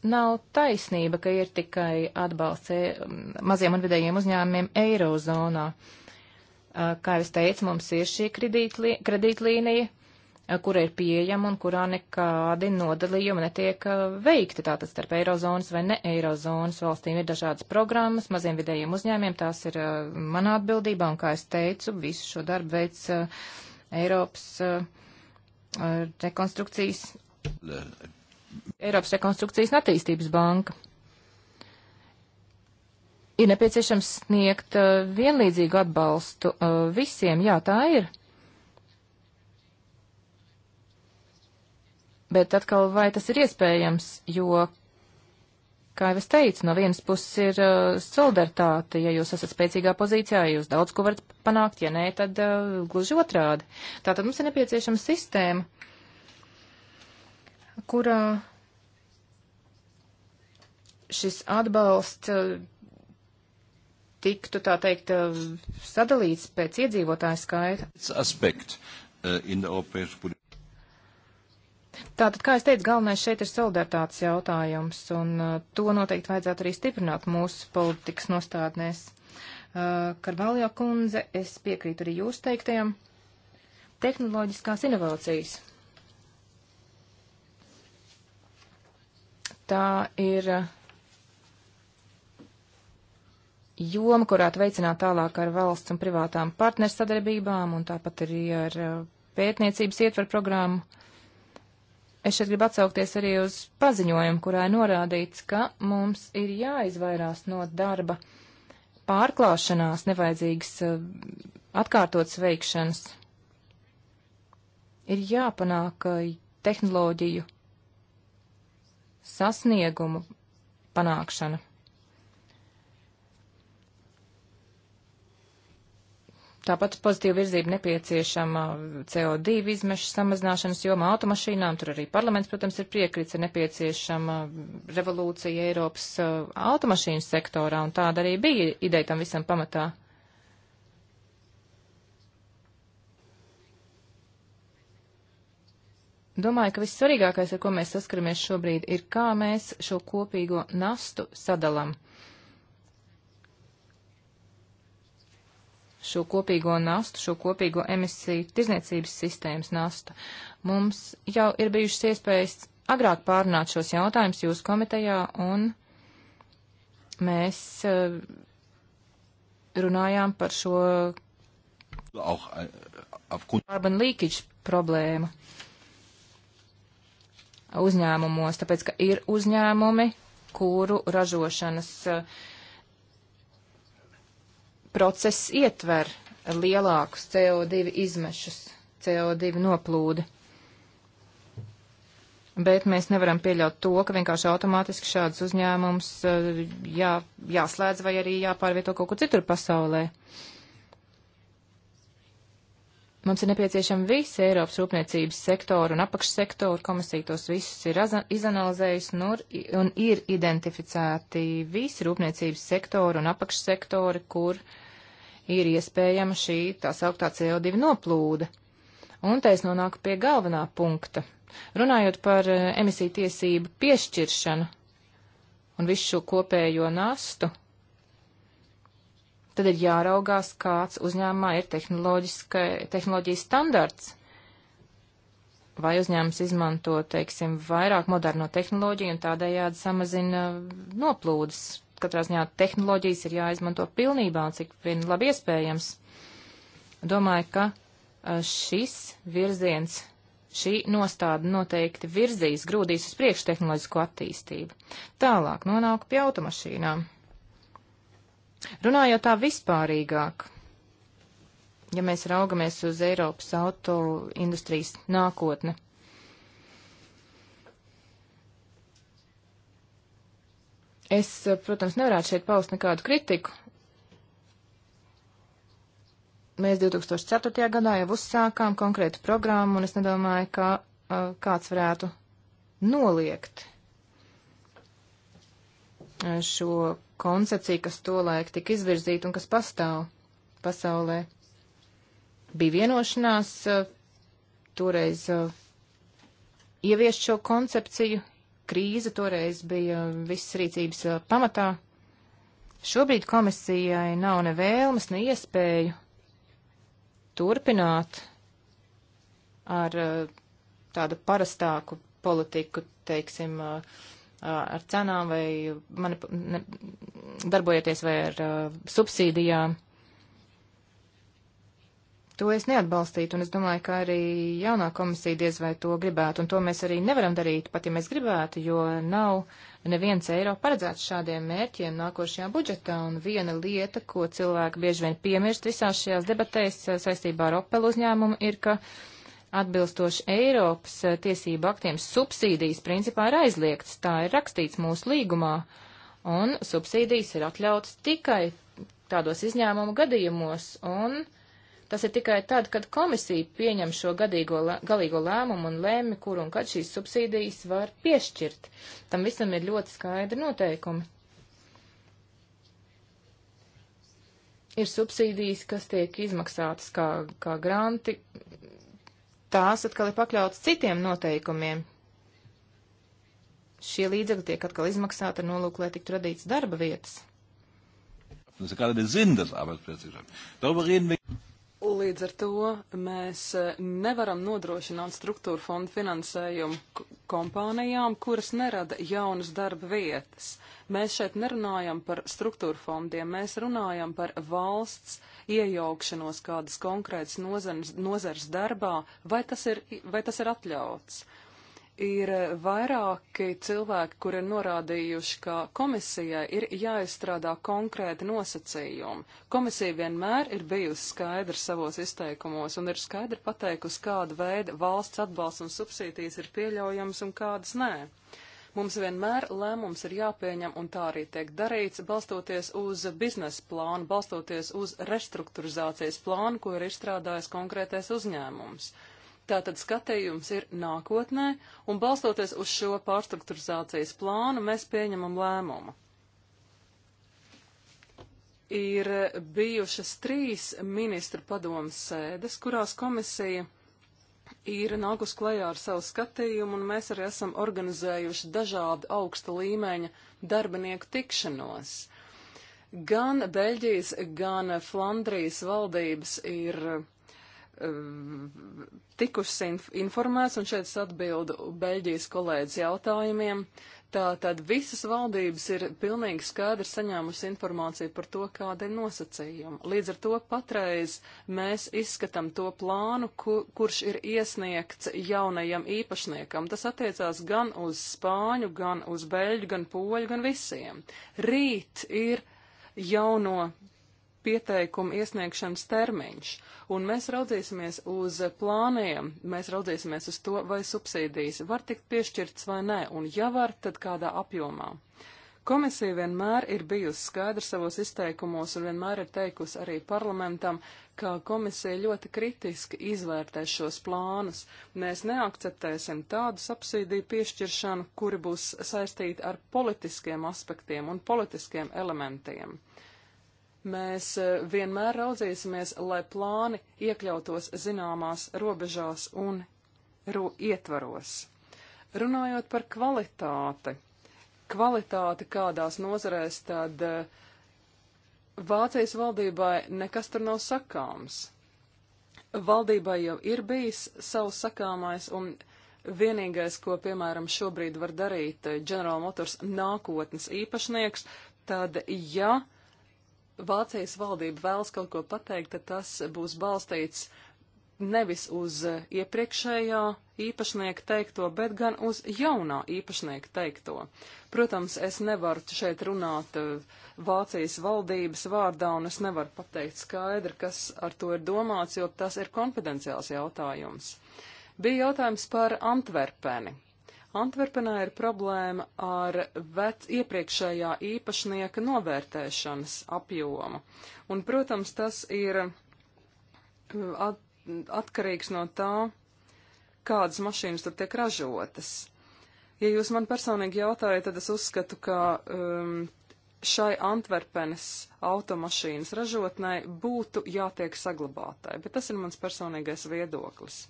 nav taisnība, ka ir tikai atbalsts e maziem un vidējiem uzņēmumiem Eirozonā. Kā jau es teicu, mums ir šī kredītlī kredītlīnija, kura ir pieejama un kurā nekādi nodalījumi netiek veikti. Tātad starp Eirozonas vai ne Eirozonas valstīm ir dažādas programmas, maziem vidējiem uzņēmiem, tās ir manā atbildībā, un kā es teicu, visu šo darbu veids Eiropas rekonstrukcijas Eiropas rekonstrukcijas un attīstības banka. Ir nepieciešams sniegt uh, vienlīdzīgu atbalstu uh, visiem, jā, tā ir. Bet atkal, vai tas ir iespējams, jo, kā jau es teicu, no vienas puses ir uh, solidaritāte, ja jūs esat spēcīgā pozīcijā, ja jūs daudz ko varat panākt, ja nē, tad uh, gluži otrādi. Tātad mums ir nepieciešama sistēma, kurā uh, šis atbalsts eh, tiktu, tā teikt, eh, sadalīts pēc iedzīvotāju skaita. Aspekt, uh, eh, Tātad, kā es teicu, galvenais šeit ir solidaritātes jautājums, un uh, to noteikti vajadzētu arī stiprināt mūsu politikas nostādnēs. Uh, Karvaljo kundze, es piekrītu arī jūs teiktajam. Tehnoloģiskās inovācijas. Tā ir uh, joma, kurā veicināt tālāk ar valsts un privātām partnersadarbībām un tāpat arī ar uh, pētniecības ietver programmu. Es šeit gribu atsaukties arī uz paziņojumu, kurā ir norādīts, ka mums ir jāizvairās no darba pārklāšanās, nevajadzīgas uh, atkārtotas veikšanas. Ir jāpanāk uh, tehnoloģiju sasniegumu panākšana. Tāpat pozitīva virzība nepieciešama CO2 izmešu samazināšanas jomā automašīnām. Tur arī parlaments, protams, ir priekrits, ir nepieciešama revolūcija Eiropas uh, automašīnu sektorā, un tāda arī bija ideja tam visam pamatā. Domāju, ka vissvarīgākais, ar ko mēs saskaramies šobrīd, ir, kā mēs šo kopīgo nastu sadalam. Uh, šo kopīgo nastu, šo kopīgo emisiju tirzniecības sistēmas nastu. Mums jau ir bijušas iespējas agrāk pārunāt šos jautājumus jūsu komitejā, un mēs eh, runājām par šo äh, carbon leakage problēmu uzņēmumos, tāpēc, ka ir uzņēmumi, kuru ražošanas uh, process ietver lielākus CO2 izmešus, CO2 noplūdi. Bet mēs nevaram pieļaut to, ka vienkārši automātiski šāds uzņēmums eh, jā, jāslēdz vai arī jāpārvieto kaut kur citur pasaulē. Mums ir nepieciešama visa Eiropas rūpniecības sektora un apakšsektora komisija tos visus ir izanalizējusi un, un ir identificēti visi rūpniecības sektori un apakšsektori, kur uh, ir iespējama šī tā sauktā CO2 noplūde. Un te es nonāku pie galvenā punkta. Runājot par eh, emisiju tiesību piešķiršanu un visu šo kopējo nastu, tad ir jāraugās, kāds uzņēmumā ir tehnoloģijas standarts. Vai uzņēmums izmanto, teiksim, vairāk moderno tehnoloģiju un tādējādi samazina noplūdes katrā ziņā tehnoloģijas ir jāizmanto pilnībā un cik vien labi iespējams. Domāju, ka šis virziens, šī nostāda noteikti virzīs, grūdīs uz priekšu tehnoloģisko attīstību. Tālāk nonāku pie automašīnām. Runājot tā vispārīgāk, ja mēs raugamies uz Eiropas auto industrijas nākotni Es, eh, protams, nevarētu šeit paust nekādu kritiku. Mēs 2004. gadā jau uzsākām konkrētu programmu, un es nedomāju, ka uh, kāds varētu noliegt eh, šo koncepciju, kas tolaik tika izvirzīta un kas pastāv pasaulē. Bija vienošanās uh, toreiz uh, ieviest šo koncepciju, krīze toreiz bija visas rīcības uh, pamatā. Šobrīd komisijai nav ne vēlmes, ne iespēju turpināt ar uh, tādu parastāku politiku, teiksim, uh, ar cenām vai mani, ne, darbojoties vai ar subsīdijām. To es neatbalstītu, un es domāju, ka arī jaunā komisija diez vai to gribētu, un to mēs arī nevaram darīt, pat ja mēs gribētu, jo nav neviens eiro paredzēts šādiem mērķiem nākošajā budžetā, un viena lieta, ko cilvēki bieži vien piemirst visās šajās debatēs eh, saistībā ar Opel uzņēmumu, ir, ka atbilstoši Eiropas eh, tiesību aktiem subsīdijas principā ir aizliegts, tā ir rakstīts mūsu līgumā, un subsīdijas ir atļautas tikai tādos izņēmumu gadījumos, un Tas ir tikai tad, kad komisija pieņem šo gadīgo, galīgo lēmumu un lēmi, kur un kad šīs subsīdijas var piešķirt. Tam visam ir ļoti skaidri noteikumi. Ir subsīdijas, kas tiek izmaksātas kā, kā granti, tās atkal ir pakļautas citiem noteikumiem. Šie līdzekļi tiek atkal izmaksāti ar nolūku, lai tiktu radīts darba vietas. Das ist gerade der Sinn des Arbeitsplatzes. Darüber reden wir. Līdz ar to mēs eh, nevaram nodrošināt struktūra fondu finansējumu kompānijām, kuras nerada jaunas darba vietas. Mēs šeit nerunājam par struktūra fondiem, mēs runājam par valsts iejaukšanos kādas konkrētas nozeres, nozeres darbā, vai tas ir, vai tas ir atļauts ir vairāki cilvēki, kuri ir norādījuši, ka komisijai ir jāizstrādā konkrēti nosacījumi. Komisija vienmēr ir bijusi skaidra savos izteikumos un ir skaidri pateikusi, kāda veida valsts atbalsts un subsīdijas ir pieļaujams un kādas nē. Mums vienmēr lēmums ir jāpieņem, un tā arī tiek darīts, balstoties uz biznesa plānu, balstoties uz restruktūrizācijas plānu, ko ir izstrādājis konkrētais uzņēmums. Uh, Tātad skatījums ir nākotnē, un balstoties uz šo pārstrukturizācijas plānu, mēs pieņemam lēmumu. Ir bijušas trīs ministru padomas sēdes, kurās komisija ir nākus klajā ar savu skatījumu, un mēs arī esam organizējuši dažādu augsta līmeņa darbinieku tikšanos. Gan Beļģijas, gan Flandrijas valdības ir tikusi informēts, un šeit es atbildu Beļģijas kolēģis jautājumiem. Tātad visas valdības ir pilnīgi skaidri saņēmusi informāciju par to, kāda ir nosacījuma. Līdz ar to patreiz mēs izskatām to plānu, ku, kurš ir iesniegts jaunajam īpašniekam. Tas attiecās gan uz Spāņu, gan uz Beļģu, gan Poļu, gan visiem. Rīt ir jauno pieteikumu iesniegšanas termiņš, un mēs raudzīsimies uz plāniem, mēs raudzīsimies uz to, vai subsīdijas var tikt piešķirtas vai nē, un ja var, tad kādā apjomā. Komisija vienmēr ir bijusi skaidra savos izteikumos un vienmēr ir teikusi arī parlamentam, ka komisija ļoti kritiski izvērtē šos plānus. Mēs neakceptēsim tādu subsīdiju piešķiršanu, kuri būs saistīti ar politiskiem aspektiem un politiskiem elementiem. Mēs e, vienmēr raudzīsimies, lai plāni iekļautos zināmās robežās un ro ietvaros. Runājot par kvalitāti, kvalitāti kādās nozarēs, tad e, Vācijas valdībai nekas tur nav sakāms. Valdībai jau ir bijis savs sakāmais un vienīgais, ko, piemēram, šobrīd var darīt e, General Motors nākotnes īpašnieks, tad, ja uh, Vācijas valdība vēlas kaut ko pateikt, tad tas būs balstīts nevis uz e, iepriekšējā īpašnieka teikto, bet gan uz jaunā īpašnieka teikto. Protams, es nevaru šeit runāt e, Vācijas valdības vārdā, un es nevaru pateikt skaidri, kas ar to ir domāts, jo tas ir konfidenciāls jautājums. Bija jautājums par Antverpeni. Antverpenē ir problēma ar vec iepriekšējā īpašnieka novērtēšanas apjomu. Un, protams, tas ir uh, at, atkarīgs no tā, kādas mašīnas tur tiek ražotas. Ja jūs man personīgi jautājat, tad es uzskatu, ka um, šai Antverpenes automašīnas ražotnei būtu jātiek saglabātai, bet tas ir mans personīgais viedoklis.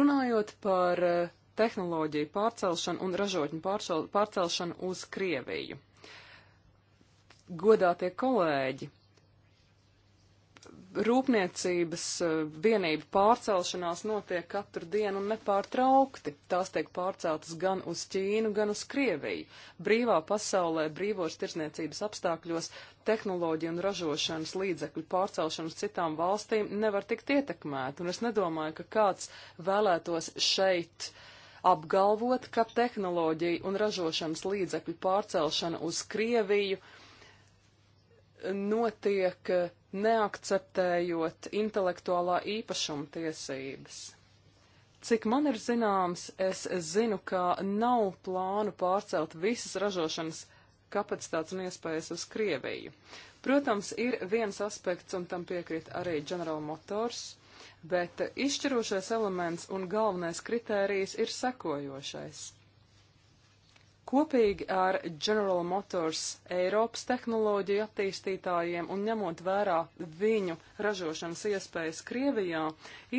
Runājot par uh, tehnoloģiju pārcelšanu un ražotņu pārcelšanu uz Krieviju. Godātie kolēģi, rūpniecības eh, vienību pārcelšanās notiek katru dienu un nepārtraukti. Tās tiek pārceltas gan uz Ķīnu, gan uz Krieviju. Brīvā pasaulē, brīvos tirsniecības apstākļos, tehnoloģija un ražošanas līdzekļu pārcelšana uz citām valstīm nevar tikt ietekmēta, un es nedomāju, ka kāds vēlētos šeit uh, apgalvot, ka tehnoloģija un ražošanas līdzekļu pārcelšana uz Krieviju notiek neakceptējot intelektuālā īpašuma tiesības. Cik man ir zināms, es zinu, ka nav plānu pārcelt visas ražošanas kapacitātes un iespējas uz Krieviju. Protams, ir viens aspekts, un tam piekrīt arī General Motors, bet izšķirošais elements un galvenais kritērijs ir sekojošais. Kopīgi ar General Motors Eiropas tehnoloģiju attīstītājiem un ņemot vērā viņu ražošanas iespējas Krievijā,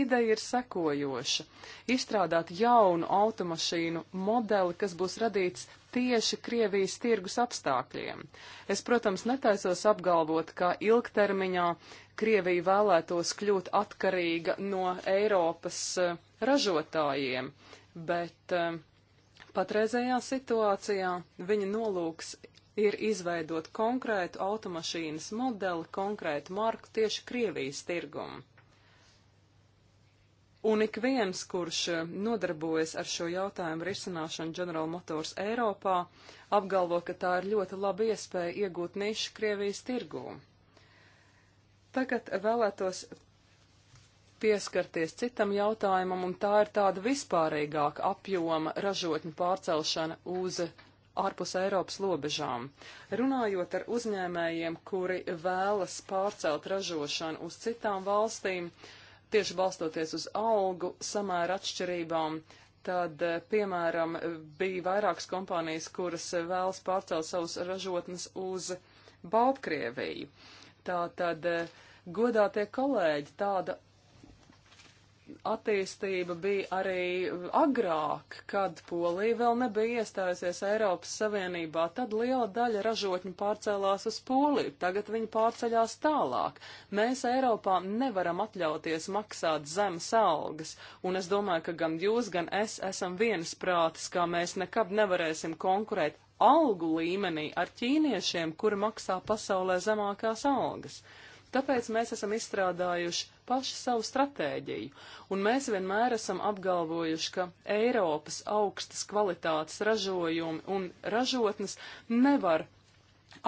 ideja ir sekojoša - izstrādāt jaunu automašīnu modeli, kas būs radīts tieši Krievijas tirgus apstākļiem. Es, protams, netaisos apgalvot, ka ilgtermiņā Krievija vēlētos kļūt atkarīga no Eiropas eh, ražotājiem, bet eh, patreizējā situācijā viņa nolūks ir izveidot konkrētu automašīnas modeli, konkrētu marku tieši Krievijas tirgumu. Un ik viens, kurš eh, nodarbojas ar šo jautājumu risināšanu General Motors Eiropā, apgalvo, ka tā ir ļoti laba iespēja iegūt nišu Krievijas tirgū. Tagad vēlētos pieskarties citam jautājumam, un tā ir tāda vispārīgāka apjoma ražotņu pārcelšana uz ārpus Eiropas robežām. Runājot ar uzņēmējiem, kuri vēlas pārcelt ražošanu uz citām valstīm, uh, tieši balstoties uz algu samēra atšķirībām. Tad, eh, piemēram, bija vairākas kompānijas, kuras eh, vēlas pārcelt savus ražotnes uz Baltkrieviju. Tā tad, eh, godātie kolēģi, tāda attīstība bija arī agrāk, kad Polija vēl nebija iestājusies Eiropas Savienībā. Tad liela daļa ražotņu pārcēlās uz Poliju, tagad viņi pārceļās tālāk. Mēs Eiropā nevaram atļauties maksāt zemes algas, un es domāju, ka gan jūs, gan es esam vienas prātas, kā mēs nekad nevarēsim konkurēt algu līmenī ar ķīniešiem, kuri maksā pasaulē zemākās algas. Tāpēc mēs esam izstrādājuši paši savu stratēģiju, un mēs vienmēr esam apgalvojuši, ka Eiropas augstas kvalitātes ražojumi un ražotnes nevar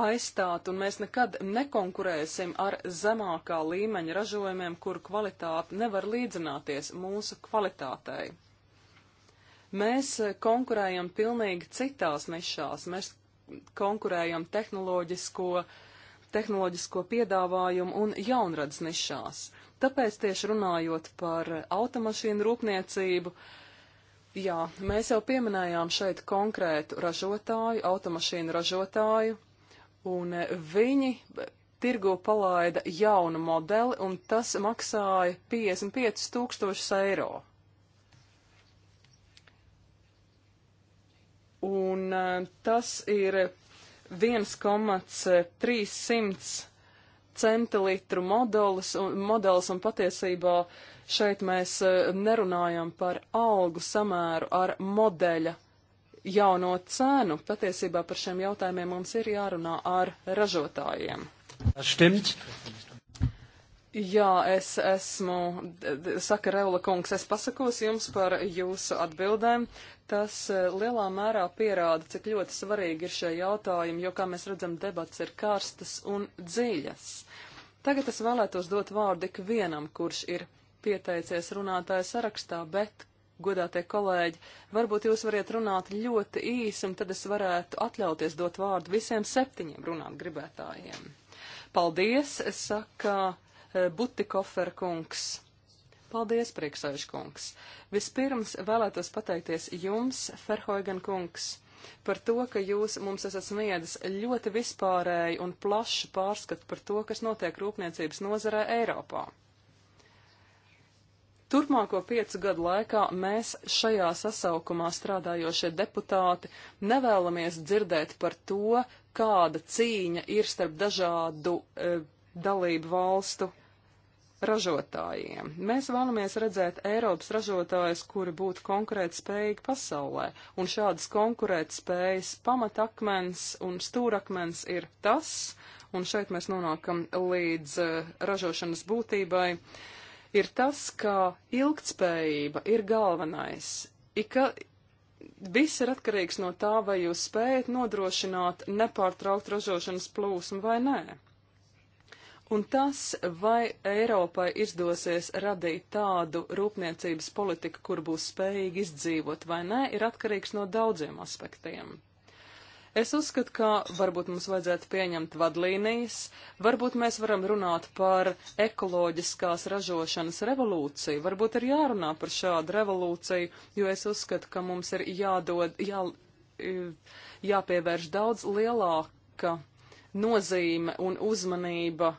aizstāt, un mēs nekad nekonkurēsim ar zemākā līmeņa ražojumiem, kuru kvalitāte nevar līdzināties mūsu kvalitātei. Mēs konkurējam pilnīgi citās nišās. Mēs konkurējam tehnoloģisko, tehnoloģisko piedāvājumu un jaunradas nišās. Tāpēc tieši runājot par automašīnu rūpniecību, jā, mēs jau pieminējām šeit konkrētu ražotāju, automašīnu ražotāju, un viņi tirgo palaida jaunu modeli, un tas maksāja 55 tūkstošus eiro. Un eh, tas ir 1,300 centilitru modelis un, modelis, un patiesībā šeit mēs e, nerunājam par algu samēru ar modeļa jauno cenu. Patiesībā par šiem jautājumiem mums ir jārunā ar ražotājiem. Tas stimmt. Jā, es esmu, saka Reula kungs, es pasakos jums par jūsu atbildēm. Tas e, lielā mērā pierāda, cik ļoti svarīgi ir šie jautājumi, jo, kā mēs redzam, debats ir karstas un dziļas. Tagad es vēlētos dot vārdu ik vienam, kurš ir pieteicies runātāja sarakstā, bet, godātie kolēģi, varbūt jūs variet runāt ļoti īsi, un tad es varētu atļauties dot vārdu visiem septiņiem runāt gribētājiem. Paldies, es saku Eh, Butikofera kungs. Paldies, priekšsēžu kungs. Vispirms vēlētos pateikties jums, Ferhoigan kungs, par to, ka jūs mums esat sniedzis ļoti vispārēju un plašu pārskatu par to, kas notiek rūpniecības nozarē Eiropā. Turpmāko piecu gadu laikā mēs šajā sasaukumā strādājošie deputāti nevēlamies dzirdēt par to, kāda cīņa ir starp dažādu e, dalību valstu ražotājiem. Mēs vēlamies redzēt Eiropas ražotājus, kuri būtu konkurēt spējīgi pasaulē, un šādas konkurēt spējas pamatakmens un stūrakmens ir tas, un šeit mēs nonākam līdz uh, ražošanas būtībai, ir tas, ka ilgtspējība ir galvenais. Ika, viss ir atkarīgs no tā, vai jūs spējat nodrošināt nepārtraukt ražošanas plūsmu vai nē un tas, vai Eiropai izdosies radīt tādu rūpniecības politiku, kur būs spējīgi izdzīvot vai nē, ir atkarīgs no daudziem aspektiem. Es uzskatu, ka varbūt mums vajadzētu pieņemt vadlīnijas, varbūt mēs varam runāt par ekoloģiskās ražošanas revolūciju, varbūt ir jārunā par šādu revolūciju, jo es uzskatu, ka mums ir jādod, jā, jāpievērš daudz lielāka nozīme un uzmanība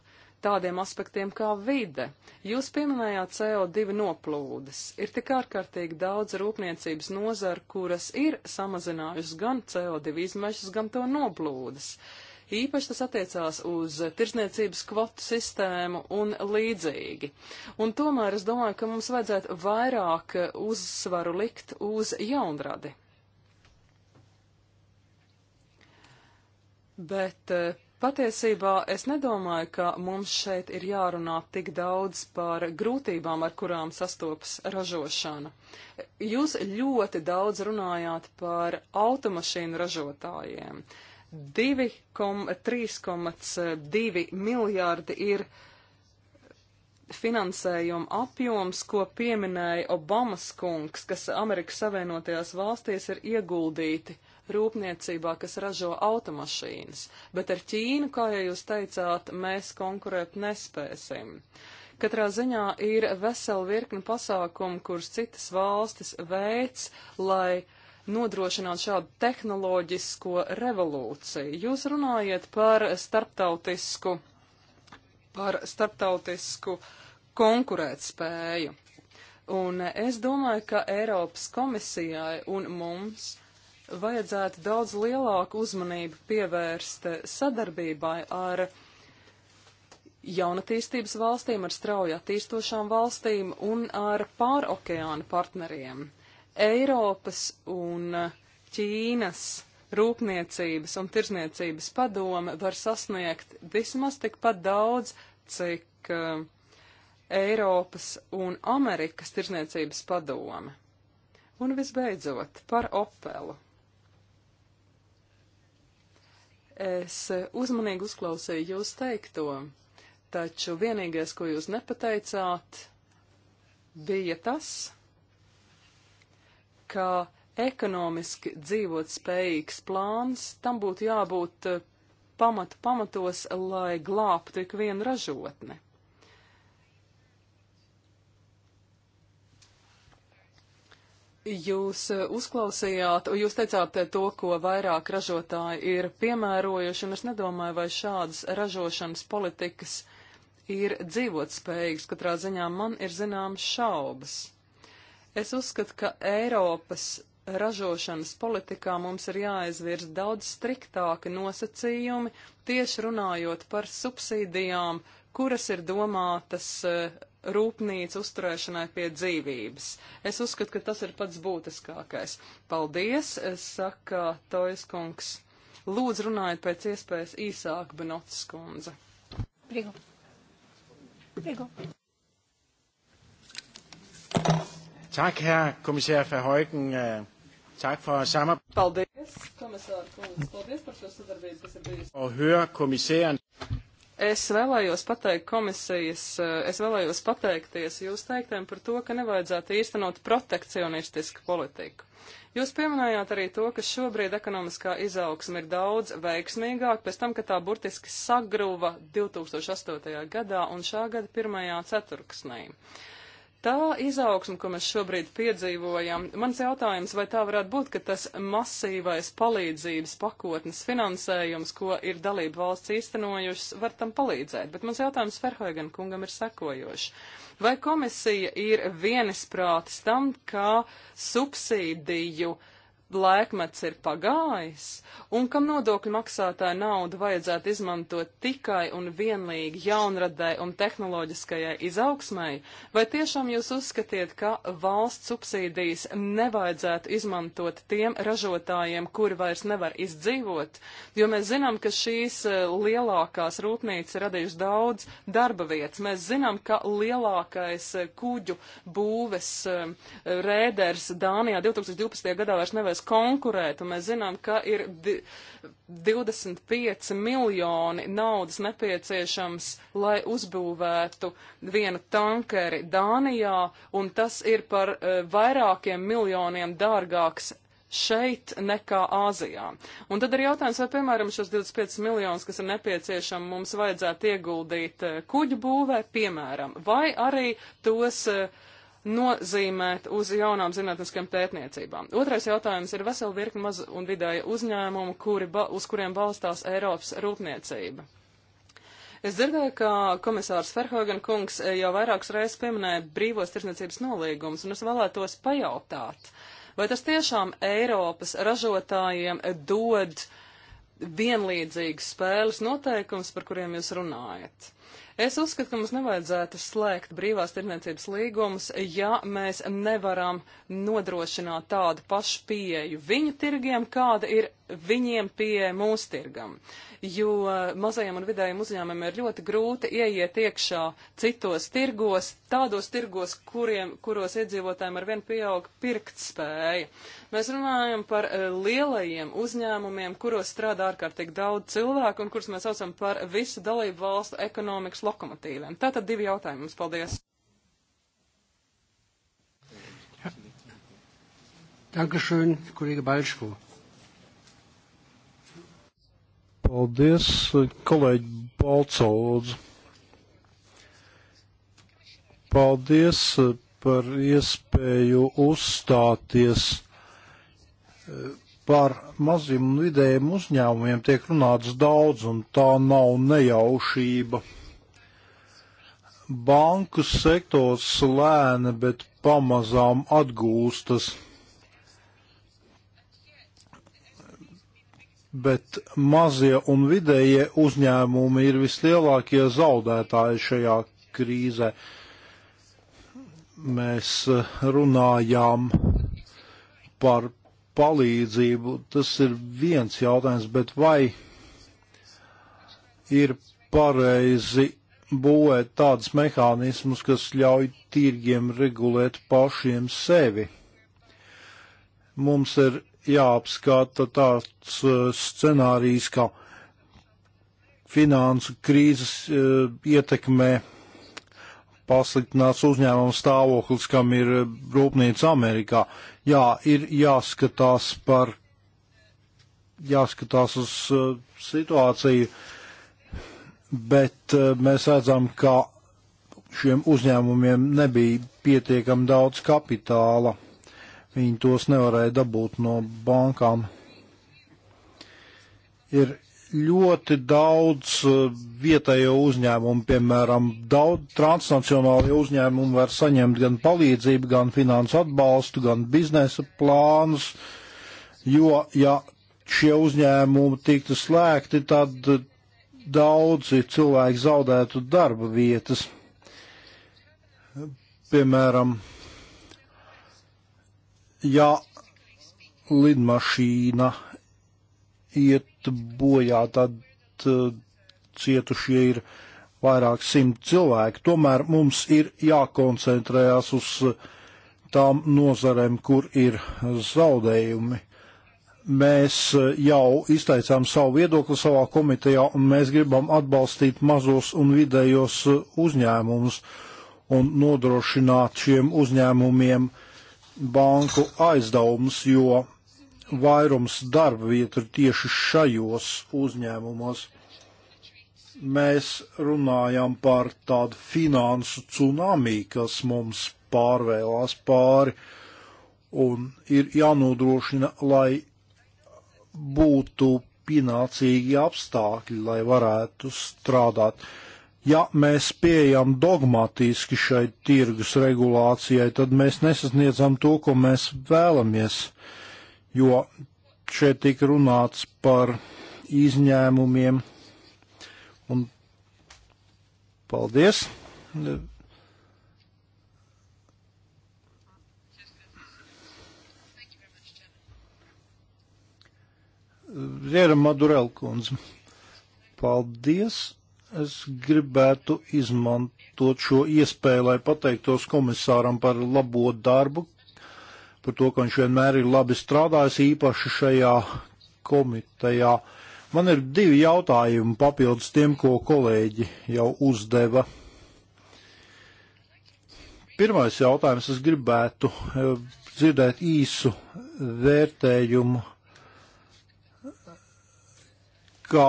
tādiem aspektiem kā vide. Jūs pieminējāt CO2 noplūdes. Ir tik ārkārtīgi daudz rūpniecības nozaru, kuras ir samazinājusi gan CO2 izmešas, gan to noplūdes. Īpaši tas attiecās uz tirzniecības kvotu sistēmu un līdzīgi. Un tomēr es domāju, ka mums vajadzētu vairāk uzsvaru likt uz jaunradi. Bet eh, Patiesībā es nedomāju, ka mums šeit ir jārunā tik daudz par grūtībām, ar kurām sastopas ražošana. Jūs ļoti daudz runājāt par automašīnu ražotājiem. 3,2 miljārdi ir finansējuma apjoms, ko pieminēja Obamas kungs, kas Amerikas Savienotajās valstīs ir ieguldīti uh, rūpniecībā, kas ražo automašīnas, bet ar Ķīnu, kā jau jūs teicāt, mēs konkurēt nespēsim. Katrā ziņā ir vesela virkni pasākumu, kurus citas valstis veids, lai nodrošināt šādu tehnoloģisko revolūciju. Jūs runājat par starptautisku, par starptautisku konkurētspēju. Un es domāju, ka Eiropas komisijai un mums vajadzētu daudz lielāku uzmanību pievērst sadarbībai ar jaunatīstības valstīm, ar strauji attīstošām valstīm un ar pārokeāna partneriem. Eiropas un Ķīnas rūpniecības un tirzniecības padome var sasniegt vismaz tikpat daudz, cik uh, Eiropas un Amerikas tirzniecības padome. Un visbeidzot par Opelu. Es uzmanīgi uzklausīju jūs teikto, taču vienīgais, ko jūs nepateicāt, bija tas, ka ekonomiski dzīvot spējīgs plāns, tam būtu jābūt eh, pamatu pamatos, lai glābtu ikvienu ražotni. Jūs eh, uzklausījāt, jūs teicāt eh, to, ko vairāk ražotāji ir piemērojuši, un es nedomāju, vai šādas ražošanas politikas ir dzīvotspējīgas. Katrā ziņā man ir zināmas šaubas. Es uzskatu, ka Eiropas ražošanas politikā mums ir jāizvirz daudz striktāki nosacījumi, tieši runājot par subsīdijām, kuras ir domātas eh, rūpnīcu uzturēšanai pie dzīvības. Es uzskatu, ka tas ir pats būtiskākais. Paldies, saka Tojas kungs. Lūdzu, runājiet pēc iespējas īsāk, Benotas kundze. Prigo. Prigo. Tak, herr komisār Verheugen. Äh, tak for samarbejdet. Paldies, komisār kungs. Paldies par šo sadarbību, kas ir bijusi. Og høre kommissæren Es vēlējos pateikt komisijas, eh, es vēlējos pateikties jūs teiktiem par to, ka nevajadzētu īstenot protekcionistisku politiku. Jūs pieminējāt arī to, ka šobrīd ekonomiskā izaugsme ir daudz veiksmīgāk, pēc tam, ka tā burtiski sagruva 2008. gadā un šā gada pirmajā ceturksnī. Uh, tā izaugsme, ko mēs šobrīd piedzīvojam, mans jautājums, vai tā varētu būt, ka tas masīvais palīdzības pakotnes finansējums, ko ir dalību valsts īstenojušas, var tam palīdzēt. Bet mans jautājums Ferhoigan kungam ir sekojošs. Vai komisija ir vienisprātis tam, kā subsīdiju uh, laikmets ir pagājis un kam nodokļu maksātāja naudu vajadzētu izmantot tikai un vienlīgi jaunradai un tehnoloģiskajai izaugsmai, vai tiešām jūs uzskatiet, ka valsts subsīdijas nevajadzētu izmantot tiem ražotājiem, kuri vairs nevar izdzīvot, jo mēs zinām, ka šīs eh, lielākās rūpnīcas radījuši daudz darba vietas. Mēs zinām, ka lielākais eh, kuģu būves eh, rēders Dānijā 2012. gadā vairs nevar varēs konkurēt, un mēs zinām, ka ir 25 miljoni naudas nepieciešams, lai uzbūvētu vienu tankeri Dānijā, un tas ir par uh, vairākiem miljoniem dārgāks šeit nekā Āzijā. Un tad ir jautājums, vai, piemēram, šos 25 miljonus, kas ir nepieciešami, mums vajadzētu ieguldīt e, kuģu būvē, piemēram, vai arī tos uh, nozīmēt uz jaunām zinātniskajām pētniecībām. Otrais jautājums ir vesela virkni maz un vidēja uzņēmumu, kuri, ba, uz kuriem balstās Eiropas rūpniecība. Es dzirdēju, ka komisārs Ferhogan kungs jau vairākas reizes pieminēja brīvos tirsniecības nolīgumus, un es vēlētos pajautāt, vai tas tiešām Eiropas ražotājiem dod vienlīdzīgas spēles noteikums, par kuriem jūs runājat? Uh, Es uzskatu, ka mums nevajadzētu slēgt brīvās tirniecības līgumus, ja mēs nevaram nodrošināt tādu pašu pieeju viņu tirgiem, kāda ir viņiem pieeja mūsu tirgam. Jo mazajiem un vidējiem uzņēmumiem ir ļoti grūti ieiet iekšā citos tirgos, tādos tirgos, kuriem, kuros iedzīvotājiem ar vien pieaug pirkt spēja. Mēs runājam par eh, lielajiem uzņēmumiem, kuros strādā ārkārtīgi daudz cilvēku un kurus mēs saucam par visu dalību valstu ekonomikas lokomotīviem. Tātad divi jautājumi mums. Paldies! Dankeschön, Kollege Balčko. Paldies, kolēģi Balco. Paldies eh, par iespēju uzstāties. Eh, par maziem un vidējiem uzņēmumiem tiek runāts daudz, un tā nav nejaušība. Banku sektors lēna, bet pamazām atgūstas. bet mazie un vidējie uzņēmumi ir vislielākie zaudētāji šajā krīzē mēs eh, runājām par palīdzību, tas ir viens jautājums, bet vai ir pareizi būvēt tādus mehānismus, kas ļauj tirgiem regulēt pašiem sevi. Mums ir jāapskata tāds eh, scenārijs, ka finansu krīzes eh, ietekmē pasliktinās uzņēmumu stāvoklis, kam ir eh, rūpnīca Amerikā. Jā, ir jāskatās par, jāskatās uz uh, situāciju, bet uh, mēs redzam, ka šiem uzņēmumiem nebija pietiekam daudz kapitāla. Viņi tos nevarēja dabūt no bankām. Ir ļoti daudz eh, vietējo uzņēmumu, piemēram, daudz transnacionālie uzņēmumi var saņemt gan palīdzību, gan finansu atbalstu, gan biznesa plānus, jo, ja šie uzņēmumi tiktu slēgti, tad daudzi cilvēki zaudētu darba vietas. Piemēram, ja lidmašīna iet iet bojā, tad eh, cietušie ir vairāk simt cilvēki. Tomēr mums ir jākoncentrējās uz tām nozarēm, kur ir zaudējumi. Mēs eh, jau izteicām savu viedokli savā komitejā, un mēs gribam atbalstīt mazos un vidējos eh, uzņēmumus un nodrošināt šiem uzņēmumiem banku aizdevumus, jo vairums darba vietu ir tieši šajos uzņēmumos. Mēs runājam par tādu finansu tsunami, kas mums pārvēlās pāri, un ir jānodrošina, lai būtu pienācīgi apstākļi, lai varētu strādāt. Ja mēs pieejam dogmatiski šai tirgus regulācijai, tad mēs nesasniedzam to, ko mēs vēlamies. Uh, jo šeit tika runāts par izņēmumiem. Un paldies! Viera Madurel kundze, paldies! Es gribētu izmantot šo iespēju, lai pateiktos komisāram par labo darbu, par to, ka viņš vienmēr ir labi strādājis īpaši šajā komitejā. Man ir divi jautājumi papildus tiem, ko kolēģi jau uzdeva. Pirmais jautājums es gribētu eh, dzirdēt īsu vērtējumu, kā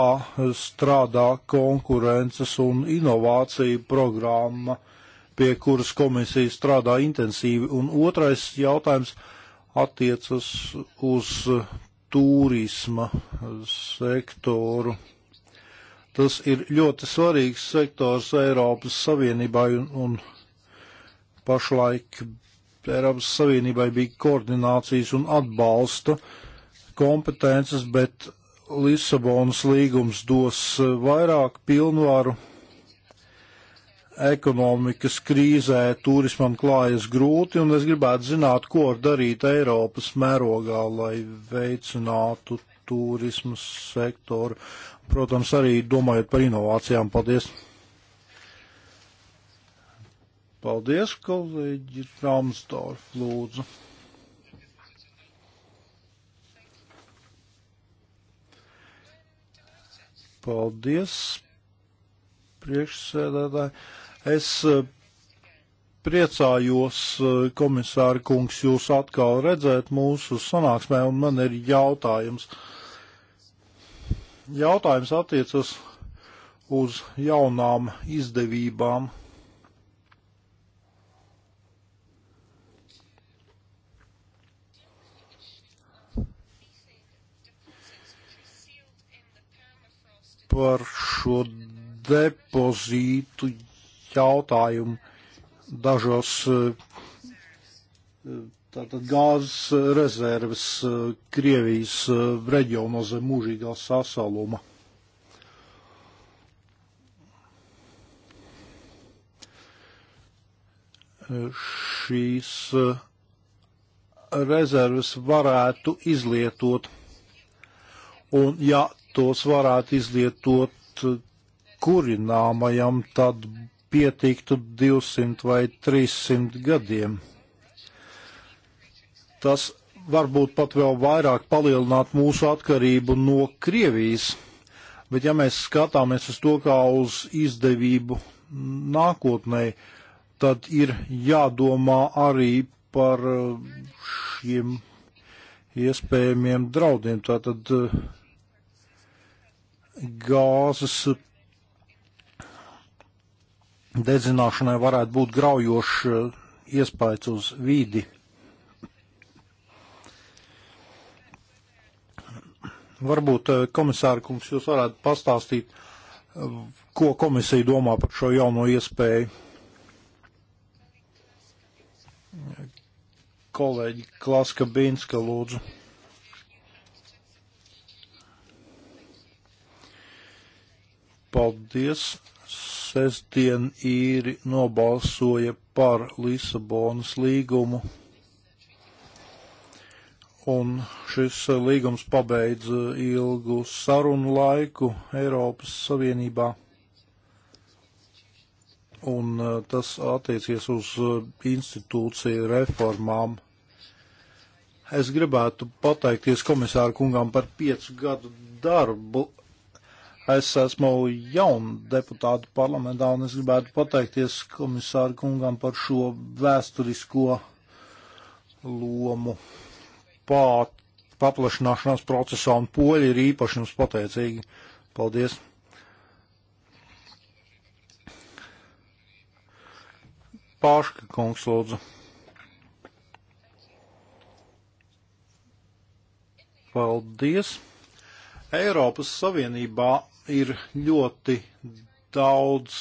strādā konkurences un inovāciju programma. Uh, pie kuras komisija strādā intensīvi. Un otrais jautājums attiecas uz turisma sektoru. Tas ir ļoti svarīgs sektors Eiropas Savienībai un, un pašlaik Eiropas Savienībai bija koordinācijas un atbalsta kompetences, bet Lisabonas līgums dos vairāk pilnvaru ekonomikas krīzē turismam klājas grūti, un es gribētu zināt, ko darīt Eiropas mērogā, lai veicinātu turismas sektoru. Protams, arī domājot par inovācijām. Paldies! Paldies, kolēģi Ramsdorf, lūdzu. Paldies, priekšsēdētāji. Es eh, priecājos, eh, komisāra kungs, jūs atkal redzēt mūsu sanāksmē, un man ir jautājums. Jautājums attiecas uz jaunām izdevībām. Par šo depozītu jautājumu. Dažos eh, tātad gāzes rezerves eh, Krievijas eh, reģionos zem mūžīgā sasaluma. Šīs rezerves varētu izlietot, un ja tos varētu izlietot kurināmajam, tad pietiktu 200 vai 300 gadiem. Tas varbūt pat vēl vairāk palielinātu mūsu atkarību no Krievijas, bet ja mēs skatāmies uz to kā uz izdevību nākotnē, tad ir jādomā arī par uh, šiem iespējamiem draudiem. Tātad uh, gāzes dedzināšanai varētu būt graujošs eh, iespējas uz vidi. Varbūt eh, komisāra kungs jūs varētu pastāstīt, eh, ko komisija domā par šo jauno iespēju. Kolēģi Klaska Bīnska lūdzu. Paldies sestdien īri nobalsoja par Lisabonas līgumu, un šis eh, līgums pabeidz eh, ilgu sarunu laiku Eiropas Savienībā, un eh, tas attiecies uz institūciju reformām. Es gribētu pateikties komisāru kungām par piecu gadu darbu Es esmu jauna deputāta parlamentā un es gribētu pateikties komisāru kungam par šo vēsturisko lomu pāt, paplašināšanās procesā un poļi ir īpaši jums pateicīgi. Paldies! Pārška kungs lūdzu. Paldies! Eiropas Savienībā ir ļoti daudz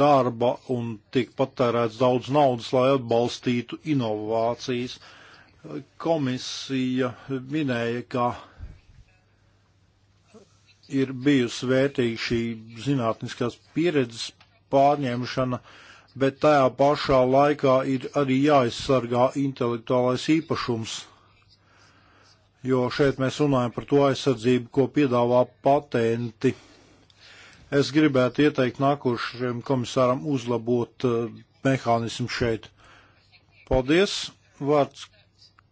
darba un tiek patērēts daudz naudas, lai atbalstītu inovācijas. Komisija minēja, ka ir bijusi vērtīga šī zinātniskās pieredzes pārņemšana, bet tajā pašā laikā ir arī jāaizsargā intelektuālais īpašums jo šeit mēs runājam par to aizsardzību, ko piedāvā patenti. Es gribētu ieteikt nākošajam komisāram uzlabot uh, mehānismu šeit. Paldies! Vārds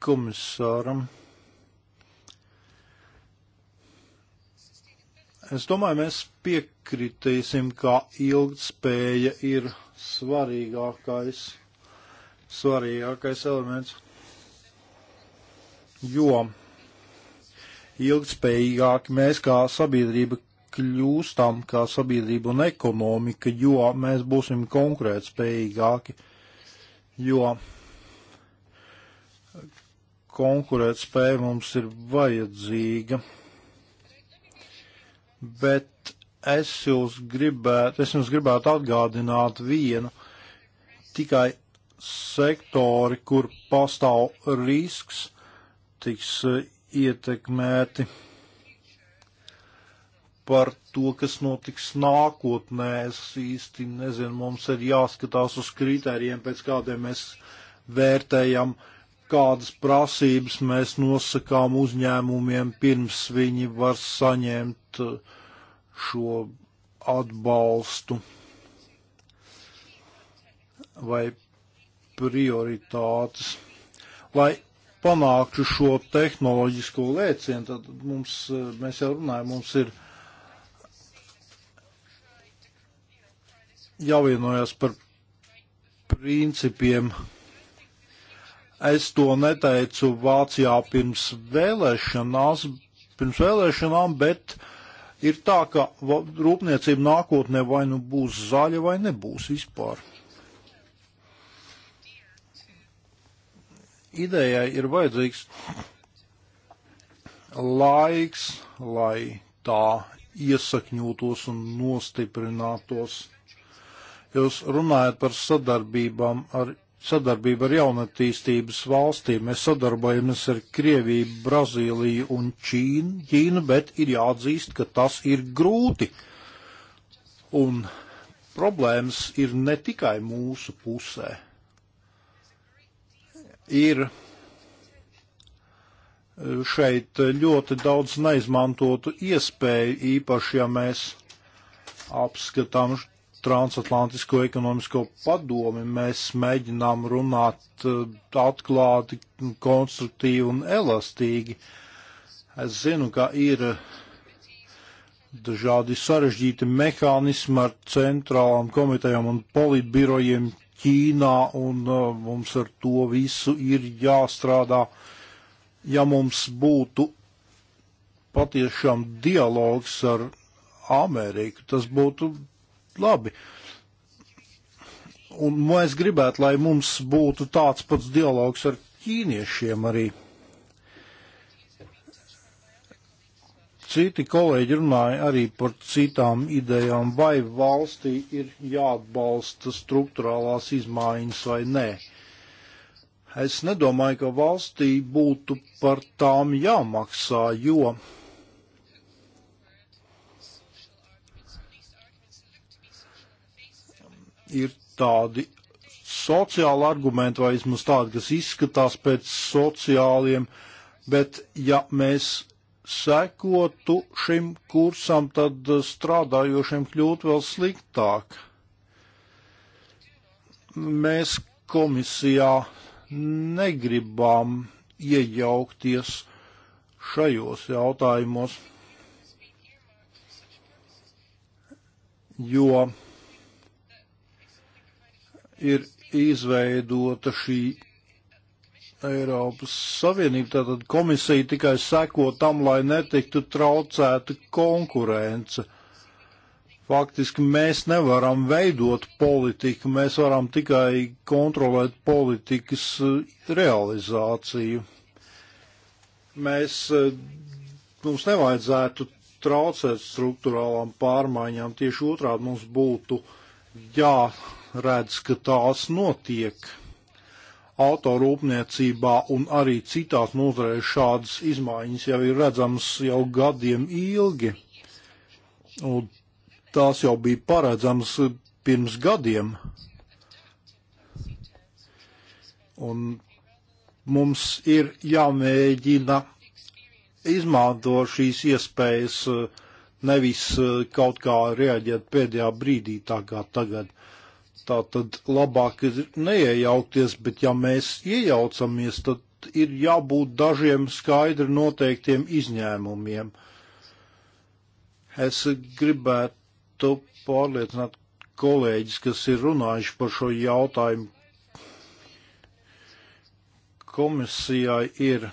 komisāram. Es domāju, mēs piekritīsim, ka ilgtspēja ir svarīgākais, svarīgākais elements, jo ilgspējīgāki mēs kā sabiedrība kļūstam, kā sabiedrība un ekonomika, jo mēs būsim konkurētspējīgāki, jo konkurētspēja mums ir vajadzīga. Bet es jūs gribētu, es jums gribētu atgādināt vienu tikai sektori, kur pastāv risks, tiks ietekmēti par to, kas notiks nākotnē. Es īsti nezinu, mums ir jāskatās uz kritērijiem, pēc kādiem mēs vērtējam, kādas prasības mēs nosakām uzņēmumiem, pirms viņi var saņemt uh, šo atbalstu vai prioritātes. Lai panāktu šo tehnoloģisko lēcienu, tad mums, eh, mēs jau runājam, mums ir jāvienojas par principiem. Es to neteicu Vācijā pirms vēlēšanās, pirms vēlēšanām, bet ir tā, ka rūpniecība nākotnē vai nu būs zaļa vai nebūs vispār. idejai ir vajadzīgs laiks, lai tā iesakņotos un nostiprinātos. Jūs runājat par sadarbībām ar, sadarbību ar jaunatīstības valstīm. Mēs sadarbojamies ar Krieviju, Brazīliju un Čīnu, Ķīnu, bet ir jāatzīst, ka tas ir grūti. Un problēmas ir ne tikai mūsu pusē ir eh, šeit ļoti daudz neizmantotu iespēju, īpaši, ja mēs apskatām transatlantisko ekonomisko padomi, mēs mēģinām runāt eh, atklāti, konstruktīvi un elastīgi. Es zinu, ka ir eh, dažādi sarežģīti mehānismi ar centrālām komitejām un politbirojiem, Ķīnā, un uh, mums ar to visu ir jāstrādā. Ja mums būtu patiešām dialogs ar Ameriku, tas būtu labi. Un mēs gribētu, lai mums būtu tāds pats dialogs ar ķīniešiem arī. Citi kolēģi runāja arī par citām idejām, vai valstī ir jāatbalsta struktūrālās izmaiņas vai nē. Es nedomāju, ka valstī būtu par tām jāmaksā, jo ir tādi sociāli argumenti, vai vismaz tādi, kas izskatās pēc sociāliem, bet ja mēs sekotu šim kursam, tad strādājošiem kļūtu vēl sliktāk. Mēs komisijā negribam iejaukties šajos jautājumos, jo ir izveidota šī Eiropas Savienība, tātad komisija tikai seko tam, lai netiktu traucēta konkurence. Faktiski mēs nevaram veidot politiku, mēs varam tikai kontrolēt politikas eh, realizāciju. Mēs, eh, mums nevajadzētu traucēt struktūrālām pārmaiņām, tieši otrādi mums būtu jāredz, ka tās notiek autorūpniecībā un arī citās nozarēs šādas izmaiņas jau ir redzamas jau gadiem ilgi. Un tās jau bija paredzamas pirms gadiem. Un mums ir jāmēģina izmanto šīs iespējas, nevis kaut kā reaģēt pēdējā brīdī, tā kā tagad. Tā tad labāk ir neiejaukties, bet ja mēs iejaucamies, tad ir jābūt dažiem skaidri noteiktiem izņēmumiem. Es gribētu pārliecināt kolēģis, kas ir runājuši par šo jautājumu. Komisijai ir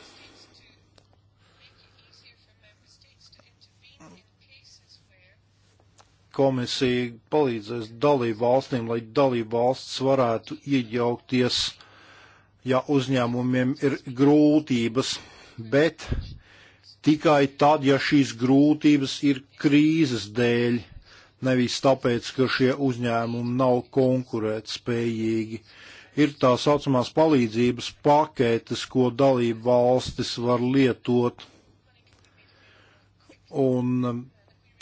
komisija palīdzēs dalību valstīm, lai dalību valsts varētu iejaukties, ja uzņēmumiem ir grūtības, bet tikai tad, ja šīs grūtības ir krīzes dēļ, nevis tāpēc, ka šie uzņēmumi nav konkurētspējīgi. Ir tā saucamās palīdzības paketes, ko dalību valstis var lietot. Un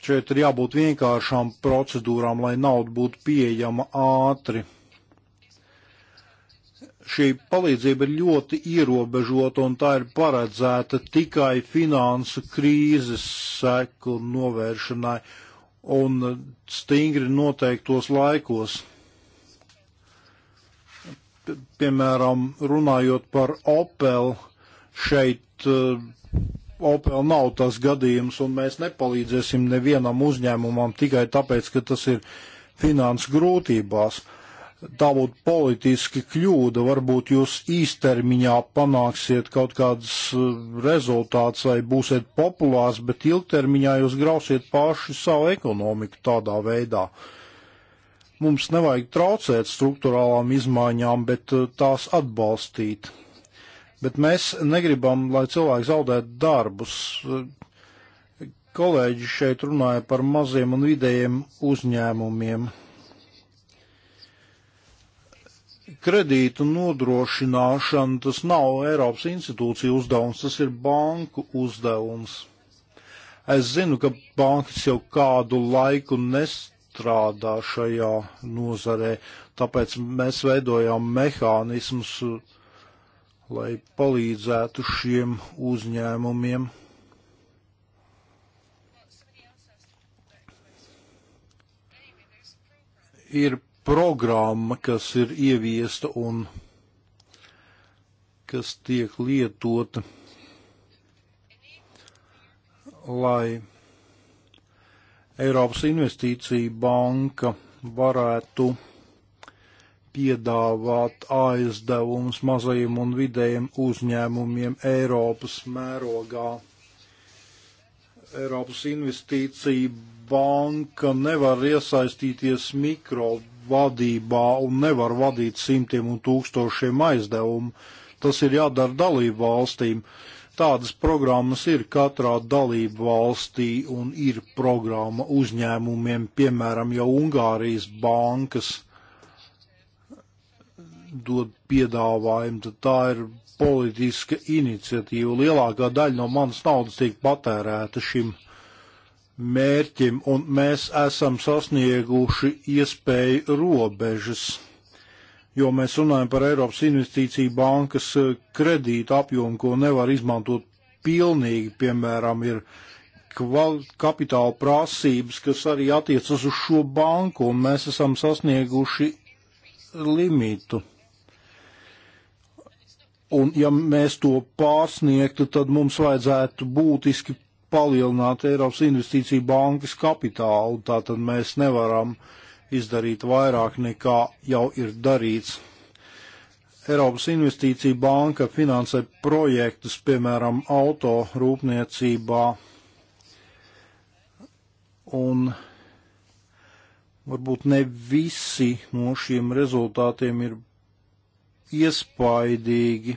Šeit ir jābūt vienkāršām procedūrām, lai nauda būtu pieejama ātri. Šī palīdzība ir ļoti ierobežota un tā ir paredzēta tikai finansu krīzes seku novēršanai un stingri noteiktos laikos piemēram, runājot par Opel, šeit eh, Opel nav tas gadījums, un mēs nepalīdzēsim nevienam uzņēmumam tikai tāpēc, ka tas ir finanses grūtībās. Tā būtu politiski kļūda, varbūt jūs īstermiņā panāksiet kaut kādas eh, rezultāts vai būsiet populārs, bet ilgtermiņā jūs grausiet paši savu ekonomiku tādā veidā. Mums nevajag traucēt struktūrālām izmaiņām, bet eh, tās atbalstīt bet mēs negribam, lai cilvēki zaudētu darbus. Kolēģi šeit runāja par maziem un vidējiem uzņēmumiem. Kredītu nodrošināšana tas nav Eiropas institūciju uzdevums, tas ir banku uzdevums. Es zinu, ka bankas jau kādu laiku nestrādā šajā nozarē, tāpēc mēs veidojām mehānismus, lai palīdzētu šiem uzņēmumiem. Ir programma, kas ir ieviesta un kas tiek lietota, lai Eiropas Investīcija banka varētu piedāvāt aizdevumus mazajiem un vidējiem uzņēmumiem Eiropas mērogā. Eiropas investīcija banka nevar iesaistīties mikro vadībā un nevar vadīt simtiem un tūkstošiem aizdevumu. Tas ir jādara dalību valstīm. Tādas programmas ir katrā dalību valstī un ir programma uzņēmumiem, piemēram, jau Ungārijas bankas dod piedāvājumu, tad tā ir politiska iniciatīva. Lielākā daļa no manas naudas tiek patērēta šim mērķim, un mēs esam sasnieguši iespēju robežas jo mēs runājam par Eiropas investīciju bankas kredītu apjomu, ko nevar izmantot pilnīgi, piemēram, ir kapitāla prasības, kas arī attiecas uz šo banku, un mēs esam sasnieguši limitu. Un ja mēs to pārsniegtu, tad mums vajadzētu būtiski palielināt Eiropas investīciju bankas kapitālu. Tātad mēs nevaram izdarīt vairāk nekā jau ir darīts. Eiropas investīcija banka finansē projektus, piemēram, auto rūpniecībā. Un varbūt ne visi no šiem rezultātiem ir iespaidīgi.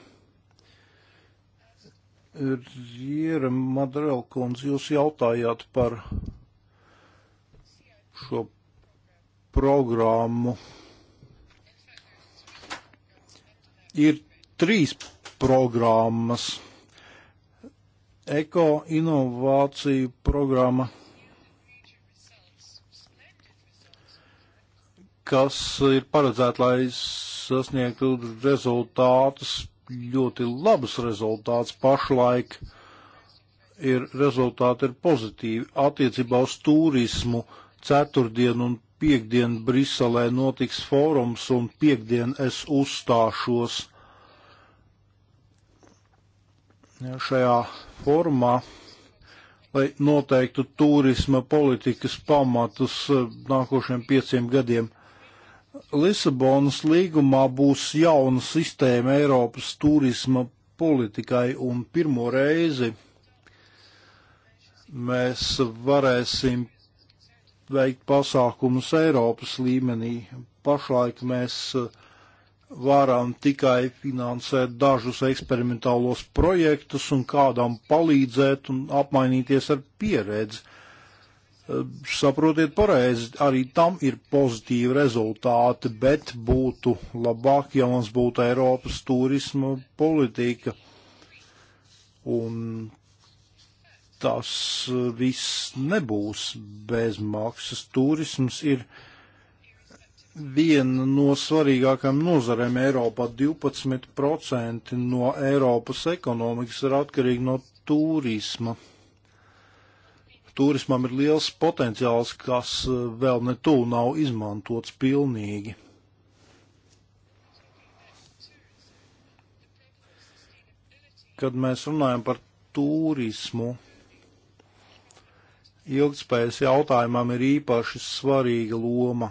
Riera Madarelkons, jūs jautājāt par šo programmu. Ir trīs programmas. Eko inovāciju programma, kas ir paredzēta, lai sasniegtu rezultātus, ļoti labus rezultātus pašlaik. Ir rezultāti ir pozitīvi. Attiecībā uz turismu ceturtdien un piekdien Briselē notiks fórums un piekdien es uzstāšos šajā formā, lai noteiktu turisma politikas pamatus eh, nākošiem pieciem gadiem. Lisabonas līgumā būs jauna sistēma Eiropas turisma politikai un pirmo reizi mēs varēsim veikt pasākumus Eiropas līmenī. Pašlaik mēs uh, varam tikai finansēt dažus eksperimentālos projektus un kādam palīdzēt un apmainīties ar pieredzi Eh, saprotiet pareizi, arī tam ir pozitīvi rezultāti, bet būtu labāk, ja mums būtu Eiropas turisma politika. Un tas eh, viss nebūs bezmaksas. Turisms ir viena no svarīgākajām nozarēm Eiropā. 12% no Eiropas ekonomikas ir atkarīgi no turisma turismam ir liels potenciāls, kas eh, vēl ne tuvu nav izmantots pilnīgi. Kad mēs runājam par turismu, ilgspējas jautājumam ir īpaši svarīga loma.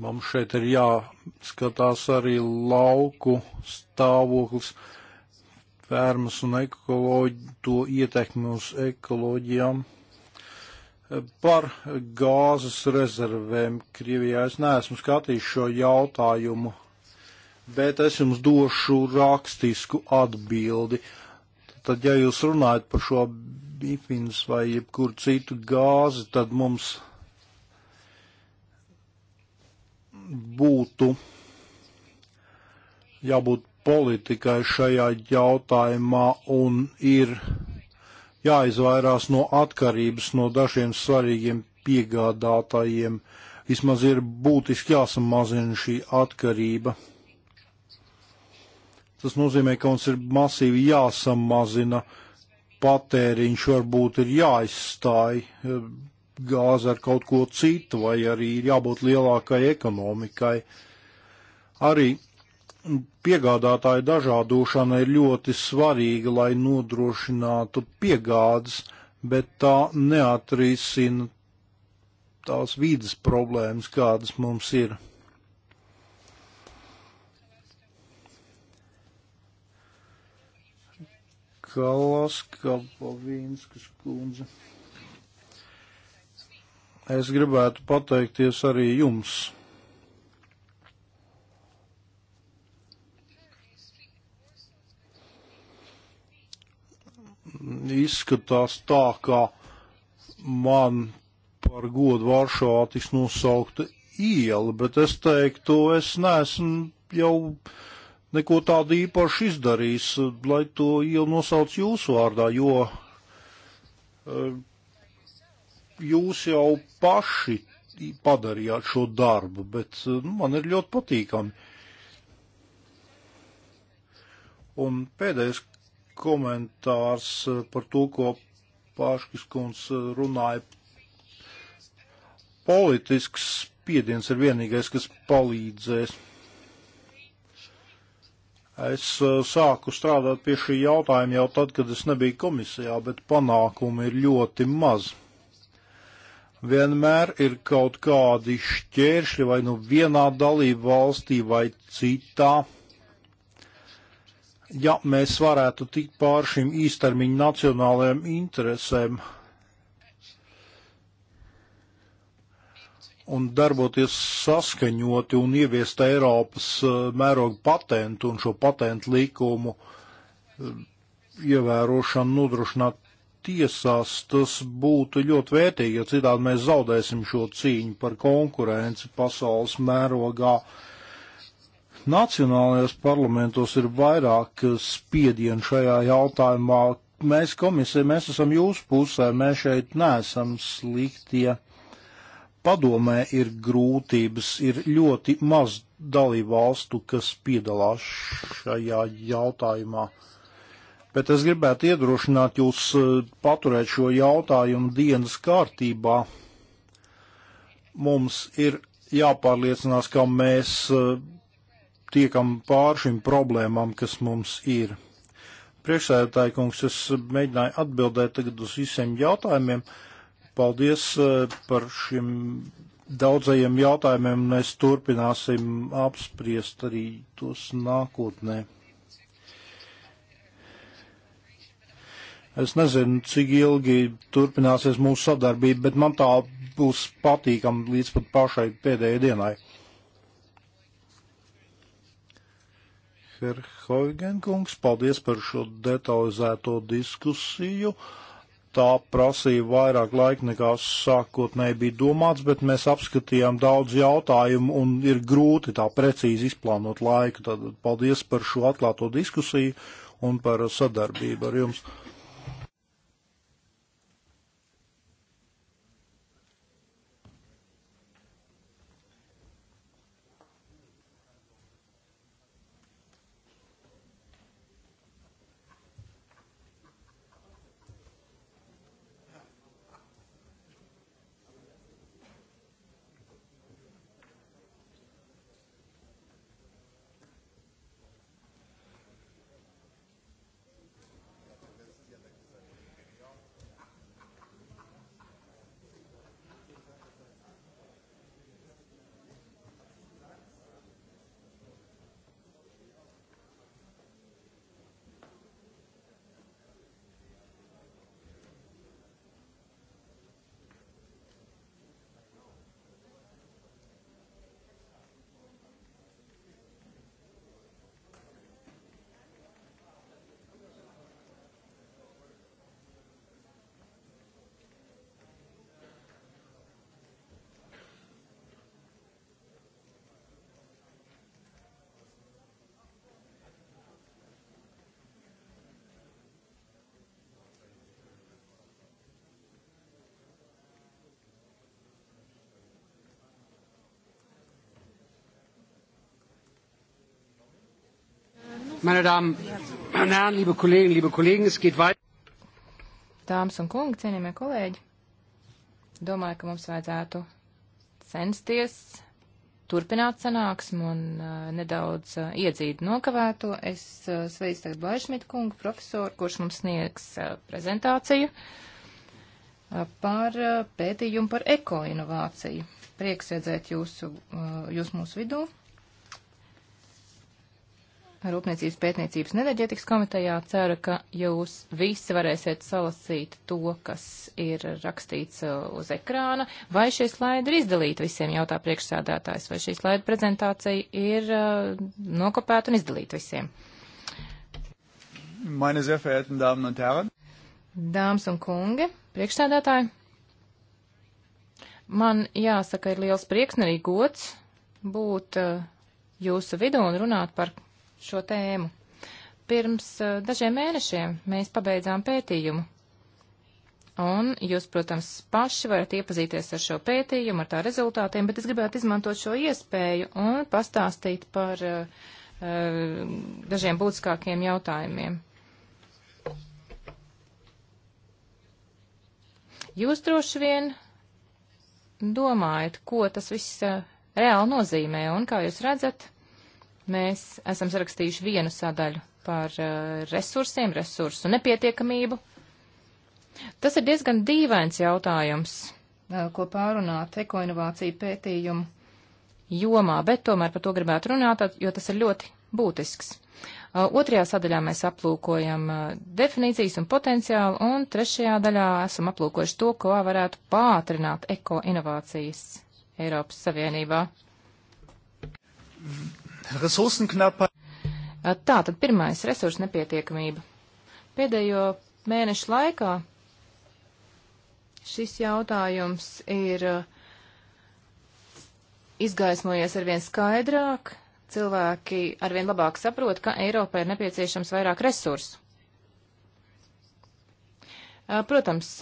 Mums šeit ir jāskatās arī lauku stāvoklis. Uh, fermas un ekoloģito ietekmi uz ekoloģijām. Par gāzes rezervēm Krievijā es neesmu skatījis šo jautājumu, bet es jums došu rakstisku atbildi. Tad, ja jūs runājat par šo bifins vai jebkuru citu gāzi, tad mums būtu jābūt politikai šajā jautājumā un ir jāizvairās no atkarības no dažiem svarīgiem piegādātājiem. Vismaz ir būtiski jāsamazina šī atkarība. Tas nozīmē, ka mums ir masīvi jāsamazina patēriņš, varbūt ir jāizstāj e, gāze ar kaut ko citu, vai arī ir jābūt lielākai ekonomikai. Arī piegādātāju dažādošana ir ļoti svarīga, lai nodrošinātu piegādes, bet tā neatrisina tās vīdes problēmas, kādas mums ir. Kalas Kalpavīnskas kundze. Es gribētu pateikties arī jums izskatās tā, ka man par godu Varšavā tiks nosaukta iela, bet es teiktu, es neesmu jau neko tādu īpaši izdarījis, lai to ielu nosauc jūsu vārdā, jo eh, jūs jau paši padarījāt šo darbu, bet nu, man ir ļoti patīkami. Un pēdējais komentārs eh, par to, ko Pārškis kungs eh, runāja. Politisks spiediens ir vienīgais, kas palīdzēs. Es eh, sāku strādāt pie šī jautājuma jau tad, kad es nebiju komisijā, bet panākumi ir ļoti maz. Vienmēr ir kaut kādi šķēršļi vai nu vienā dalību valstī vai citā ja mēs varētu tikt pār šīm īstermiņa nacionālajām interesēm un darboties saskaņoti un ieviest Eiropas eh, mērogu patentu un šo patentu likumu eh, ievērošanu nodrošināt tiesās, tas būtu ļoti vērtīgi, jo citādi mēs zaudēsim šo cīņu par konkurenci pasaules mērogā. Uh, Nacionālajos parlamentos ir vairāk spiedienu šajā jautājumā. Mēs komisija, mēs esam jūsu pusē, mēs šeit neesam sliktie. Padomē ir grūtības, ir ļoti maz dalību valstu, kas piedalās šajā jautājumā. Bet es gribētu iedrošināt jūs eh, paturēt šo jautājumu dienas kārtībā. Mums ir jāpārliecinās, ka mēs eh, tiekam pār šīm problēmām, kas mums ir. Priekšsēdētāji kungs, es mēģināju atbildēt tagad uz visiem jautājumiem. Paldies eh, par šiem daudzajiem jautājumiem, un mēs turpināsim apspriest arī tos nākotnē. Es nezinu, cik ilgi turpināsies mūsu sadarbība, bet man tā būs patīkam līdz pat pašai pēdējai dienai. Ferhoigen kungs, paldies par šo detalizēto diskusiju. Tā prasīja vairāk laika nekā sākotnēji bija domāts, bet mēs apskatījām daudz jautājumu un ir grūti tā precīzi izplānot laiku. Tad paldies par šo atklāto diskusiju un par sadarbību ar jums. Meine Damen und Herren, liebe Kolleginnen, liebe Kollegen, es geht weiter. Dāmas un kungi, cienījamie kolēģi, domāju, ka mums vajadzētu censties turpināt sanāksmu un uh, nedaudz uh, iedzīt nokavēto. Es uh, sveicu tagad Blaišmit kungu, profesoru, kurš mums sniegs uh, prezentāciju uh, par uh, pētījumu par ekoinovāciju. Prieks redzēt jūsu, uh, jūs mūsu vidū. Uh, Rūpniecības pētniecības un enerģetikas komitejā ceru, ka jūs visi varēsiet salasīt to, kas ir rakstīts uh, uz ekrāna, vai šie slaidi ir izdalīti visiem, jautā priekšsēdētājs, vai šī slaida prezentācija ir uh, nokopēta un izdalīta visiem. Meine sehr verehrten Damen und Herren. Dāmas un kungi, priekšsēdētāji, man jāsaka, ir liels prieks un arī gods būt uh, jūsu vidū un runāt par šo tēmu. Pirms eh, dažiem mēnešiem mēs pabeidzām pētījumu. Un jūs, protams, paši varat iepazīties ar šo pētījumu, ar tā rezultātiem, bet es gribētu izmantot šo iespēju un pastāstīt par uh, dažiem būtiskākiem jautājumiem. Jūs droši vien domājat, ko tas viss reāli nozīmē, un kā jūs redzat, Mēs esam sarakstījuši vienu sadaļu par uh, resursiem, resursu nepietiekamību. Tas ir diezgan dīvains jautājums, uh, ko pārunāt ekoinovāciju pētījumu jomā, bet tomēr par to gribētu runāt, jo tas ir ļoti būtisks. Uh, otrajā sadaļā mēs aplūkojam uh, definīcijas un potenciālu, un trešajā daļā esam aplūkojuši to, ko varētu pātrināt ekoinovācijas Eiropas Savienībā. Mm. Ressourcenknappheit. Tā tad pirmais - resursu nepietiekamība. Pēdējo mēnešu laikā šis jautājums ir izgaismojies arvien skaidrāk, cilvēki arvien labāk saprot, ka Eiropai ir nepieciešams vairāk resursu. Protams,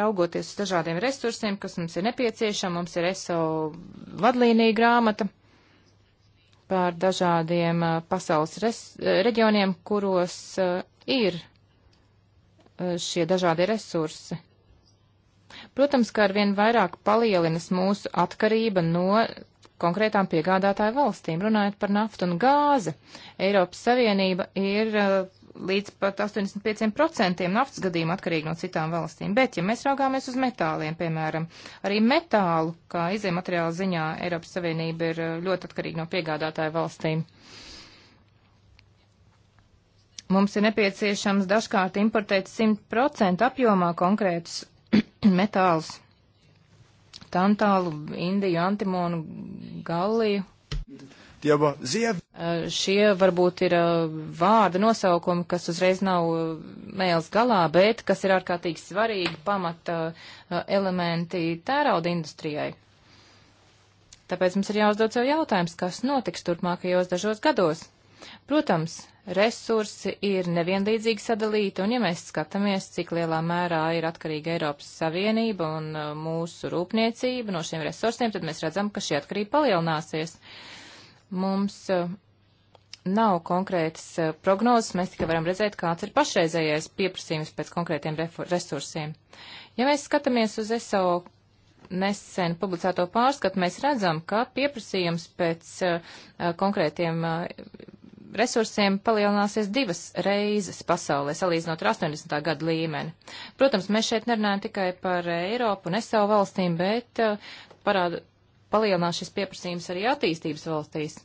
raugoties uz dažādiem resursiem, kas mums ir nepieciešami, mums ir ESO vadlīnija grāmata, par dažādiem uh, pasaules res, uh, reģioniem, kuros uh, ir šie dažādi resursi. Protams, ka arvien vairāk palielinas mūsu atkarība no konkrētām piegādātāju valstīm. Runājot par naftu un gāzi, Eiropas Savienība ir līdz pat 85% naftas gadījumu atkarīgi no citām valstīm. Bet, ja mēs raugāmies uz metāliem, piemēram, arī metālu, kā izējumateriāla ziņā, Eiropas Savienība ir eh, ļoti atkarīga no piegādātāju valstīm. Mums ir nepieciešams dažkārt importēt 100% apjomā konkrētus metālus. Tantālu, Indiju, Antimonu, Galliju. Šie varbūt ir vārda nosaukumi, kas uzreiz nav mēls galā, bet kas ir ārkārtīgi svarīgi pamata elementi tērauda industrijai. Tāpēc mums ir jāuzdod sev jautājums, kas notiks turpmākajos dažos gados. Protams, resursi ir nevienlīdzīgi sadalīti, un ja mēs skatāmies, cik lielā mērā ir atkarīga Eiropas Savienība un mūsu rūpniecība no šiem resursiem, tad mēs redzam, ka šī atkarība palielināsies. Uh, Mums eh, nav konkrētas eh, prognozes, mēs tikai varam redzēt, kāds ir pašreizējais pieprasījums pēc konkrētiem resursiem. Ja mēs skatāmies uz ESO nesen publicēto pārskatu, mēs redzam, ka pieprasījums pēc uh, konkrētiem uh, resursiem palielināsies divas reizes pasaulē, salīdzinot ar 80. gadu līmeni. Protams, mēs šeit nerunājam tikai par Eiropu un ESO valstīm, bet uh, parādu palielinās šis pieprasījums arī attīstības valstīs.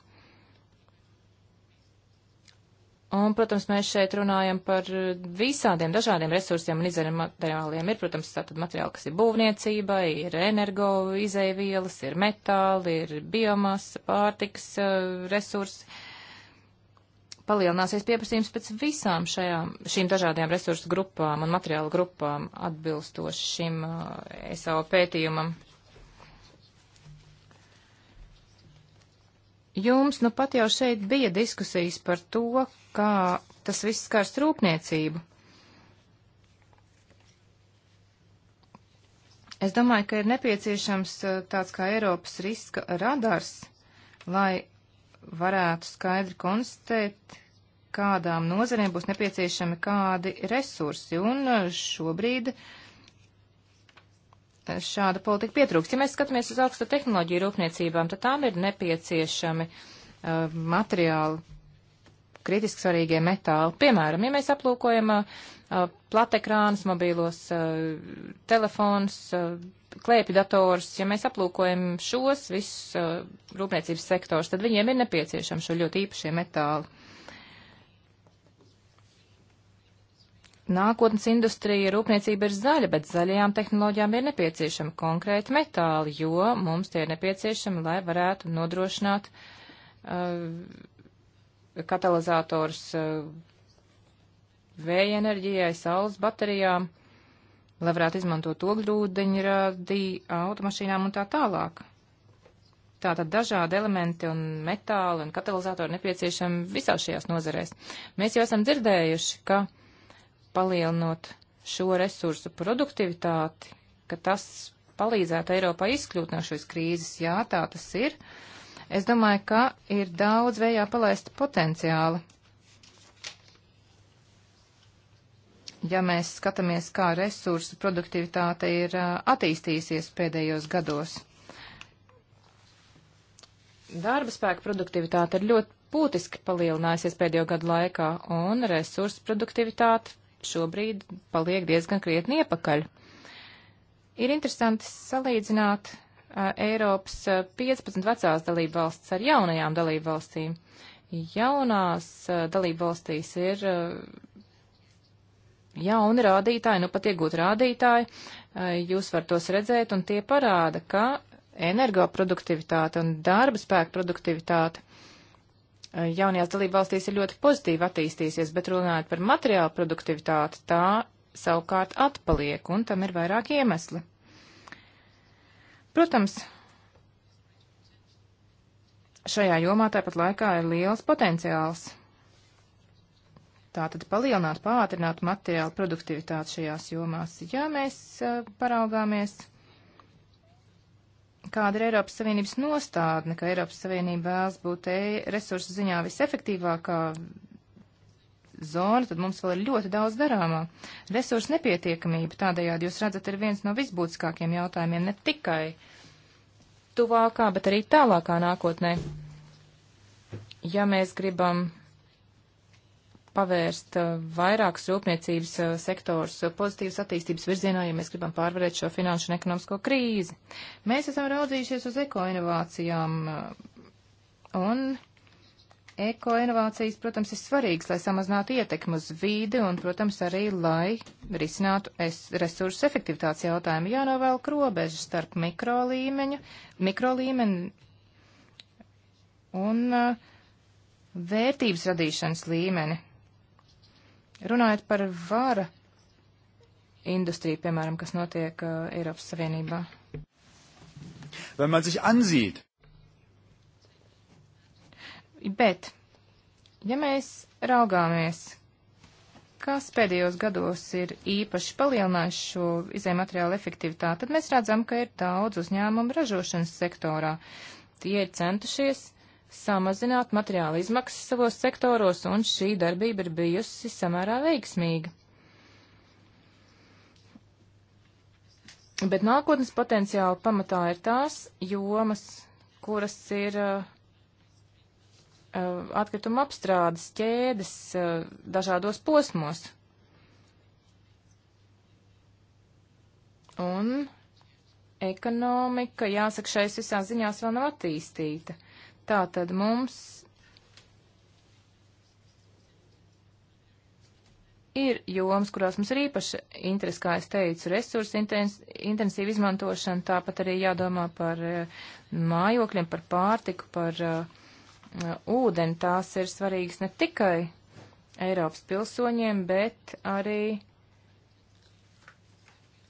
Un, protams, mēs šeit runājam par visādiem dažādiem resursiem un izēļiem materiāliem. Ir, protams, tātad materiāli, kas ir būvniecībai, ir energo izēvielas, ir metāli, ir biomasa, pārtiks uh, resursi. Palielināsies pieprasījums pēc visām šajām, šīm dažādajām resursu grupām un materiālu grupām atbilstoši šim uh, eh, SAO pētījumam. Jums nu pat jau šeit bija diskusijas par to, kā tas viss skars rūpniecību. Es domāju, ka ir nepieciešams eh, tāds kā Eiropas riska radars, lai varētu skaidri konstatēt, kādām nozarēm būs nepieciešami kādi resursi. Un eh, šobrīd uh, šāda politika pietrūkst. Ja mēs skatāmies uz augsta tehnoloģiju rūpniecībām, tad tām ir nepieciešami uh, materiāli, kritiski svarīgie metāli. Piemēram, ja mēs aplūkojam uh, platekrānus, mobīlos uh, telefons, uh, klēpju dators, ja mēs aplūkojam šos visus uh, rūpniecības sektors, tad viņiem ir nepieciešami šo ļoti īpašie metāli. Nākotnes industrija rūpniecība ir zaļa, bet zaļajām tehnoloģijām ir nepieciešama konkrēti metāli, jo mums tie ir nepieciešami, lai varētu nodrošināt uh, katalizators uh, vēja enerģijai, saules baterijām, lai varētu izmantot ogļūdeņu radī automašīnām un tā tālāk. Tātad dažādi elementi un metāli un katalizatori nepieciešami visās šajās nozarēs. Mēs jau esam dzirdējuši, ka uh, palielinot šo resursu produktivitāti, ka tas palīdzētu Eiropā izkļūt no šīs krīzes. Jā, tā tas ir. Es domāju, ka ir daudz vējā palaista potenciāla. Ja mēs skatāmies, kā resursu produktivitāte ir attīstījusies pēdējos gados, darba spēka produktivitāte ir ļoti būtiski palielinājusies pēdējo gadu laikā, un resursu produktivitāte šobrīd paliek diezgan krietni iepakaļ. Ir interesanti salīdzināt uh, Eiropas 15 vecās dalību valsts ar jaunajām dalību valstīm. Jaunās uh, dalību valstīs ir jauni rādītāji, nu pat iegūt rādītāji, jūs varat tos redzēt, un tie parāda, ka energoproduktivitāte un darba spēka produktivitāte Eh, jaunajās dalībvalstīs ir ļoti pozitīvi attīstīsies, bet runājot par materiālu produktivitāti, tā savukārt atpaliek, un tam ir vairāk iemesli. Protams, šajā jomā tāpat laikā ir liels potenciāls. Tātad palielināt, pātrināt materiālu produktivitāti šajās jomās. Ja mēs eh, paraugāmies kāda ir Eiropas Savienības nostādne, ka Eiropas Savienība vēlas būt e resursu ziņā visefektīvākā zona, tad mums vēl ir ļoti daudz darāmā. Resursu nepietiekamība tādējādi, jūs redzat, ir viens no visbūtiskākiem jautājumiem ne tikai tuvākā, bet arī tālākā nākotnē. Ja mēs gribam pavērst eh, vairākus rūpniecības eh, sektors eh, pozitīvas attīstības virzienā, ja mēs gribam pārvarēt šo finanšu un ekonomisko krīzi. Mēs esam raudzījušies uz ekoinovācijām un ekoinovācijas, protams, ir svarīgas, lai samazinātu ietekmi uz vīdi un, protams, arī, lai risinātu es, resursu efektivitātes jautājumu. Jānovēl krobeža starp mikrolīmeņu, mikrolīmeni un uh, vērtības radīšanas līmeni Runājot par vāra industriju, piemēram, kas notiek uh, Eiropas Savienībā. Vai man sich ansīt? Bet, ja mēs raugāmies, kas pēdējos gados ir īpaši palielinājis šo izējumateriālu efektivitāti, tad mēs redzam, ka ir daudz uzņēmumu ražošanas sektorā. Tie ir centušies samazināt materiāla izmaksas savos sektoros, un šī darbība ir bijusi samērā veiksmīga. Bet nākotnes potenciāli pamatā ir tās jomas, kuras ir uh, atkrituma apstrādes ķēdes uh, dažādos posmos. Un ekonomika, jāsaka, šais visā ziņās vēl nav attīstīta. Uh, Tātad mums ir jomas, kurās mums ir īpaša interesi, kā es teicu, resursu intens, intensīvu izmantošanu, tāpat arī jādomā par eh, mājokļiem, par pārtiku, par uh, ūdeni. Tās ir svarīgas ne tikai Eiropas pilsoņiem, bet arī,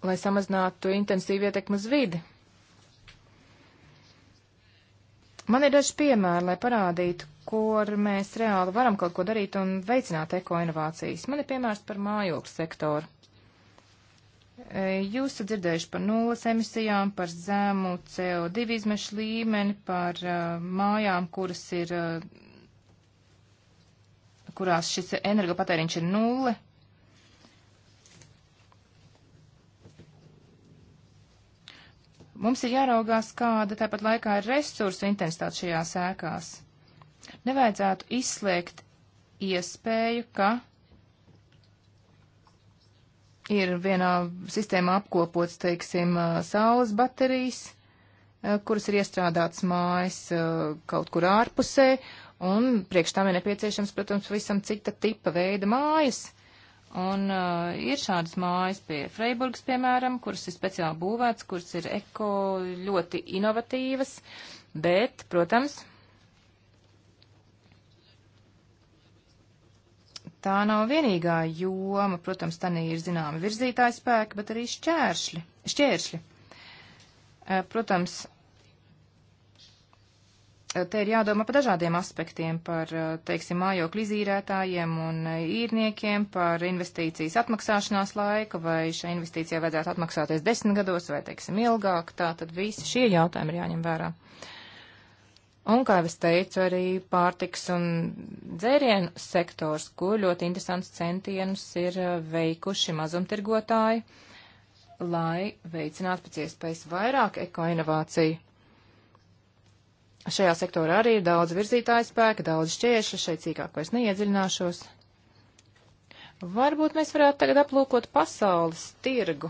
lai samazinātu intensīvu ietekmu uz vidi. Man ir daži piemēri, lai parādītu, kur mēs reāli varam kaut ko darīt un veicināt ekoinovācijas. Man ir piemērs par mājokļu sektoru. E, jūs esat dzirdējuši par nulles emisijām, par zemu CO2 izmešu līmeni, par uh, mājām, kuras ir, uh, kurās šis energopatēriņš ir nulle, Mums ir jāraugās, kāda tāpat laikā ir resursu intensitāte šajās ēkās. Nevajadzētu izslēgt iespēju, ka ir vienā sistēmā apkopots, teiksim, saules baterijas, kuras ir iestrādātas mājas kaut kur ārpusē, un priekš tam ir nepieciešams, protams, visam cita tipa veida mājas Un uh, ir šādas mājas pie Freiburgas, piemēram, kuras ir speciāli būvēts, kuras ir eko ļoti inovatīvas, bet, protams, tā nav vienīgā joma. Protams, tā ir zināma virzītāja spēka, bet arī šķēršļi. šķēršļi. Uh, protams, uh, te ir jādomā par dažādiem aspektiem, par, teiksim, mājokļu izīrētājiem un īrniekiem, par investīcijas atmaksāšanās laiku, vai šai investīcijai vajadzētu atmaksāties desmit gados vai, teiksim, ilgāk. Tā tad visi šie jautājumi ir jāņem vērā. Un, kā jau es teicu, arī pārtiks un dzērienu sektors, kur ļoti interesants centienus ir uh, veikuši mazumtirgotāji, lai veicinātu pēc iespējas vairāk ekoinovāciju Šajā sektorā arī ir daudz virzītāju spēka, daudz šķiešu, šeit cīkāk vairs neiedziļināšos. Varbūt mēs varētu tagad aplūkot pasaules tirgu.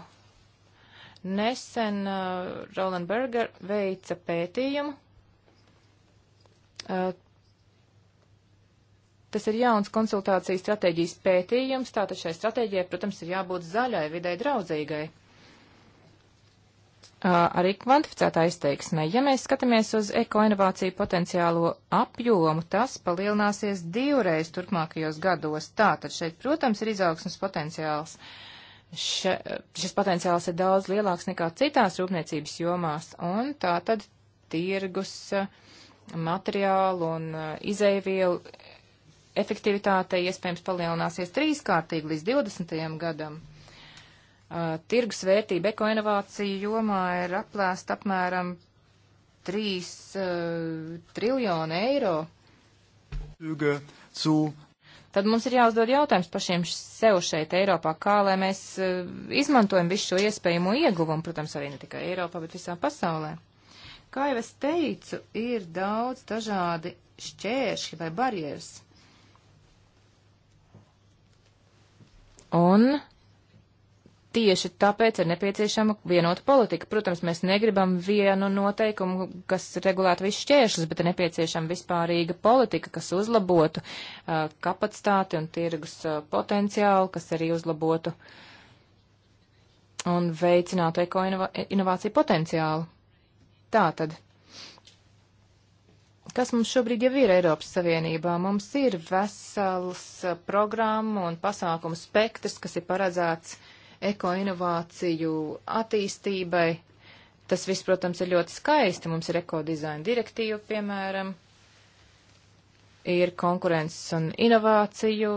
Nesen uh, Roland Berger veica pētījumu. Uh, tas ir jauns konsultācijas stratēģijas pētījums, tātad šai stratēģijai, protams, ir jābūt zaļai, vidē draudzīgai arī kvantificētā izteiksmē. Ja mēs skatāmies uz ekoinovāciju potenciālo apjomu, tas palielināsies divreiz turpmākajos gados. Tātad šeit, protams, ir izaugsmas potenciāls. Še, šis potenciāls ir daudz lielāks nekā citās rūpniecības jomās, un tātad tirgus materiālu un izēvielu efektivitāte iespējams palielināsies trīskārtīgi līdz 20. gadam. Uh, tirgus vērtība ekoinovāciju jomā ir aplēsta apmēram 3 uh, triljonu eiro. Uga, zu tad mums ir jāuzdod jautājums pašiem sev šeit Eiropā, kā lai mēs uh, izmantojam visu šo iespējamo ieguvumu, protams, arī ne tikai Eiropā, bet visā pasaulē. Kā jau es teicu, ir daudz dažādi šķēršļi vai barjeras. Un Tieši tāpēc ir nepieciešama vienota politika. Protams, mēs negribam vienu noteikumu, kas regulētu visu šķēršļus, bet ir nepieciešama vispārīga politika, kas uzlabotu uh, kapacitāti un tirgus uh, potenciālu, kas arī uzlabotu un veicinātu ekoinovāciju e, potenciālu. Tātad. Kas mums šobrīd jau ir Eiropas Savienībā? Mums ir vesels uh, programmu un pasākumu spektrs, kas ir paredzēts uh, ekoinovāciju attīstībai. Tas viss, protams, ir ļoti skaisti. Mums ir ekodizaina direktīva, piemēram, ir konkurences un inovāciju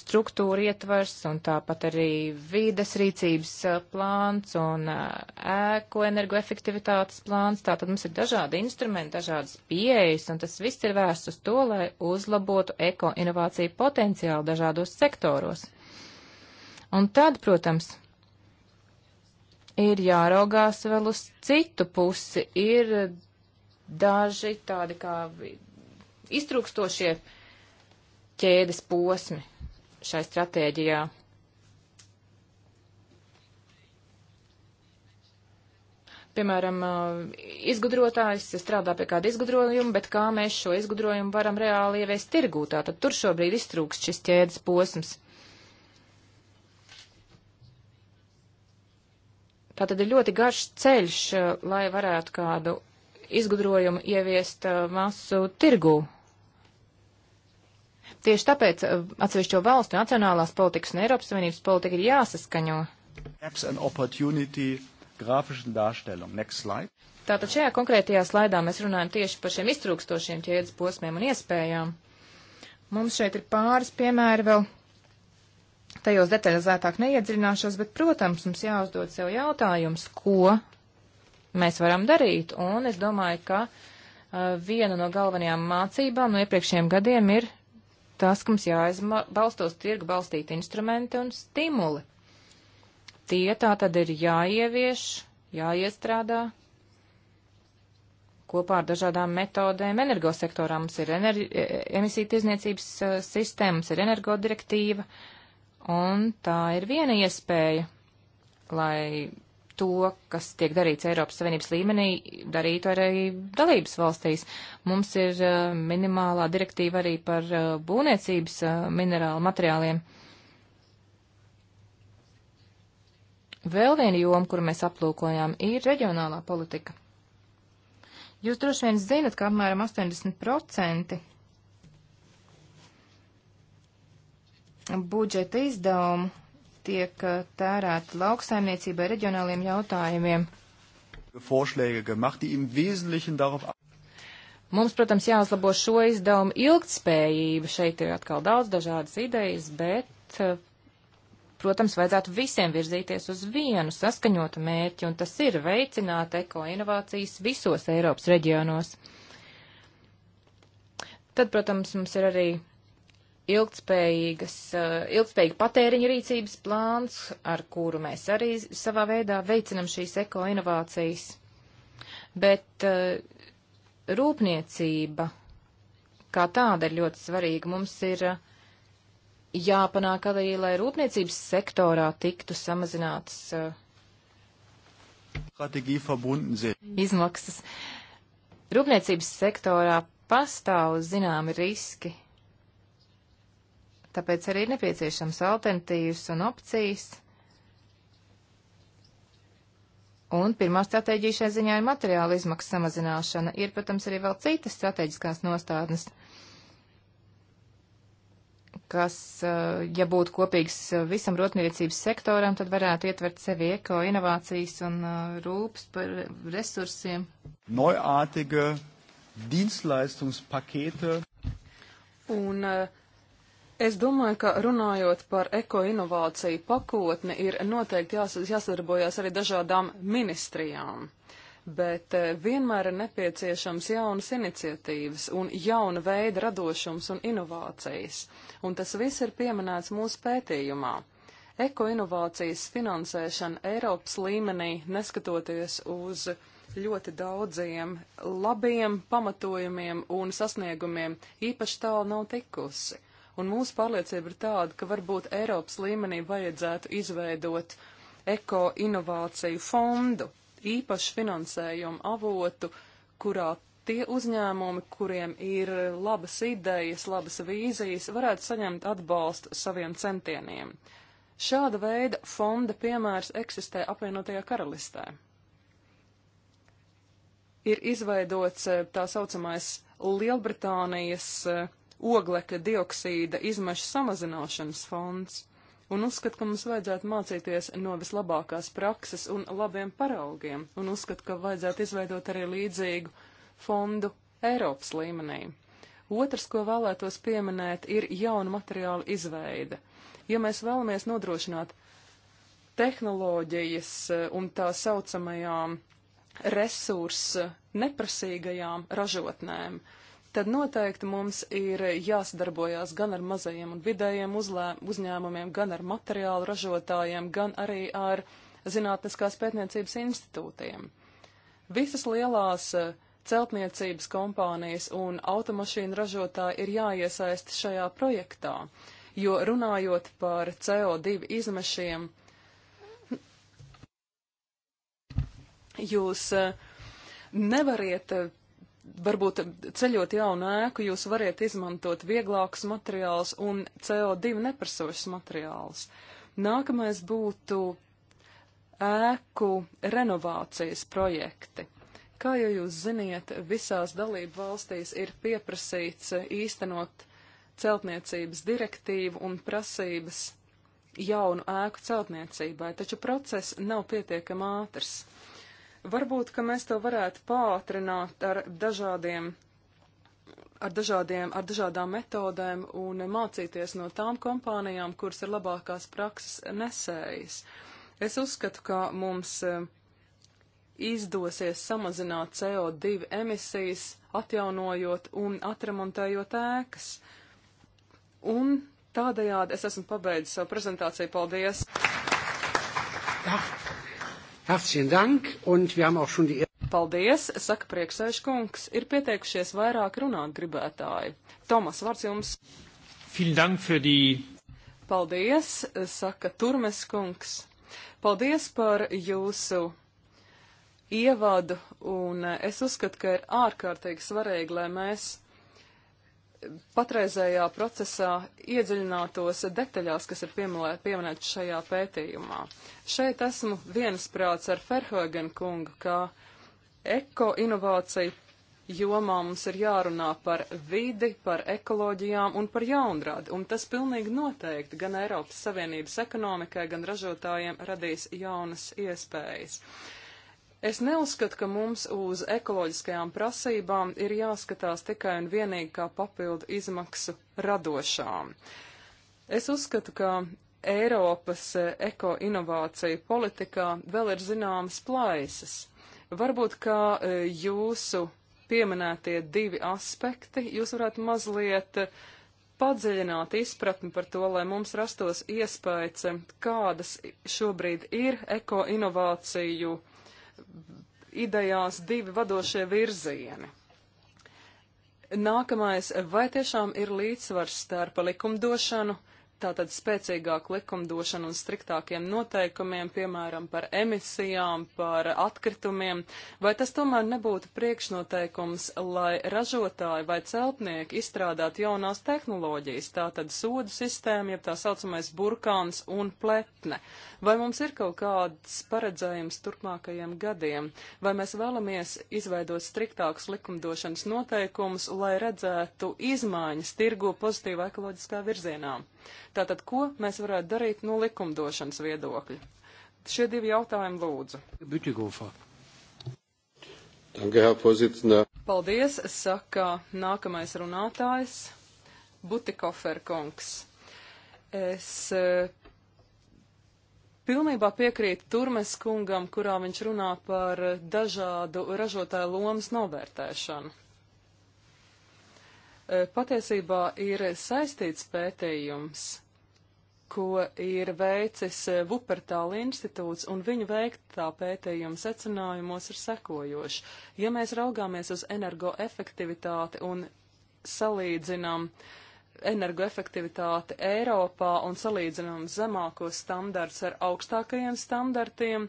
struktūra ietvers, un tāpat arī vīdes rīcības plāns un ēku energoefektivitātes plāns. Tātad mums ir dažādi instrumenti, dažādas pieejas, un tas viss ir vērsts uz to, lai uzlabotu ekoinovāciju potenciālu dažādos sektoros. Un tad, protams, ir jāraugās vēl uz citu pusi, ir daži tādi kā iztrūkstošie ķēdes posmi šai stratēģijā. Piemēram, izgudrotājs strādā pie kāda izgudrojuma, bet kā mēs šo izgudrojumu varam reāli ieviest tirgū, tātad tur šobrīd iztrūks šis ķēdes posms. Tātad ir ļoti garš ceļš, eh, lai varētu kādu izgudrojumu ieviest eh, masu tirgū. Tieši tāpēc eh, atsevišķo valstu nacionālās politikas un Eiropas Savienības politika ir jāsaskaņo. Tātad šajā konkrētajā slaidā mēs runājam tieši par šiem iztrūkstošiem ķēdes posmiem un iespējām. Mums šeit ir pāris piemēri vēl tajos detalizētāk neiedziļināšos, bet, protams, mums jāuzdod sev jautājums, ko mēs varam darīt. Un es domāju, ka uh, viena no galvenajām mācībām no iepriekšējiem gadiem ir tas, ka mums jāizbalstos tirgu balstīti instrumenti un stimuli. Tie tā tad ir jāievieš, jāiestrādā kopā ar dažādām metodēm. Energosektorā mums ir energi, e, e, emisiju tirzniecības uh, sistēma, mums ir energodirektīva, uh, Un tā ir viena iespēja, lai to, kas tiek darīts Eiropas Savienības līmenī, darītu arī dalības valstīs. Mums ir uh, minimālā direktīva arī par uh, būvniecības uh, minerālu materiāliem. Vēl viena joma, kuru mēs aplūkojām, ir reģionālā politika. Jūs droši vien zinat, ka apmēram 80% budžeta izdevumu tiek eh, tērēti lauksaimniecībai, reģionāliem jautājumiem. Mums, protams, jāuzlabo šo izdevumu ilgtspējība. Šeit ir atkal daudz dažādas idejas, bet, eh, protams, vajadzētu visiem virzīties uz vienu saskaņotu mērķi, un tas ir veicināt ekoinovācijas visos Eiropas reģionos. Tad, protams, mums ir arī ilgtspējīgas, eh, ilgtspējīga patēriņa rīcības plāns, ar kuru mēs arī savā veidā veicinam šīs ekoinovācijas. Bet eh, rūpniecība kā tāda ir ļoti svarīga. Mums ir eh, jāpanāk arī, lai rūpniecības sektorā tiktu samazinātas izmaksas. Rūpniecības sektorā pastāv zināmi riski Tāpēc arī ir nepieciešams alternatīvas un opcijas. Un pirmā stratēģija šai ziņā ir materiāla izmaksu samazināšana. Ir, protams, arī vēl citas strateģiskās nostādnes, kas, eh, ja būtu kopīgs eh, visam rotniecības sektoram, tad varētu ietvert sevi eko inovācijas un eh, rūpes par resursiem. Neuartige dienstleistungspakete. Un uh, Es domāju, ka runājot par ekoinovāciju pakotni, ir noteikti jās, jāsadarbojas arī dažādām ministrijām. Bet eh, vienmēr ir nepieciešams jaunas iniciatīvas un jauna veida radošums un inovācijas. Un tas viss ir pieminēts mūsu pētījumā. Ekoinovācijas finansēšana Eiropas līmenī, neskatoties uz ļoti daudziem labiem pamatojumiem un sasniegumiem, īpaši tālu nav tikusi. Un mūsu pārliecība ir tāda, ka varbūt Eiropas līmenī vajadzētu izveidot eko-inovāciju fondu, īpašu finansējumu avotu, kurā tie uzņēmumi, kuriem ir labas idejas, labas vīzijas, varētu saņemt atbalstu saviem centieniem. Šāda veida fonda piemērs eksistē apvienotajā karalistē. Ir izveidots eh, tā saucamais Lielbritānijas eh, ogleka dioksīda izmešu samazināšanas fonds, un uzskatu, ka mums vajadzētu mācīties no vislabākās prakses un labiem paraugiem, un uzskatu, ka vajadzētu izveidot arī līdzīgu fondu Eiropas līmenī. Otrs, ko vēlētos pieminēt, ir jauna materiāla izveide. Ja mēs vēlamies nodrošināt tehnoloģijas e, un tā saucamajām resursu neprasīgajām ražotnēm, uh, tad noteikti mums ir jāsadarbojās gan ar mazajiem un vidējiem uzlē, uzņēmumiem, gan ar materiālu ražotājiem, gan arī ar zinātniskās pētniecības institūtiem. Visas lielās eh, celtniecības kompānijas un automašīnu ražotāji ir jāiesaist šajā projektā, jo runājot par CO2 izmešiem, jūs eh, nevariet eh, varbūt ceļot jaunu ēku, jūs variet izmantot vieglākus materiālus un CO2 neprasošus materiālus. Nākamais būtu ēku renovācijas projekti. Kā jau jūs ziniet, visās dalību valstīs ir pieprasīts īstenot celtniecības direktīvu un prasības jaunu ēku celtniecībai, taču process nav pietiekami ātrs. Varbūt, ka mēs to varētu pātrināt ar dažādiem, ar dažādiem, ar dažādām metodēm un mācīties no tām kompānijām, kuras ir labākās prakses nesējas. Es uzskatu, ka mums eh, izdosies samazināt CO2 emisijas, atjaunojot un atremontējot ēkas. Un tādējādi es esmu pabeidzis savu prezentāciju. Paldies! Ah. Herzlichen Dank und wir haben auch schon die Paldies, saka priekšsēž kungs. Ir pieteikušies vairāk runāt gribētāji. Tomas, vārds jums. Vielen Dank für die. Paldies, saka Turmes kungs. Paldies par jūsu ievadu un es uzskatu, ka ir ārkārtīgi svarīgi, lai mēs patreizējā procesā iedziļinātos detaļās, kas ir pieminētas šajā pētījumā. Šeit esmu viensprāts ar Ferhogen kungu, ka ekoinovācija jomā mums ir jārunā par vidi, par ekoloģijām un par jaunradu, un tas pilnīgi noteikti gan Eiropas Savienības ekonomikai, gan ražotājiem radīs jaunas iespējas. Uh, Es neuzskatu, ka mums uz ekoloģiskajām prasībām ir jāskatās tikai un vienīgi kā papildu izmaksu radošām. Es uzskatu, ka Eiropas eh, ekoinovāciju politikā vēl ir zināmas plaisas. Varbūt, ka eh, jūsu pieminētie divi aspekti, jūs varētu mazliet eh, padziļināt izpratni par to, lai mums rastos iespējas, kādas šobrīd ir ekoinovāciju inovāciju idejās divi vadošie virzieni. Nākamais, vai tiešām ir līdzsvars starp likumdošanu, tātad spēcīgāku likumdošanu un striktākiem noteikumiem, piemēram, par emisijām, par atkritumiem, vai tas tomēr nebūtu priekšnoteikums, lai ražotāji vai celtnieki izstrādātu jaunās tehnoloģijas, tātad sodu sistēmu, jeb tā saucamais burkāns un pletne? Vai mums ir kaut kāds paredzējums turpmākajiem gadiem, vai mēs vēlamies izveidot striktākus likumdošanas noteikumus, lai redzētu izmaiņas tirgu pozitīvā ekoloģiskā virzienā? Tātad, ko mēs varētu darīt no likumdošanas viedokļa? Šie divi jautājumi lūdzu. Bütikofa. Danke, Herr Vorsitzender. Paldies, saka nākamais runātājs, Butikofer kungs. Es e, Pilnībā piekrītu Turmes kungam, kurā viņš runā par dažādu ražotāju lomas novērtēšanu. E, patiesībā ir saistīts pētījums, ko ir veicis Vupertāla institūts, un viņu veiktā pētījuma secinājumos ir sekojoši. Ja mēs raugāmies uz energoefektivitāti un salīdzinām energoefektivitāti Eiropā un salīdzinām zemākos standarts ar augstākajiem standartiem,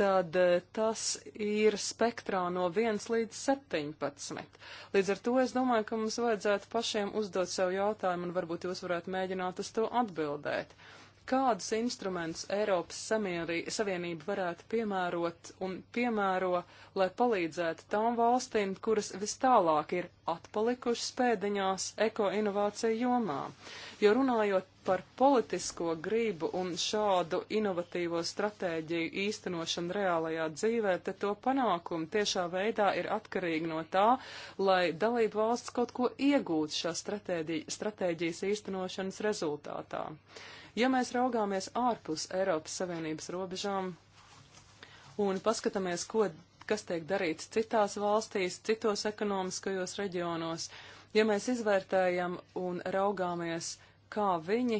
tad eh, tas ir spektrā no 1 līdz 17. Līdz ar to es domāju, ka mums vajadzētu pašiem uzdot sev jautājumu un varbūt jūs varētu mēģināt uz to atbildēt. Uh, kādus instrumentus Eiropas Savienība varētu piemērot un piemēro, lai palīdzētu tām valstīm, kuras vistālāk ir atpalikušas pēdiņās ekoinovāciju jomā. Jo runājot par politisko gribu un šādu inovatīvo stratēģiju īstenošanu reālajā dzīvē, te to panākumu tiešā veidā ir atkarīgi no tā, lai dalību valsts kaut ko iegūtu šā stratēģijas īstenošanas rezultātā. Ja mēs raugāmies ārpus Eiropas Savienības robežām un paskatāmies, ko, kas tiek darīts citās valstīs, citos ekonomiskajos reģionos, ja mēs izvērtējam un raugāmies, kā viņi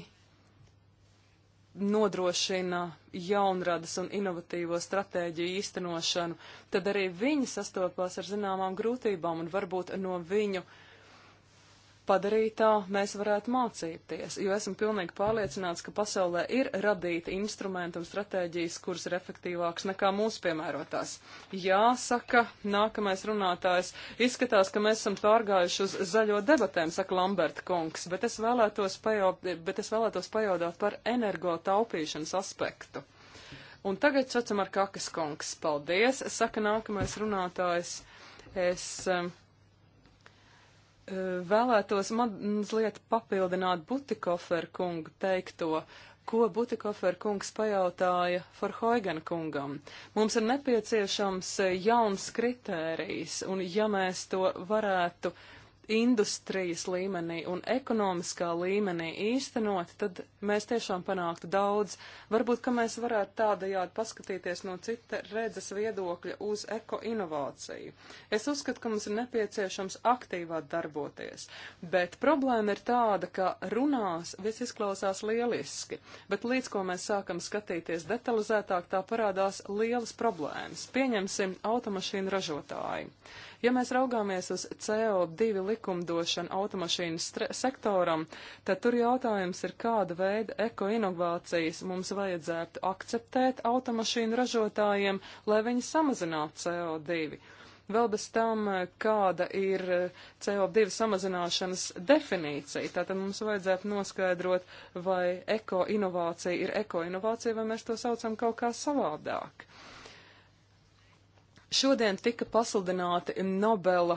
nodrošina jaunradas un inovatīvo stratēģiju īstenošanu, tad arī viņi sastopās ar zināmām grūtībām un varbūt no viņu uh, padarītā mēs varētu mācīties, jo esmu pilnīgi pārliecināts, ka pasaulē ir radīti instrumenti un stratēģijas, kuras ir efektīvākas nekā mūsu piemērotās. Jāsaka, nākamais runātājs izskatās, ka mēs esam pārgājuši uz zaļo debatēm, saka Lamberta kungs, bet es vēlētos, pajaud, bet es vēlētos pajautāt par energo taupīšanas aspektu. Un tagad sacam ar kakas kungs. Paldies, saka nākamais runātājs. Es, um, vēlētos mazliet papildināt Butikoferu kungu teikto, ko Butikoferu kungs pajautāja Forhoigen kungam. Mums ir nepieciešams jauns kritērijs, un ja mēs to varētu uh, industrijas līmenī un ekonomiskā līmenī īstenot, tad mēs tiešām panāktu daudz. Varbūt, ka mēs varētu tādajādi paskatīties no cita redzes viedokļa uz ekoinovāciju. Es uzskatu, ka mums ir nepieciešams aktīvāk darboties, bet problēma ir tāda, ka runās viss izklausās lieliski, bet līdz ko mēs sākam skatīties detalizētāk, tā parādās lielas problēmas. Pieņemsim automašīnu ražotāju. Ja mēs raugāmies uz CO2 likumdošanu automašīnu sektoram, tad tur jautājums ir, kāda veida ekoinovācijas mums vajadzētu akceptēt automašīnu ražotājiem, lai viņi samazinātu CO2 vēl bez tam, kāda ir CO2 samazināšanas definīcija. Tātad mums vajadzētu noskaidrot, vai ekoinovācija ir ekoinovācija, vai mēs to saucam kaut kā savādāk. Šodien tika pasludināti Nobela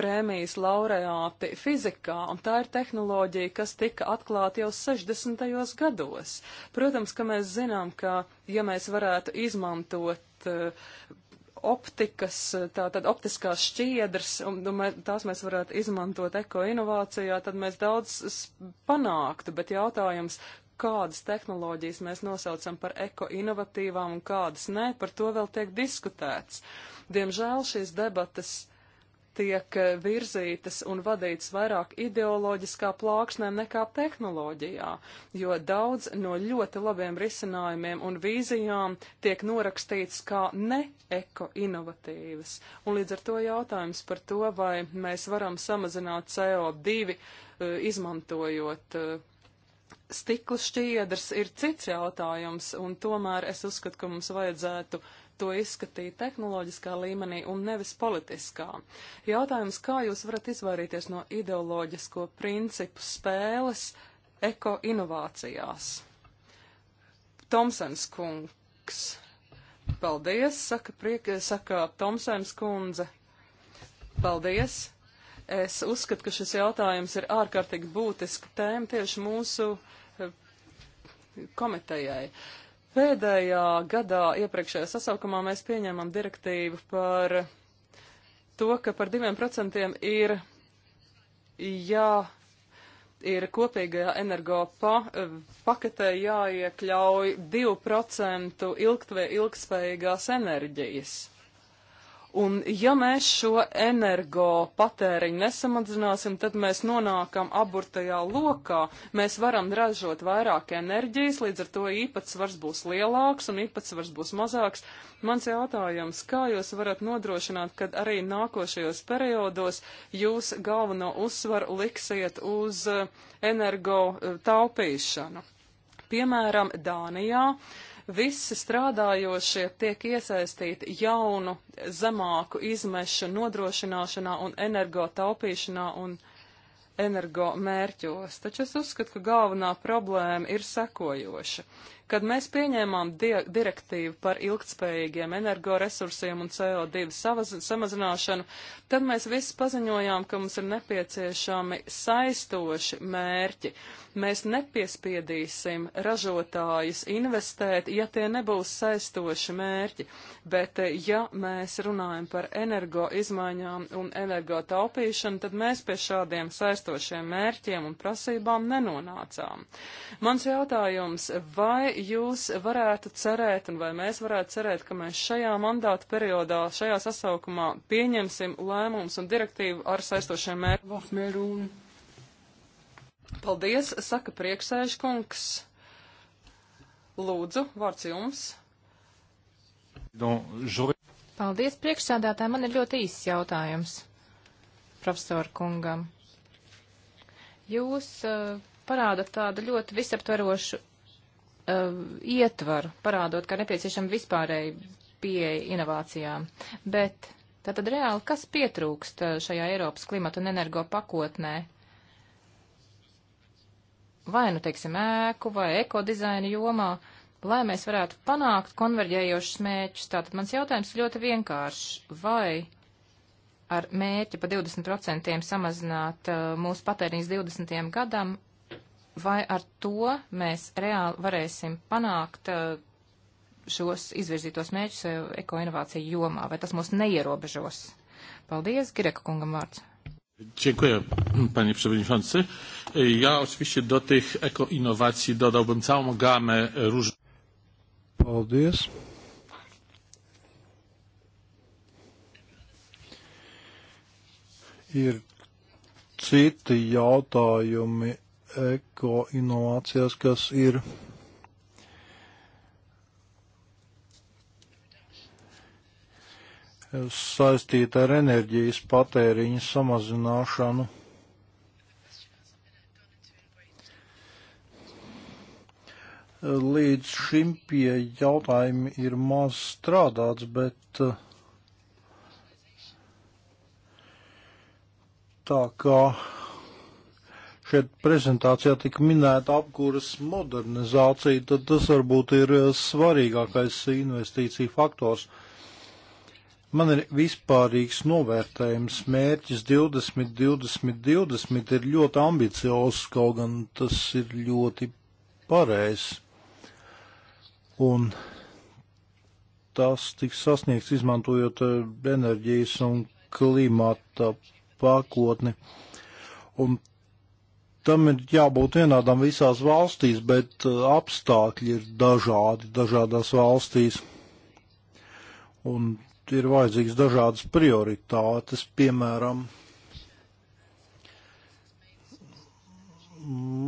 prēmijas laureāti fizikā, un tā ir tehnoloģija, kas tika atklāta jau 60. gados. Protams, ka mēs zinām, ka ja mēs varētu izmantot uh, optikas, tātad optiskās šķiedras, un, un mē, tās mēs varētu izmantot ekoinovācijā, tad mēs daudz panāktu, bet jautājums, kādas tehnoloģijas mēs nosaucam par ekoinovatīvām un kādas nē, par to vēl tiek diskutēts. Diemžēl šīs debatas tiek virzītas un vadītas vairāk ideoloģiskā plāksnē nekā tehnoloģijā, jo daudz no ļoti labiem risinājumiem un vīzijām tiek norakstīts kā ne-ekoinovatīvas. Un līdz ar to jautājums par to, vai mēs varam samazināt CO2 eh, izmantojot eh, Stikla šķiedrs ir cits jautājums, un tomēr es uzskatu, ka mums vajadzētu to izskatīt tehnoloģiskā līmenī un nevis politiskā. Jautājums, kā jūs varat izvairīties no ideoloģisko principu spēles ekoinovācijās? Tomsens kungs. Paldies, saka, priek, saka Tomsens kundze. Paldies. Es uzskatu, ka šis jautājums ir ārkārtīgi būtiska tēma tieši mūsu eh, komitejai. Pēdējā gadā iepriekšējā sasaukumā mēs pieņēmām direktīvu par to, ka par diviem procentiem ir jā, ir kopīgajā energo pa, eh, paketē jāiekļauj 2% ilgtvē ilgspējīgās enerģijas. Un ja mēs šo energo patēriņu nesamazināsim, tad mēs nonākam aburtajā lokā. Mēs varam ražot vairāk enerģijas, līdz ar to īpatsvars būs lielāks un īpatsvars būs mazāks. Mans jautājums, kā jūs varat nodrošināt, ka arī nākošajos periodos jūs galveno uzsvaru liksiet uz uh, energo uh, taupīšanu? Piemēram, Dānijā visi strādājošie tiek iesaistīti jaunu zemāku izmešu nodrošināšanā un energo taupīšanā un energo mērķos. Taču es uzskatu, ka galvenā problēma ir sekojoša. Kad mēs pieņēmām di direktīvu par ilgtspējīgiem energoresursiem un CO2 samazināšanu, tad mēs visi paziņojām, ka mums ir nepieciešami saistoši mērķi. Mēs nepiespiedīsim ražotājus investēt, ja tie nebūs saistoši mērķi, bet ja mēs runājam par energo izmaiņām un energo taupīšanu, tad mēs pie šādiem saistošiem mērķiem un prasībām nenonācām. Mans jautājums, vai jūs varētu cerēt, un vai mēs varētu cerēt, ka mēs šajā mandāta periodā, šajā sasaukumā pieņemsim lēmumus un direktīvu ar saistošiem mērķiem? Paldies, saka priekšsēžkungs. Lūdzu, vārds jums. Paldies, priekšsādātāji. Man ir ļoti īsts jautājums profesoru kungam. Jūs uh, parādat tādu ļoti visaptverošu uh, ietvaru, parādot, ka nepieciešama vispārēja pieeja inovācijām. Bet tātad reāli, kas pietrūkst uh, šajā Eiropas klimata un energo pakotnē? Vai nu, teiksim, ēku vai ekodizaina jomā, lai mēs varētu panākt konverģējošus mērķus. Tātad mans jautājums ļoti vienkāršs. Vai ar mērķi pa 20% samazināt uh, mūsu patēriņas 20. gadam vai ar to mēs reāli varēsim panākt uh, šos izvirzītos mērķus uh, ekoinovāciju jomā, vai tas mūs neierobežos? Paldies, Gireka kungam vārds. Dziękuję, panie przewodniczący. Ja oczywiście do tych ekoinnowacji dodałbym całą gamę różnych. Paldies. Ir citi jautājumi eko inovācijas, kas ir saistīta ar enerģijas patēriņa samazināšanu. Līdz šim pie jautājumi ir maz strādāts, bet uh, tā kā šeit prezentācijā tika minēta apkūras modernizācija, tad tas varbūt ir eh, svarīgākais investīcija faktors. Man ir vispārīgs novērtējums. Mērķis 20, 20, 20 ir ļoti ambiciozs, kaut gan tas ir ļoti pareizs. Un tas tiks sasniegts izmantojot eh, enerģijas un klimata pakotni. Un tam ir jābūt vienādam visās valstīs, bet uh, apstākļi ir dažādi dažādās valstīs. Un ir vajadzīgs dažādas prioritātes, piemēram,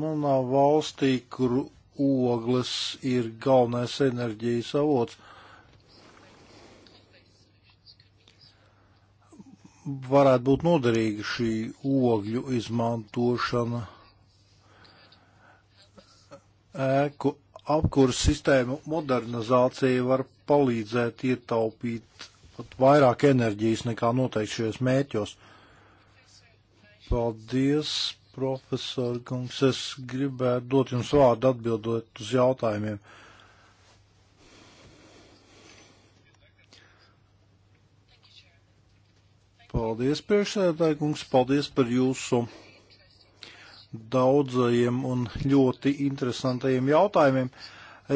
manā valstī, kur ogles ir galvenais enerģijas avots, varētu būt noderīga šī ogļu izmantošana ēku apkuras sistēmu modernizācija var palīdzēt ietaupīt pat vairāk enerģijas nekā noteikti šajos mēķos. Paldies, profesor Kungs. Es gribētu dot jums vārdu atbildot uz jautājumiem. Paldies, priekšsēdētāji kungs, paldies par jūsu daudzajiem un ļoti interesantajiem jautājumiem.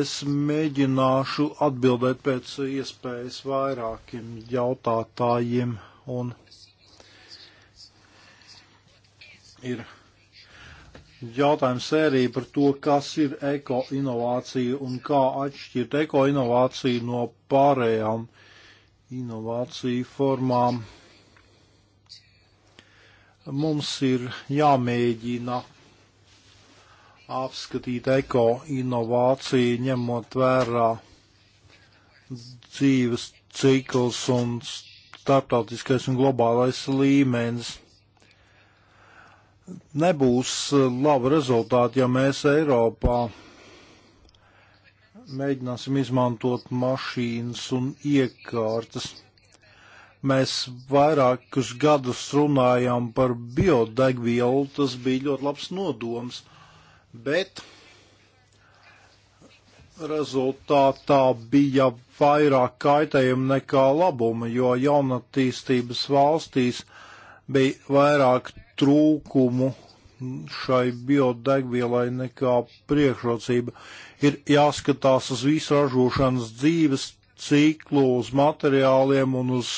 Es mēģināšu atbildēt pēc iespējas vairākiem jautātājiem un ir jautājumu sērija par to, kas ir ekoinovācija un kā atšķirt ekoinovāciju no pārējām inovāciju formām. Mums ir jāmēģina apskatīt ekoinovāciju, ņemot vērā dzīves cikls un starptautiskais un globālais līmenis. Nebūs laba rezultāta, ja mēs Eiropā mēģināsim izmantot mašīnas un iekārtas. Mēs vairākus gadus runājām par biodegvielu, tas bija ļoti labs nodoms, bet rezultātā bija vairāk kaitējumu nekā labumu, jo jaunatīstības valstīs bija vairāk trūkumu šai biodegvielai nekā priekšrocība. Ir jāskatās uz visu ražošanas dzīves ciklu, uz materiāliem un uz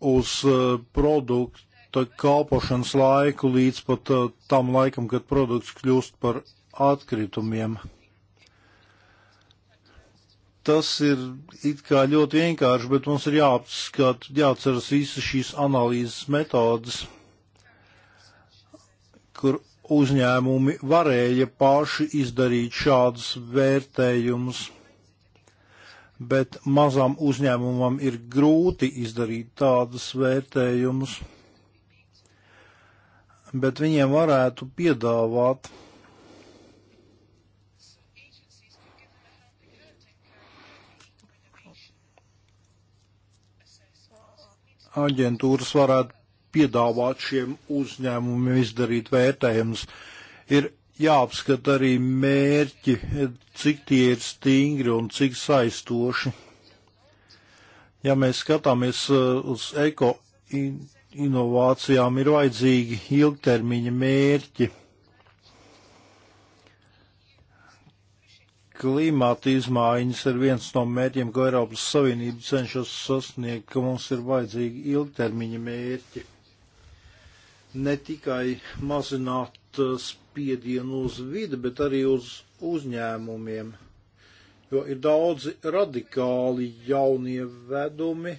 uz uh, produkta kalpošanas laiku līdz pat uh, tam laikam, kad produkts kļūst par atkritumiem. Tas ir it kā ļoti vienkārši, bet mums ir jāapskat, jāatceras visas šīs analīzes metodas, kur uzņēmumi varēja paši izdarīt šādus vērtējumus bet mazam uzņēmumam ir grūti izdarīt tādus vērtējumus. Bet viņiem varētu piedāvāt aģentūras varētu piedāvāt šiem uzņēmumiem izdarīt vērtējumus. Ir jāapskata arī mērķi cik tie ir stingri un cik saistoši. Ja mēs skatāmies uh, uz eko inovācijām, ir vajadzīgi ilgtermiņa mērķi. klimata izmaiņas ir viens no mērķiem, ko Eiropas Savienība cenšas sasniegt, ka mums ir vajadzīgi ilgtermiņa mērķi. Ne tikai mazināt uh, spiedienu uz vidi, bet arī uz uzņēmumiem, jo ir daudzi radikāli jaunie vedumi,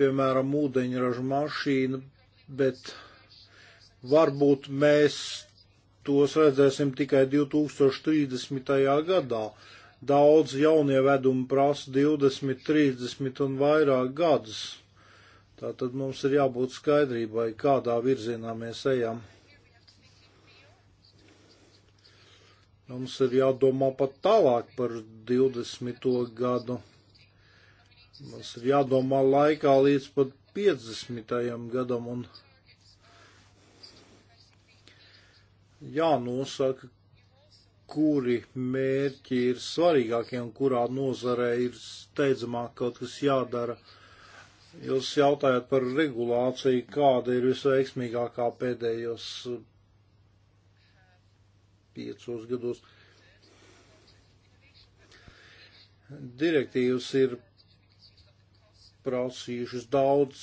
piemēram, ūdeņraža mašīna, bet varbūt mēs tos redzēsim tikai 2030. gadā. Daudz jaunie vedumi prasa 20, 30 un vairāk gadus. Tātad mums ir jābūt skaidrībai, kādā virzienā mēs ejam. Mums ir jādomā pat tālāk par 20. gadu. Mums ir jādomā laikā līdz pat 50. gadam un jānosaka, kuri mērķi ir svarīgākie un kurā nozarē ir steidzamāk kaut kas jādara. Jūs jautājat par regulāciju, kāda ir visveiksmīgākā pēdējos piecos gados. Direktīvas ir prasījušas daudz,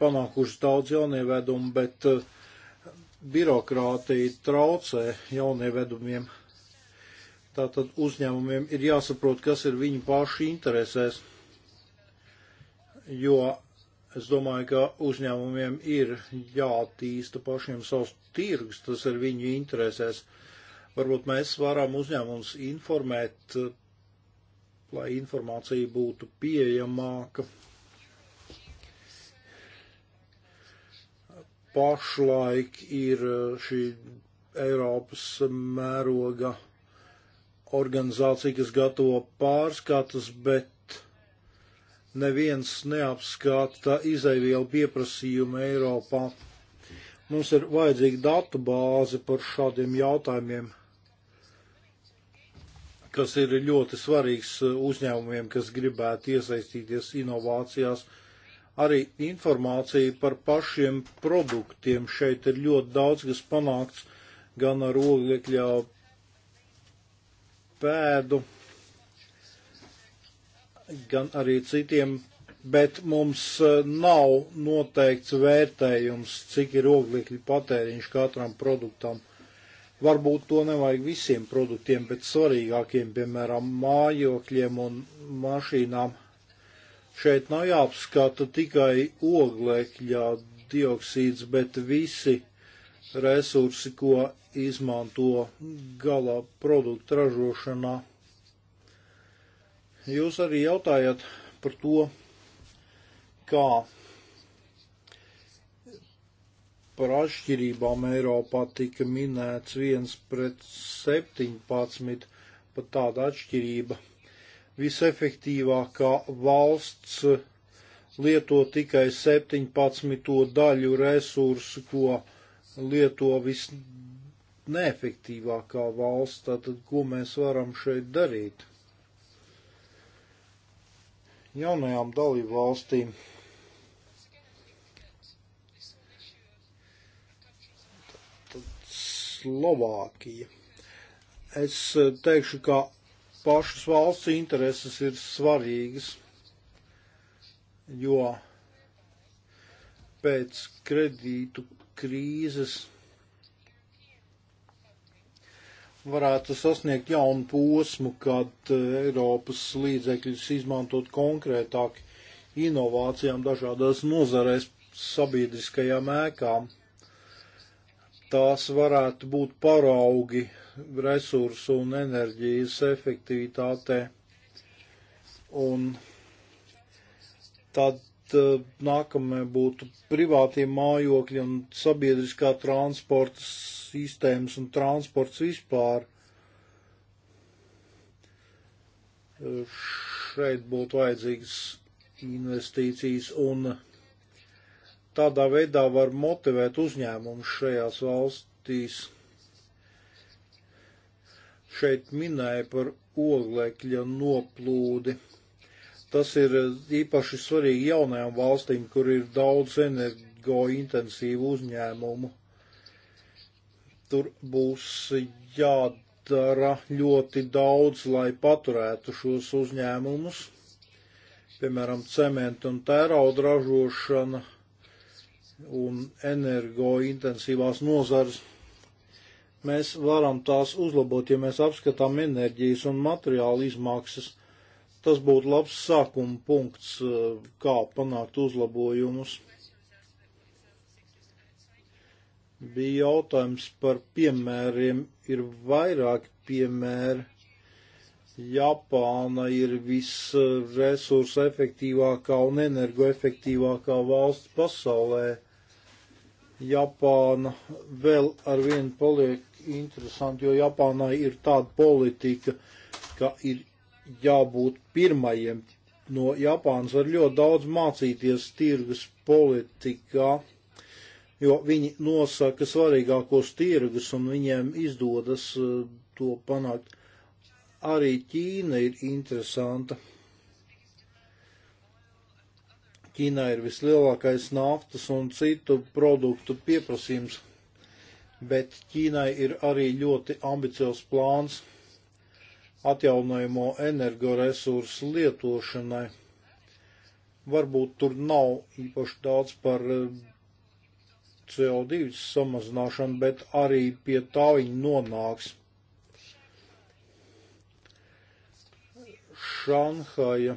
panākušas daudz jaunievedumu, bet eh, birokrātija traucē jaunievedumiem. Tātad uzņēmumiem ir jāsaprot, kas ir viņu pašu interesēs, jo Es domāju, ka uzņēmumiem ir jātīsta pašiem savs tirgus, tas ir viņu interesēs. Varbūt mēs varam uzņēmums informēt, lai informācija būtu pieejamāka. Pašlaik ir šī Eiropas mēroga organizācija, kas gatavo pārskatus, bet neviens neapskata izaivielu pieprasījumu Eiropā. Mums ir vajadzīga datu bāze par šādiem jautājumiem, kas ir ļoti svarīgs eh, uzņēmumiem, kas gribētu iesaistīties inovācijās. Arī informācija par pašiem produktiem šeit ir ļoti daudz, kas panākts gan ar oglekļa pēdu gan arī citiem, bet mums eh, nav noteikts vērtējums, cik ir oglekļa patēriņš katram produktam. Varbūt to nevajag visiem produktiem, bet svarīgākiem, piemēram, mājokļiem un mašīnām. Šeit nav jāapskata tikai oglekļa dioksīds, bet visi resursi, ko izmanto gala produktu ražošanā. Jūs arī jautājat par to, kā par atšķirībām Eiropā tika minēts 1 pret 17, pat tāda atšķirība. Visefektīvākā valsts lieto tikai 17 daļu resursu, ko lieto visneefektīvākā valsts, tātad ko mēs varam šeit darīt jaunajām dalību valstīm. Tad Slovākija. Es teikšu, ka pašas valsts intereses ir svarīgas, jo pēc kredītu krīzes varētu sasniegt jaunu posmu, kad eh, Eiropas līdzekļus izmantot konkrētāk inovācijām dažādās nozarēs sabiedriskajām ēkām. Tās varētu būt paraugi resursu un enerģijas efektivitātē. Un tad eh, nākamie būtu privātie mājokļi un sabiedriskā transporta sistēmas un transports vispār. Šeit būtu vajadzīgas investīcijas un tādā veidā var motivēt uzņēmumus šajās valstīs. Šeit minēja par oglekļa noplūdi. Tas ir īpaši svarīgi jaunajām valstīm, kur ir daudz energointensīvu uzņēmumu tur būs jādara ļoti daudz, lai paturētu šos uzņēmumus. Piemēram, cementa un tērauda ražošana un energointensīvās nozars. Mēs varam tās uzlabot, ja mēs apskatām enerģijas un materiālu izmaksas. Tas būtu labs sākuma punkts, eh, kā panākt uzlabojumus. bija jautājums par piemēriem. Ir vairāki piemēri. Japāna ir visresursa efektīvākā un energoefektīvākā valsts pasaulē. Japāna vēl ar vienu paliek interesanti, jo Japānai ir tāda politika, ka ir jābūt pirmajiem. No Japānas var ļoti daudz mācīties tirgus politikā jo viņi nosaka svarīgākos tirgus un viņiem izdodas eh, to panākt. Arī Ķīna ir interesanta. Ķīnā ir vislielākais naftas un citu produktu pieprasījums, bet Ķīnai ir arī ļoti ambiciozs plāns atjaunojamo energoresursu lietošanai. Varbūt tur nav īpaši daudz par eh, CO2 samazināšanu, bet arī pie tā viņi nonāks. Šanhaja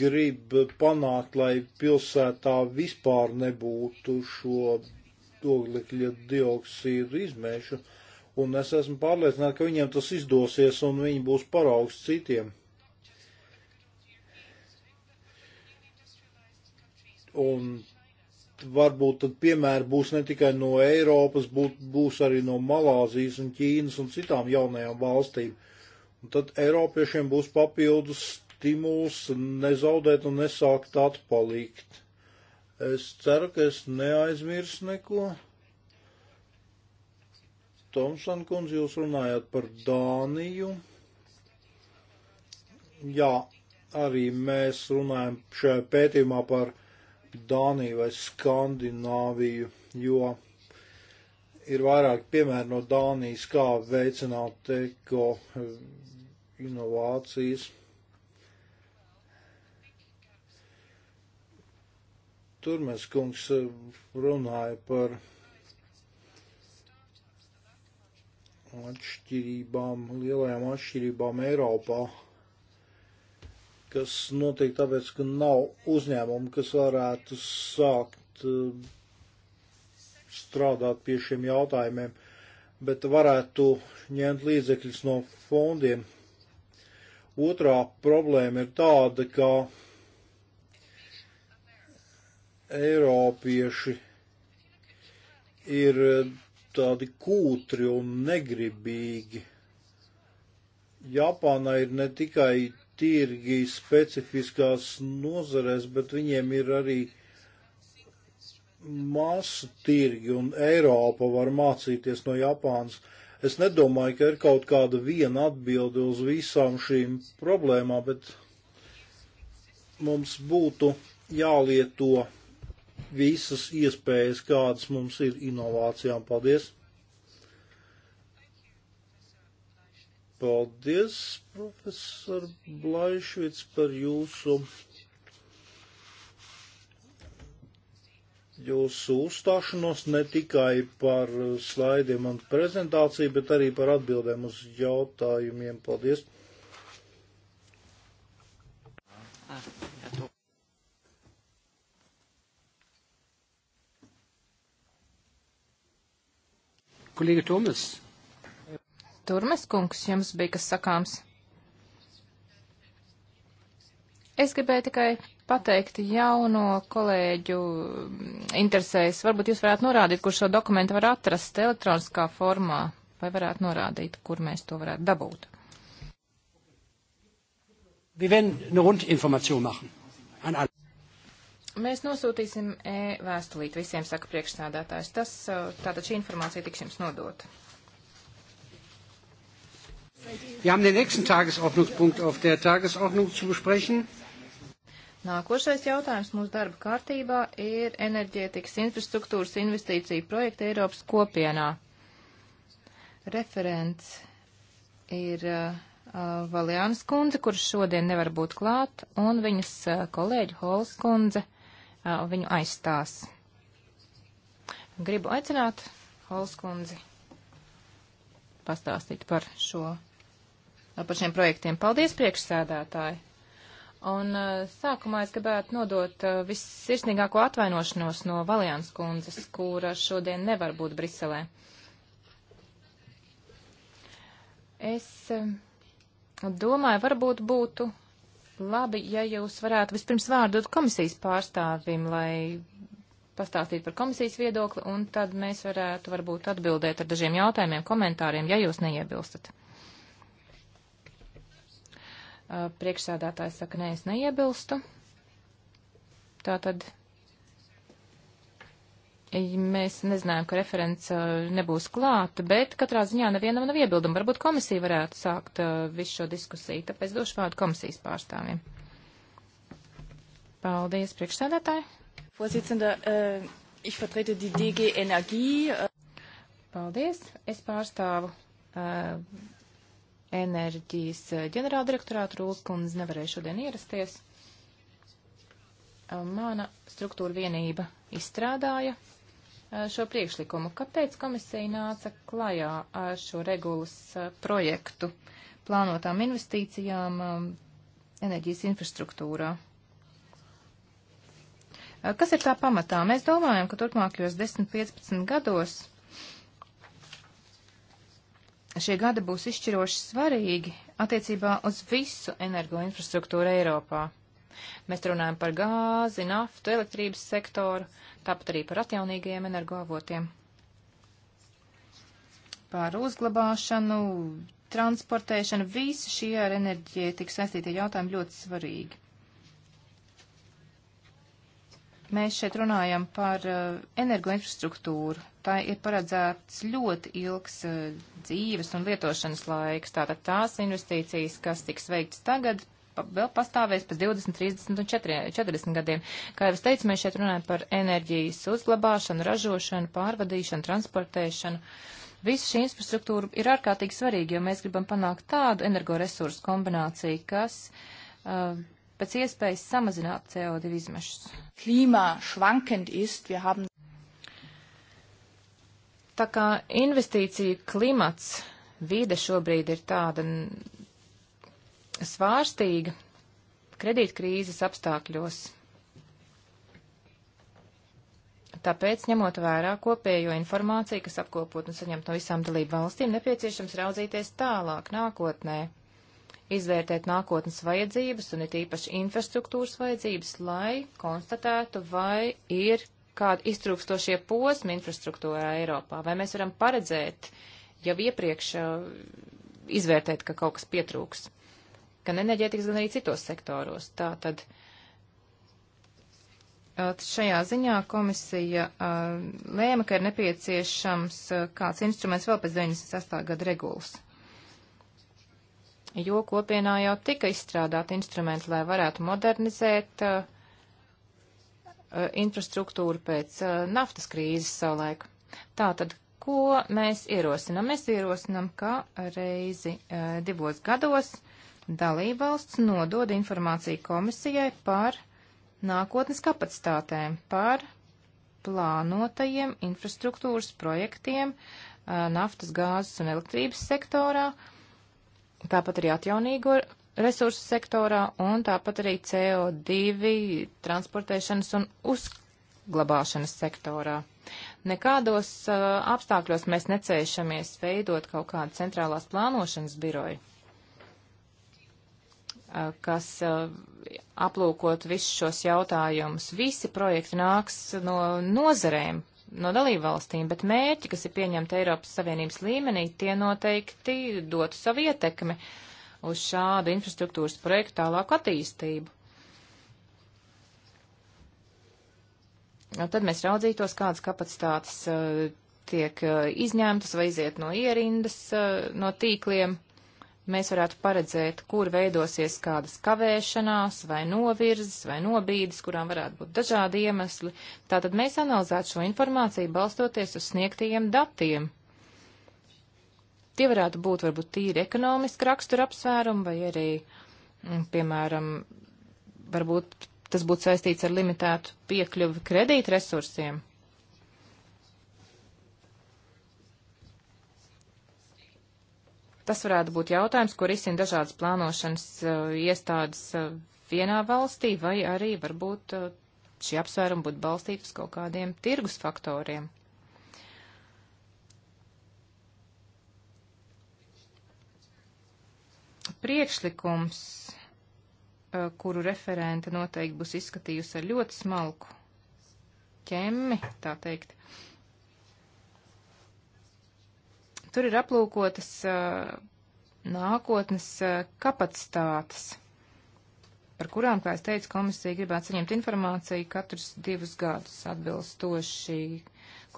grib panākt, lai pilsētā vispār nebūtu šo oglekļa dioksīdu izmēšu, un es esmu pārliecināts, ka viņiem tas izdosies, un viņi būs paraugs citiem. Un varbūt tad piemēri būs ne tikai no Eiropas, būt, būs arī no Malāzijas un Ķīnas un citām jaunajām valstīm. Un tad Eiropiešiem būs papildus stimuls nezaudēt un nesākt atpalikt. Es ceru, ka es neaizmirsu neko. Tomsan kundze, jūs runājat par Dāniju. Jā, arī mēs runājam šajā pētījumā par Dāniju vai Skandināviju, jo ir vairāk piemēru no Dānijas, kā veicināt eko eh, inovācijas. Tur mēs kungs eh, runāja par atšķirībām, lielajām atšķirībām Eiropā kas notiek tāpēc, ka nav uzņēmumu, kas varētu sākt eh, strādāt pie šiem jautājumiem, bet varētu ņemt līdzekļus no fondiem. Otrā problēma ir tāda, ka Eiropieši ir eh, tādi kūtri un negribīgi. Japānā ir ne tikai tirgi specifiskās nozarēs, bet viņiem ir arī masu tirgi un Eiropa var mācīties no Japānas. Es nedomāju, ka ir kaut kāda viena atbilde uz visām šīm problēmām, bet mums būtu jālieto visas iespējas, kādas mums ir inovācijām. Paldies! Paldies, profesor Blaišvits, par jūsu, jūsu uzstāšanos ne tikai par slaidiem un prezentāciju, bet arī par atbildēm uz jautājumiem. Paldies! Kolēģi Tomas. Turmes kungs, jums bija kas sakāms? Es gribēju tikai pateikt jauno kolēģu interesēs. Varbūt jūs varētu norādīt, kur šo dokumentu var atrast elektroniskā formā, vai varētu norādīt, kur mēs to varētu dabūt. Mēs nosūtīsim e-vēstulīt visiem, saka priekšstādātājs. Tas, tātad šī informācija tiks jums nodota. Wir haben den nächsten Tagesordnungspunkt auf der Tagesordnung zu besprechen. Nākošais jautājums mūsu darba kārtībā ir enerģētikas infrastruktūras investīcija projekta Eiropas kopienā. Referents ir uh, Valiānas kundze, kurš šodien nevar būt klāt, un viņas uh, kolēģi Hols kundze uh, viņu aizstās. Gribu aicināt Hols kundzi pastāstīt par šo par šiem projektiem. Paldies, priekšsēdētāji! Un sākumā es gribētu nodot vissirsnīgāko atvainošanos no Valjāns kundzes, kura šodien nevar būt Briselē. Es domāju, varbūt būtu labi, ja jūs varētu vispirms vārdu dot komisijas pārstāvim, lai pastāstītu par komisijas viedokli, un tad mēs varētu varbūt atbildēt ar dažiem jautājumiem, komentāriem, ja jūs neiebilstat. Uh, priekšsēdētājs saka, nē, es neiebilstu. Tātad mēs nezinājām, ka referents uh, nebūs klāt, bet katrā ziņā nevienam nav iebildumu. Varbūt komisija varētu sākt uh, visu šo diskusiju, tāpēc došu vārdu komisijas pārstāvjiem. Paldies, priekšsēdētāji. Vorsitzende, uh, äh, ich vertrete die DG Energie. Äh. Paldies, es pārstāvu uh, enerģijas eh, ģenerāldirektorātu Rūlskundze nevarēja šodien ierasties. Eh, mana struktūra vienība izstrādāja eh, šo priekšlikumu. Kāpēc komisija nāca klajā ar šo regulas projektu plānotām investīcijām enerģijas infrastruktūrā? Kas ir tā pamatā? Mēs domājam, ka turpmākajos 10-15 gados šie gadi būs izšķiroši svarīgi attiecībā uz visu energoinfrastruktūru Eiropā. Mēs runājam par gāzi, naftu, elektrības sektoru, tāpat arī par atjaunīgajiem energoavotiem, par uzglabāšanu, transportēšanu, visi šie ar enerģētiku saistītie jautājumi ļoti svarīgi. Mēs šeit runājam par eh, energoinfrastruktūru. Tā ir paredzēts ļoti ilgs eh, dzīves un lietošanas laiks. Tātad tās investīcijas, kas tiks veikts tagad, vēl pastāvēs pēc 20, 30 un 40 gadiem. Kā jau es teicu, mēs šeit runājam par enerģijas uzglabāšanu, ražošanu, pārvadīšanu, transportēšanu. Visa šī infrastruktūra ir ārkārtīgi svarīga, jo mēs gribam panākt tādu energoresursu kombināciju, kas uh, pēc iespējas samazināt CO2 izmešus. Klīmā švankend ist, wir haben. Tā kā investīcija klimats, vide šobrīd ir tāda svārstīga kredītkrīzes apstākļos. Tāpēc, ņemot vērā kopējo informāciju, kas apkopot un saņemt no visām dalību valstīm, nepieciešams raudzīties tālāk nākotnē izvērtēt nākotnes vajadzības un it īpaši infrastruktūras vajadzības, lai konstatētu, vai ir kādi iztrūkstošie posmi infrastruktūrā Eiropā, vai mēs varam paredzēt jau iepriekš uh, izvērtēt, ka kaut kas pietrūks, gan enerģētikas, gan arī citos sektoros. Tā tad uh, šajā ziņā komisija uh, lēma, ka ir nepieciešams kāds instruments vēl pēc 98. gada regulas jo kopienā jau tika izstrādāti instrumenti, lai varētu modernizēt uh, infrastruktūru pēc uh, naftas krīzes savulaik. Tātad, ko mēs ierosinam? Mēs ierosinam, ka reizi uh, divos gados dalībvalsts nodod informāciju komisijai par nākotnes kapacitātēm, par plānotajiem infrastruktūras projektiem naftas, gāzes un elektrības sektorā, uh, tāpat arī atjaunīgo resursu sektorā un tāpat arī CO2 transportēšanas un uzglabāšanas sektorā. Nekādos uh, apstākļos mēs necēšamies veidot kaut kādu centrālās plānošanas biroju, uh, kas uh, aplūkot visus šos jautājumus. Visi projekti nāks no nozerēm, no dalību valstīm, bet mērķi, kas ir pieņemti Eiropas Savienības līmenī, tie noteikti dotu savu ietekmi uz šādu infrastruktūras projektu tālāku attīstību. Un tad mēs raudzītos, kādas kapacitātes uh, tiek uh, izņemtas vai iziet no ierindas, uh, no tīkliem mēs varētu paredzēt, kur veidosies kādas kavēšanās vai novirzes vai nobīdes, kurām varētu būt dažādi iemesli. Tātad mēs analizētu šo informāciju balstoties uz sniegtajiem datiem. Tie varētu būt varbūt tīri ekonomiski rakstura apsvērumi vai arī, mm, piemēram, varbūt tas būtu saistīts ar limitētu piekļuvi kredītresursiem. Tas varētu būt jautājums, kur izsina dažādas plānošanas uh, iestādes uh, vienā valstī, vai arī varbūt uh, šī apsvēruma būtu balstīta uz kaut kādiem tirgus faktoriem. Priekšlikums, uh, kuru referente noteikti būs izskatījusi ar ļoti smalku ķemmi, tā teikt, uh, Tur ir aplūkotas uh, nākotnes uh, kapacitātes, par kurām, kā es teicu, komisija gribētu saņemt informāciju katrus divus gadus atbilstoši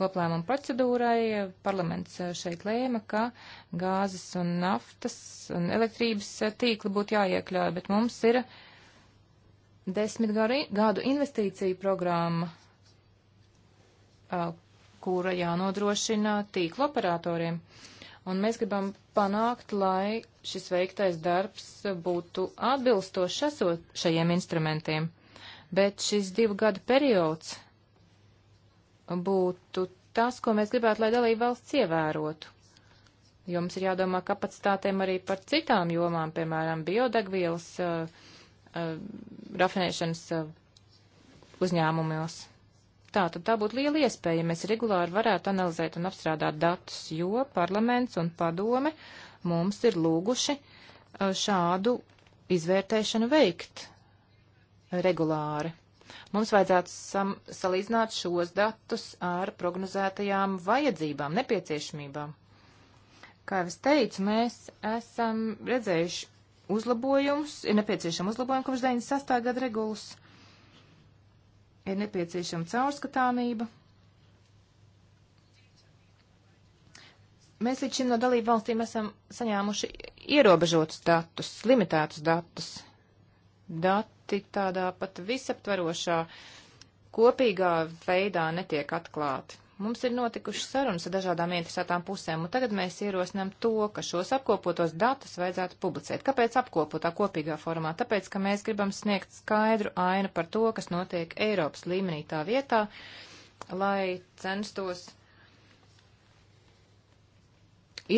koplēmuma procedūrai. Parlaments šeit lēma, ka gāzes un naftas un elektrības tīkli būtu jāiekļauj, bet mums ir desmit gadu investīciju programma, kura jānodrošina tīkla operatoriem. Un mēs gribam panākt, lai šis veiktais darbs būtu atbilstošs esot šajiem instrumentiem. Bet šis divu gadu periods būtu tas, ko mēs gribētu, lai dalība valsts ievērotu. Jums ir jādomā kapacitātēm arī par citām jomām, piemēram, biodegvielas uh, uh, rafinēšanas uh, uzņēmumos. Tā tad tā būtu liela iespēja, ja mēs regulāri varētu analizēt un apstrādāt datus, jo parlaments un padome mums ir lūguši uh, šādu izvērtēšanu veikt regulāri. Mums vajadzētu sam, salīdzināt šos datus ar prognozētajām vajadzībām, nepieciešamībām. Kā jau es teicu, mēs esam redzējuši uzlabojumus, ir nepieciešama uzlabojuma kopš 96. gada regulas ir nepieciešama caurskatāmība. Mēs līdz šim no dalību valstīm esam saņēmuši ierobežotus datus, limitētus datus. Dati tādā pat visaptverošā, kopīgā veidā netiek atklāti. Mums ir notikušas sarunas ar dažādām interesētām pusēm, un tagad mēs ierosinām to, ka šos apkopotos datus vajadzētu publicēt. Kāpēc apkopotā kopīgā formā? Tāpēc, ka mēs gribam sniegt skaidru ainu par to, kas notiek Eiropas līmenī tā vietā, lai censtos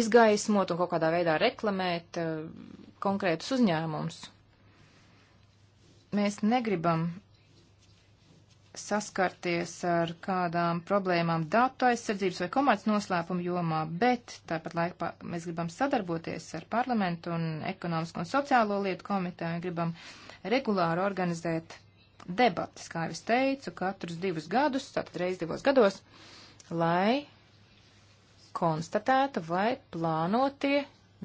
izgaismot un kaut kādā veidā reklamēt uh, konkrētus uzņēmumus. Mēs negribam saskarties ar kādām problēmām datu aizsardzības vai komerc noslēpuma jomā, bet tāpat laikā mēs gribam sadarboties ar parlamentu un ekonomisko un sociālo lietu komiteju un gribam regulāri organizēt debatas, kā jau es teicu, katrus divus gadus, tātad reiz divos gados, lai konstatētu, vai plānotie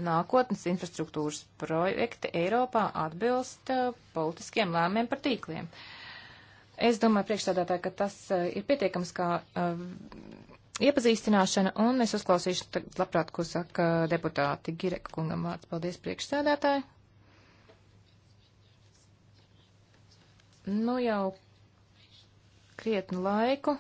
nākotnes infrastruktūras projekti Eiropā atbilst uh, politiskiem lēmumiem par tīkliem. Uh, Es domāju, priekšstādātāji, ka tas eh, ir pietiekams kā eh, iepazīstināšana, un es uzklausīšu labprāt, ko saka deputāti Gireka kungam vārds. Paldies, priekšsēdētāji. Nu jau krietnu laiku.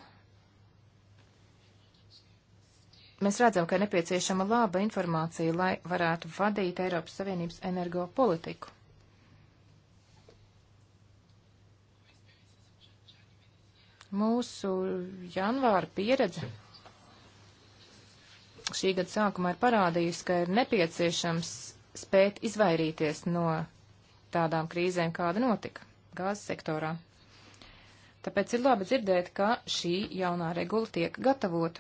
Mēs redzam, ka nepieciešama laba informācija, lai varētu vadīt Eiropas Savienības energo politiku. Mūsu janvāra pieredze šī gada sākumā ir parādījusi, ka ir nepieciešams spēt izvairīties no tādām krīzēm, kāda notika gāzes sektorā. Tāpēc ir labi dzirdēt, ka šī jaunā regula tiek gatavota.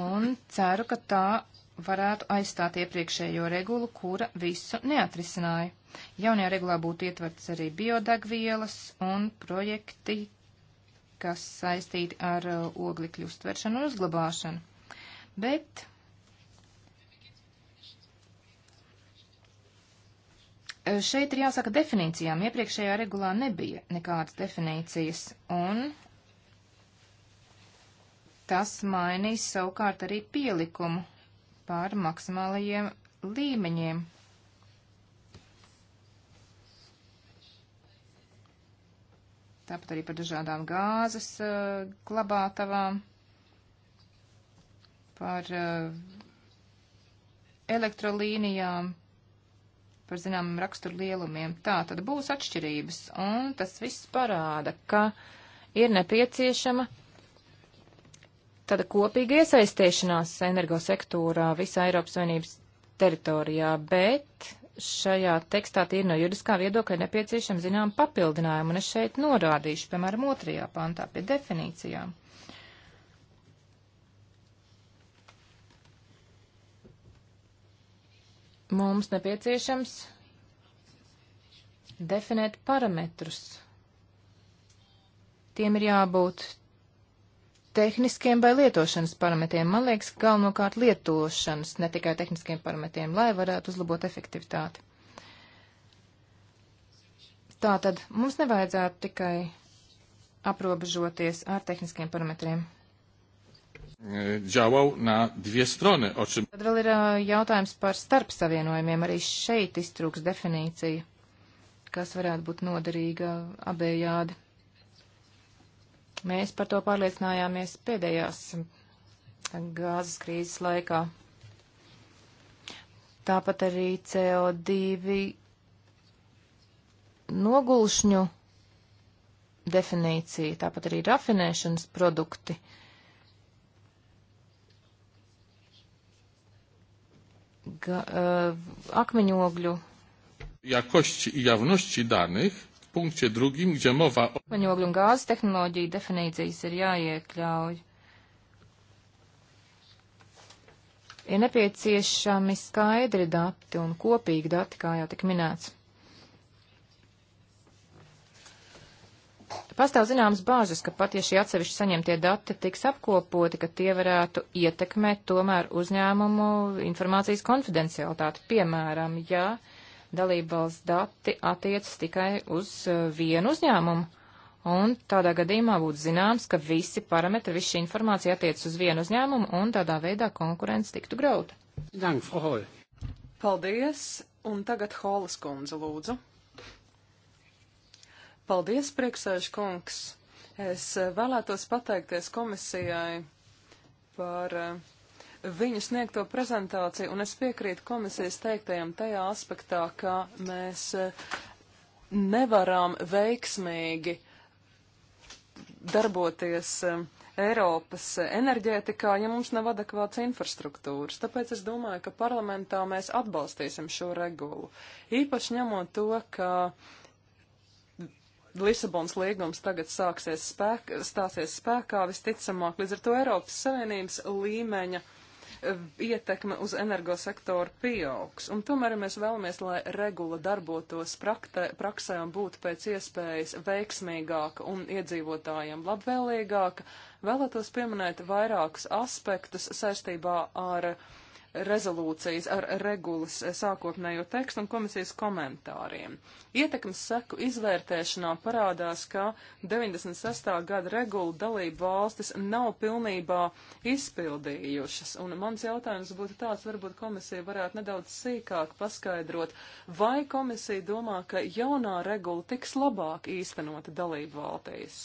Un ceru, ka tā varētu aizstāt iepriekšējo regulu, kura visu neatrisināja. Jaunajā regulā būtu ietverts arī biodegvielas un projekti, kas saistīti ar uh, oglikļu uztveršanu un uzglabāšanu. Bet šeit ir jāsaka definīcijām. Iepriekšējā regulā nebija nekādas definīcijas, un tas mainīs savukārt arī pielikumu par maksimālajiem līmeņiem. Tāpat arī par dažādām gāzes uh, glabātavām, par uh, elektrolīnijām, par zināmiem raksturlielumiem. Tā tad būs atšķirības, un tas viss parāda, ka ir nepieciešama tāda kopīga iesaistīšanās energosektorā visā Eiropas Savienības teritorijā, bet šajā tekstā tīri no juridiskā viedokļa nepieciešama zinām papildinājumu, un es šeit norādīšu, piemēram, otrajā pantā pie definīcijām. Mums nepieciešams definēt parametrus. Tiem ir jābūt tehniskiem vai lietošanas parametriem. Man liekas, galvenokārt lietošanas, ne tikai tehniskiem parametriem, lai varētu uzlabot efektivitāti. Tātad mums nevajadzētu tikai aprobežoties ar tehniskiem parametriem. Działał na dwie strony, o čem. Tad vēl ir jautājums par starpsavienojumiem. Arī šeit iztrūks definīcija, kas varētu būt noderīga abējādi. Mēs par to pārliecinājāmies pēdējās gāzes krīzes laikā. Tāpat arī CO2 nogulšņu definīcija, tāpat arī rafinēšanas produkti. Ga, uh, akmeņogļu. Jakošķi javnošķi danih punkcie drugim, gdzie mowa o... Maņogļu un gāzes tehnoloģiju definīcijas ir jāiekļauj. Ir nepieciešami skaidri dati un kopīgi dati, kā jau tik minēts. Pastāv zināmas bāžas, ka pat ja šie atsevišķi saņemtie dati tiks apkopoti, ka tie varētu ietekmēt tomēr uzņēmumu informācijas konfidencialitāti. Piemēram, ja dalībvalsts dati attiecas tikai uz uh, vienu uzņēmumu. Un tādā gadījumā būtu zināms, ka visi parametri, visa šī informācija attiecas uz vienu uzņēmumu, un tādā veidā konkurence tiktu grauta. Dank, Frau Hol. Paldies, un tagad Holas kundze lūdzu. Paldies, priekšsēžu kungs. Es eh, vēlētos pateikties komisijai par uh, viņu sniegto prezentāciju, un es piekrītu komisijas teiktajam tajā aspektā, ka mēs eh, nevaram veiksmīgi darboties eh, Eiropas enerģētikā, ja mums nav adekvāts infrastruktūras. Tāpēc es domāju, ka parlamentā mēs atbalstīsim šo regulu. Īpaši ņemot to, ka Lisabons līgums tagad sāksies spēk, stāsies spēkā visticamāk, līdz ar to Eiropas Savienības līmeņa uh, ietekme uz energosektoru pieaugs. Un tomēr ja mēs vēlamies, lai regula darbotos praktē, praksē un būtu pēc iespējas veiksmīgāka un iedzīvotājiem labvēlīgāka. Vēlētos pieminēt vairākus aspektus saistībā ar uh, rezolūcijas ar regulas sākotnējo tekstu un komisijas komentāriem. Ietekmes seku izvērtēšanā parādās, ka 96. gada regula dalību valstis nav pilnībā izpildījušas, un mans jautājums būtu tāds, varbūt komisija varētu nedaudz sīkāk paskaidrot, vai komisija domā, ka jaunā regula tiks labāk īstenota dalību valstīs.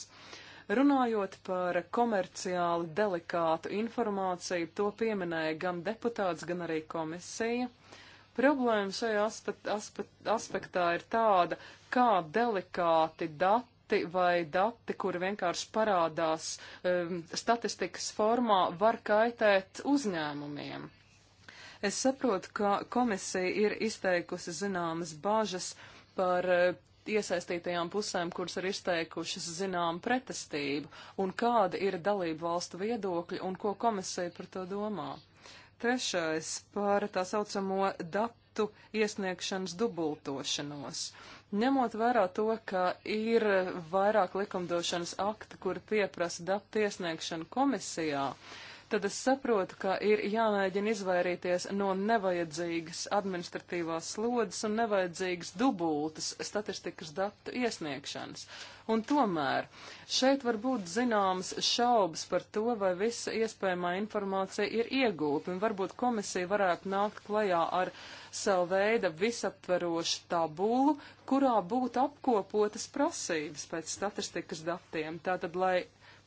Runājot par komerciāli delikātu informāciju, to pieminēja gan deputāts, gan arī komisija. Problēma šajā aspekt, aspekt, aspektā ir tāda, kā delikāti dati dati vai dati, kuri vienkārši parādās um, statistikas formā, var kaitēt uzņēmumiem. Es saprotu, ka komisija ir izteikusi zināmas bāžas par uh, iesaistītajām pusēm, kuras ir izteikušas zinām pretestību, un kāda ir dalību valstu viedokļi un ko komisija par to domā. Trešais par tā saucamo datu iesniegšanas dubultošanos. Ņemot vērā to, ka ir vairāk likumdošanas akti, kuri pieprasa datu iesniegšanu komisijā, uh, tad es saprotu, ka ir jāmēģina izvairīties no nevajadzīgas administratīvās slodzes un nevajadzīgas dubultas statistikas datu iesniegšanas. Un tomēr šeit var būt zināmas šaubas par to, vai visa iespējamā informācija ir iegūta, un varbūt komisija varētu nākt klajā ar savu veidu visaptverošu tabulu, kurā būtu apkopotas prasības pēc statistikas datiem. Tātad, lai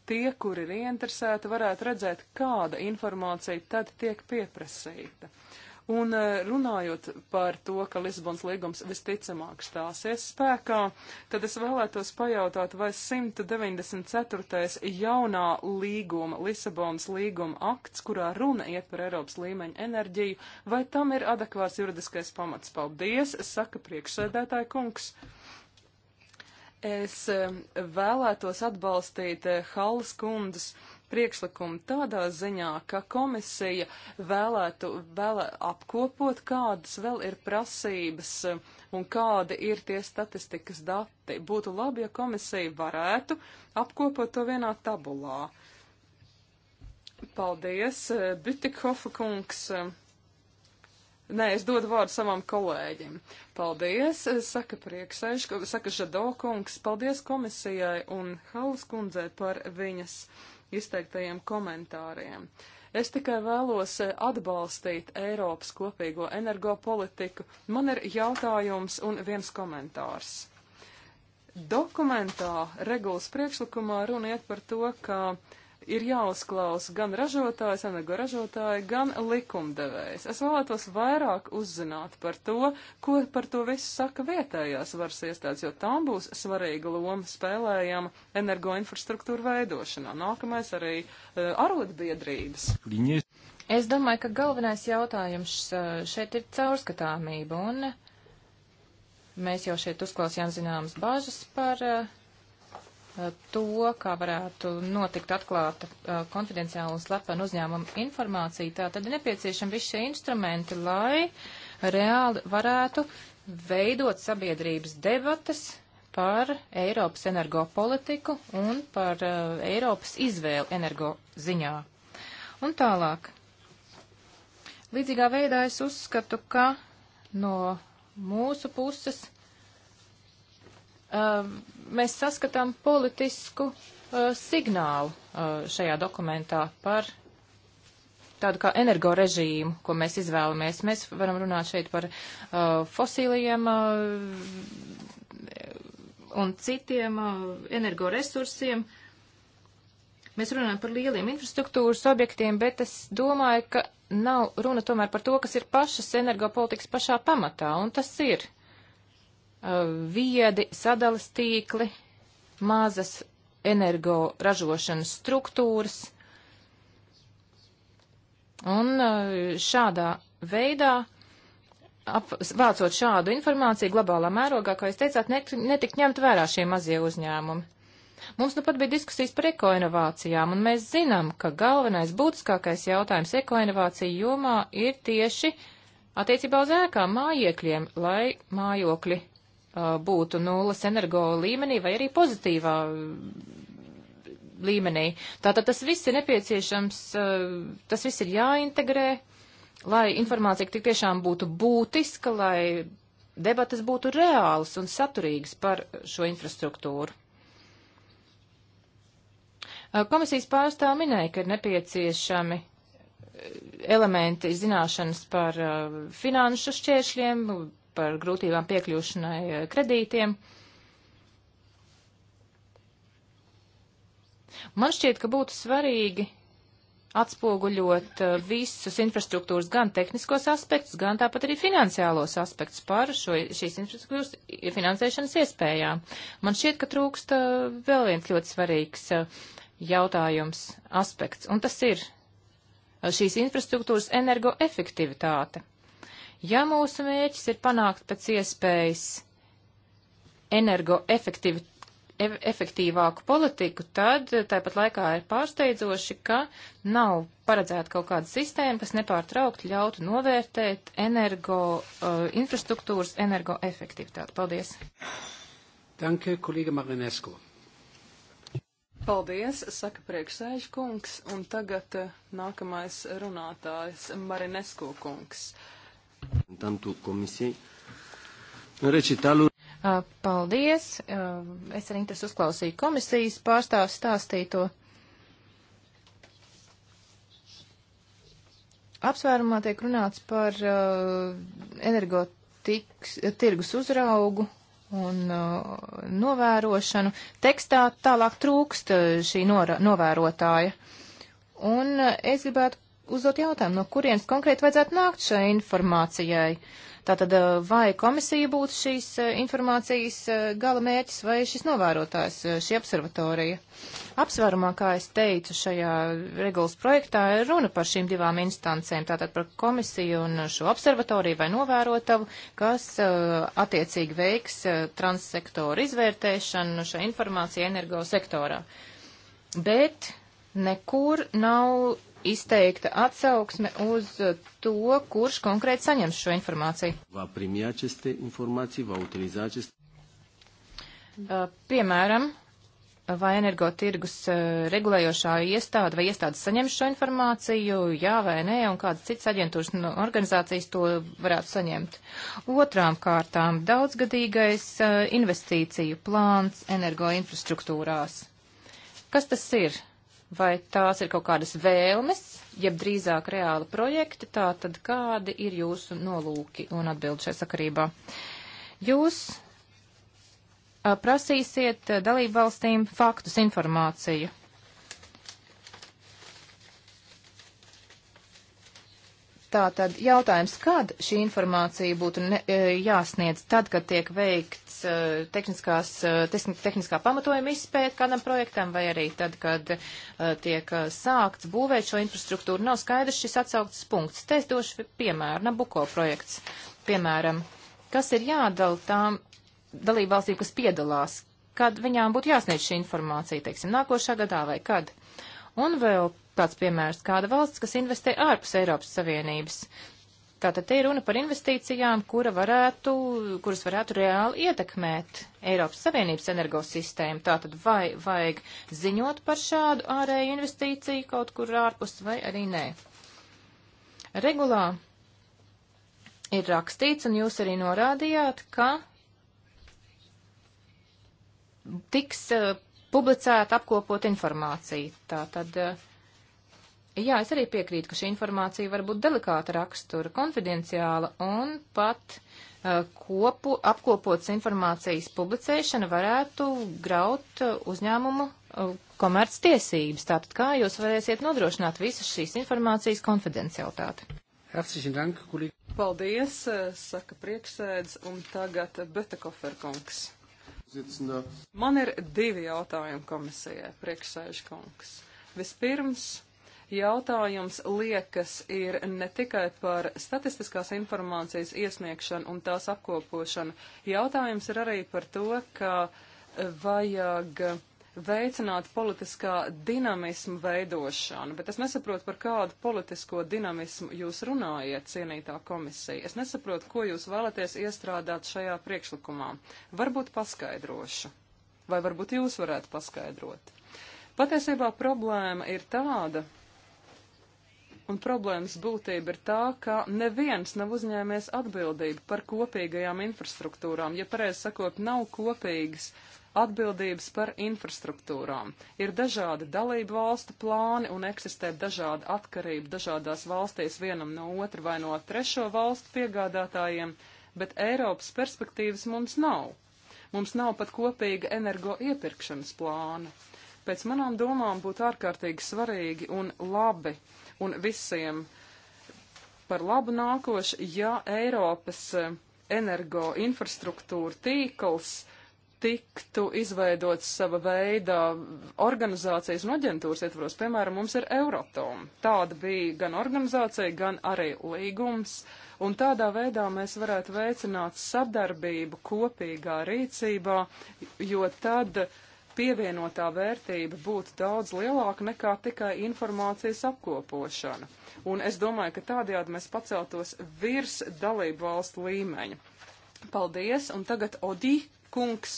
tie, kuri ir ieinteresēti, varētu redzēt, kāda informācija tad tiek pieprasīta. Un e, runājot par to, ka Lisbons līgums visticamāk stāsies spēkā, tad es vēlētos pajautāt, vai 194. jaunā līguma, Lisabonas līguma akts, kurā runa iet par Eiropas līmeņa enerģiju, vai tam ir adekvāts juridiskais pamats. Paldies, saka priekšsēdētāja kungs. Es eh, vēlētos atbalstīt eh, Hallas kundas priekšlikumu tādā ziņā, ka komisija vēlētu vēl apkopot, kādas vēl ir prasības eh, un kādi ir tie statistikas dati. Būtu labi, ja komisija varētu apkopot to vienā tabulā. Paldies, Bitikofa kungs. Nē, es dodu vārdu savam kolēģim. Paldies, saka prieksēšs, saka Žadokungs, paldies komisijai un Halas kundzei par viņas izteiktajiem komentāriem. Es tikai vēlos atbalstīt Eiropas kopīgo energopolitiku. Man ir jautājums un viens komentārs. Dokumentā regulas priekšlikumā runiet par to, ka uh, ir jāuzklausa gan ražotājs, energo ražotāji, gan likumdevējs. Es vēlētos vairāk uzzināt par to, ko par to visu saka vietējās varas iestādes, jo tām būs svarīga loma spēlējama energoinfrastruktūra veidošanā. Nākamais arī uh, arotbiedrības. Es domāju, ka galvenais jautājums eh, šeit ir caurskatāmība, un mēs jau šeit uzklausījām zināmas bažas par uh, to, kā varētu notikt atklāta konfidenciāla un slepena uzņēmuma informācija, tā tad ir nepieciešami visi šie instrumenti, lai reāli varētu veidot sabiedrības debatas par Eiropas energopolitiku un par uh, Eiropas izvēli energo ziņā. Un tālāk. Līdzīgā veidā es uzskatu, ka no mūsu puses Um, mēs saskatām politisku uh, signālu uh, šajā dokumentā par tādu kā energorežīmu, ko mēs izvēlamies. Mēs varam runāt šeit par uh, fosīliem uh, un citiem uh, energoresursiem. Mēs runājam par lieliem infrastruktūras objektiem, bet es domāju, ka nav runa tomēr par to, kas ir pašas energopolitikas pašā pamatā, un tas ir Uh, viedi sadalas tīkli, mazas energoražošanas struktūras. Un uh, šādā veidā, ap, vācot šādu informāciju globālā mērogā, kā jūs teicāt, net, netik ņemt vērā šie mazie uzņēmumi. Mums nu pat bija diskusijas par ekoinovācijām, un mēs zinām, ka galvenais būtiskākais jautājums ekoinovāciju jomā ir tieši attiecībā uz ēkām mājiekļiem, lai mājokļi būtu nulles energo līmenī vai arī pozitīvā līmenī. Tātad tas viss ir nepieciešams, tas viss ir jāintegrē, lai informācija tik tiešām būtu būtiska, lai debatas būtu reālas un saturīgas par šo infrastruktūru. Komisijas pārstāv minēja, ka ir nepieciešami elementi zināšanas par finanšu šķēršļiem, par grūtībām piekļūšanai eh, kredītiem. Man šķiet, ka būtu svarīgi atspoguļot eh, visus infrastruktūras gan tehniskos aspektus, gan tāpat arī finansiālos aspektus par šo, šīs infrastruktūras finansēšanas iespējām. Man šķiet, ka trūksta eh, vēl viens ļoti svarīgs jautājums aspekts, un tas ir šīs infrastruktūras energoefektivitāte. Ja mūsu mērķis ir panākt pēc iespējas energoefektivitāti, efektīvāku politiku, tad tāpat laikā ir pārsteidzoši, ka nav paredzēta kaut kāda sistēma, kas nepārtraukti ļautu novērtēt energo uh, infrastruktūras energoefektivitāti. Paldies! Danke, kolēga Marinesko. Paldies, saka priekšsēžkungs, un tagad uh, nākamais runātājs Marinesko kungs. Uh, reprezentantu komisijai. Recitalul... Paldies! Es ar interesi uzklausīju komisijas pārstāvu stāstīto. Apsvērumā tiek runāts par energotirgus uzraugu un novērošanu. Tekstā tālāk trūkst šī novērotāja. Un es gribētu uzdot jautājumu, no kurienes konkrēti vajadzētu nākt šai informācijai. Tātad, eh, vai komisija būtu šīs eh, informācijas eh, gala mērķis vai šis novērotājs, šī observatorija? Apsvarumā, kā es teicu, šajā regulas projektā ir runa par šīm divām instancēm, tātad par komisiju un šo observatoriju vai novērotavu, kas attiecīgi veiks transsektoru izvērtēšanu šai informācijai energosektorā. Bet nekur nav izteikta atsauksme uz eh, to, kurš konkrēti saņems šo informāciju. Eh, piemēram, vai energotirgus eh, regulējošā iestāde vai iestādes saņem šo informāciju, jā vai nē, un kādas citas aģentūras un organizācijas to varētu saņemt. Otrām kārtām daudzgadīgais investīciju plāns energoinfrastruktūrās. Kas tas ir? vai tās ir kaut kādas vēlmes, jeb drīzāk reāli projekti, tā tad kādi ir jūsu nolūki un atbildi šai sakarībā? Jūs a, prasīsiet dalību valstīm faktus, informāciju. Tātad jautājums, kad šī informācija būtu ne, e, jāsniedz tad, kad tiek veikts e, tehniskās, e, tehniskā pamatojuma izpēta kādam projektam, vai arī tad, kad tiek sākts būvēt šo infrastruktūru, nav skaidrs šis atsauktas punkts. Te es došu piemēru, Nabuko projekts, piemēram, kas ir jādala tām dalībvalstīm, kas piedalās, kad viņām būtu jāsniedz šī informācija, teiksim, nākošā gadā vai kad. Un vēl tāds piemērs, kāda valsts, kas investē ārpus Eiropas Savienības. Tātad te ir runa par investīcijām, kura varētu, kuras varētu reāli ietekmēt Eiropas Savienības energosistēmu. Tātad vai vajag ziņot par šādu ārēju investīciju kaut kur ārpus vai arī nē. Regulā ir rakstīts, un jūs arī norādījāt, ka tiks eh, publicēt, apkopot informāciju. Tā tad, eh, jā, es arī piekrītu, ka šī informācija var būt delikāta rakstura, konfidenciāla un pat uh, kopu apkopotas informācijas publicēšana varētu graut eh, uzņēmumu uh, komerc tiesības. Tātad, kā jūs varēsiet nodrošināt visas šīs informācijas konfidencialitāti? Herzlichen Dank, kolēģi. Paldies, saka prieksēdz, un tagad Beta Koferkungs. Man ir divi jautājumi komisijai, priekšsēžkungs. Vispirms jautājums liekas ir ne tikai par statistiskās informācijas iesniegšanu un tās apkopošanu. Jautājums ir arī par to, ka vajag veicināt politiskā dinamismu veidošanu, bet es nesaprotu, par kādu politisko dinamismu jūs runājat, cienītā komisija. Es nesaprotu, ko jūs vēlaties iestrādāt šajā priekšlikumā. Varbūt paskaidrošu, vai varbūt jūs varētu paskaidrot. Patiesībā problēma ir tāda, un problēmas būtība ir tā, ka neviens nav uzņēmies atbildību par kopīgajām infrastruktūrām, ja pareizi sakot, nav kopīgas atbildības par infrastruktūrām. Ir dažādi dalību valstu plāni un eksistē dažāda atkarība dažādās valstīs vienam no otra vai no trešo valstu piegādātājiem, bet Eiropas perspektīvas mums nav. Mums nav pat kopīga energo iepirkšanas plāna. Pēc manām domām būtu ārkārtīgi svarīgi un labi un visiem par labu nākoši, ja Eiropas eh, energo infrastruktūra tīkls uh, tiktu izveidots sava veida organizācijas un aģentūras ietvaros. Piemēram, mums ir Eurotom. Tāda bija gan organizācija, gan arī līgums. Un tādā veidā mēs varētu veicināt sadarbību kopīgā rīcībā, jo tad pievienotā vērtība būtu daudz lielāka nekā tikai informācijas apkopošana. Un es domāju, ka tādējādi mēs paceltos virs dalību valstu līmeņa. Paldies, un tagad Odī kungs.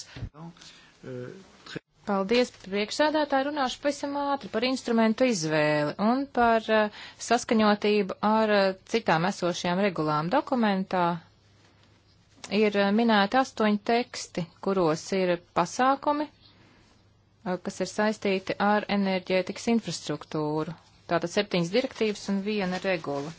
Paldies, priekšsēdētāji, runāšu pavisam ātri par instrumentu izvēli un par uh, saskaņotību ar uh, citām esošajām regulām dokumentā. Ir uh, minēti astoņi teksti, kuros ir pasākumi, kas ir saistīti ar enerģētikas infrastruktūru. Tātad septiņas direktīvas un viena regula.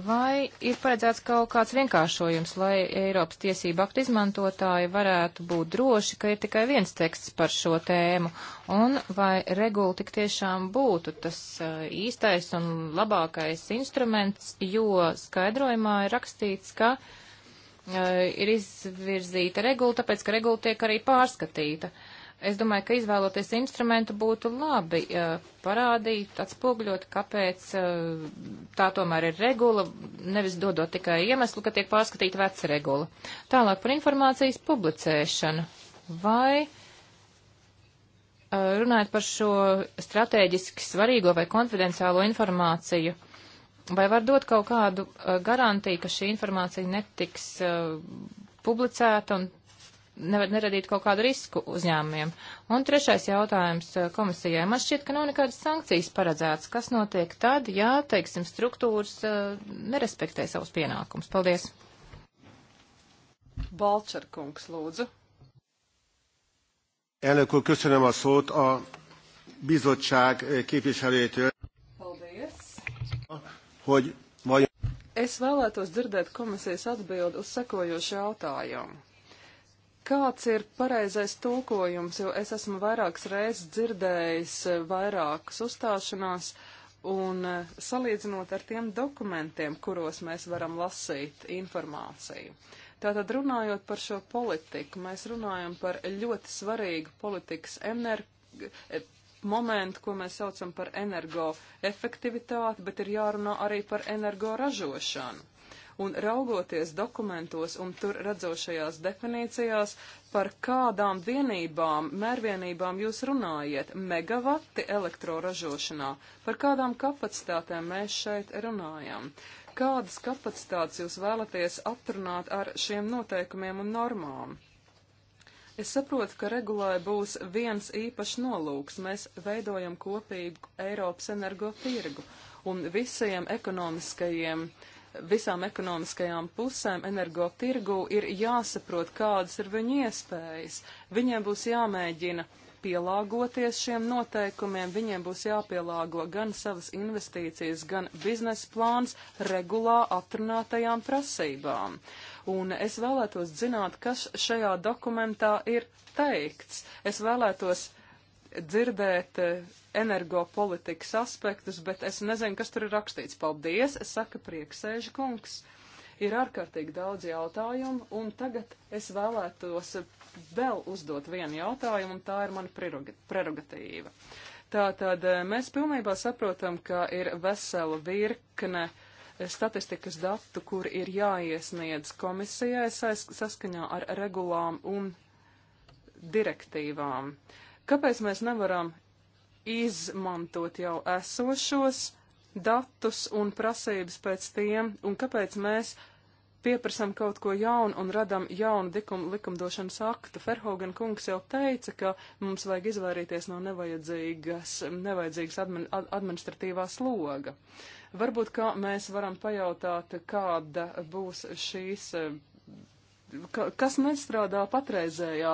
Vai ir paredzēts kaut kāds vienkāršojums, lai Eiropas tiesību aktu izmantotāji varētu būt droši, ka ir tikai viens teksts par šo tēmu? Un vai regula tik tiešām būtu tas eh, īstais un labākais instruments, jo skaidrojumā ir rakstīts, ka uh, ir izvirzīta regula, tāpēc, ka regula tiek arī pārskatīta. Uh, Es domāju, ka izvēloties instrumentu būtu labi uh, parādīt, atspoguļot, kāpēc uh, tā tomēr ir regula, nevis dodot tikai iemeslu, ka tiek pārskatīta veca regula. Tālāk par informācijas publicēšanu. Vai uh, runājot par šo strateģiski svarīgo vai konfidenciālo informāciju, vai var dot kaut kādu eh, garantiju, ka šī informācija netiks publicēta un neradītu kaut kādu risku uzņēmumiem. Un trešais jautājums eh, komisijai. Man šķiet, ka nav nekādas sankcijas paredzētas. Kas notiek tad, ja, teiksim, struktūras eh, nerespektē savus pienākumus? Paldies. Balčerkungs, lūdzu. Elnök úr, köszönöm a szót a bizottság eh, képviselőjétől. Paldies. Hogy vajon... Es vēlētos dzirdēt komisijas atbildi uz sekojošu jautājumu Kāds ir pareizais tulkojums, jo es esmu vairākas reizes dzirdējis eh, vairākas uzstāšanās un eh, salīdzinot ar tiem dokumentiem, kuros mēs varam lasīt informāciju. Tātad runājot par šo politiku, mēs runājam par ļoti svarīgu politikas energi eh, momentu, ko mēs saucam par energoefektivitāti, bet ir jārunā arī par energoražošanu un raugoties dokumentos un tur redzošajās definīcijās, par kādām vienībām, mērvienībām jūs runājat, megavati elektroražošanā, par kādām kapacitātēm mēs šeit runājam, kādas kapacitātes jūs vēlaties atrunāt ar šiem noteikumiem un normām. Es saprotu, ka regulai būs viens īpašs nolūks. Mēs veidojam kopīgu Eiropas energo tirgu un visiem ekonomiskajiem uh, visām ekonomiskajām pusēm energotirgu ir jāsaprot, kādas ir viņu iespējas. Viņiem būs jāmēģina pielāgoties šiem noteikumiem, viņiem būs jāpielāgo gan savas investīcijas, gan biznesa plāns regulā atrunātajām prasībām. Un es vēlētos zināt, kas šajā dokumentā ir teikts. Es vēlētos dzirdēt eh, energopolitikas aspektus, bet es nezinu, kas tur ir rakstīts. Paldies, saka prieksēža kungs. Ir ārkārtīgi daudz jautājumu, un tagad es vēlētos vēl uzdot vienu jautājumu, un tā ir mana prerogatīva. Tātad eh, mēs pilnībā saprotam, ka ir vesela virkne eh, statistikas datu, kur ir jāiesniedz komisijai saskaņā ar regulām un direktīvām. Uh, Kāpēc mēs nevaram izmantot jau esošos datus un prasības pēc tiem, un kāpēc mēs pieprasam kaut ko jaunu un radam jaunu likum, likumdošanas aktu. Ferhogan kungs jau teica, ka mums vajag izvairīties no nevajadzīgas, nevajadzīgas admin, ad, administratīvā sloga. Varbūt kā mēs varam pajautāt, kāda būs šīs eh, ka, kas nestrādā patreizējā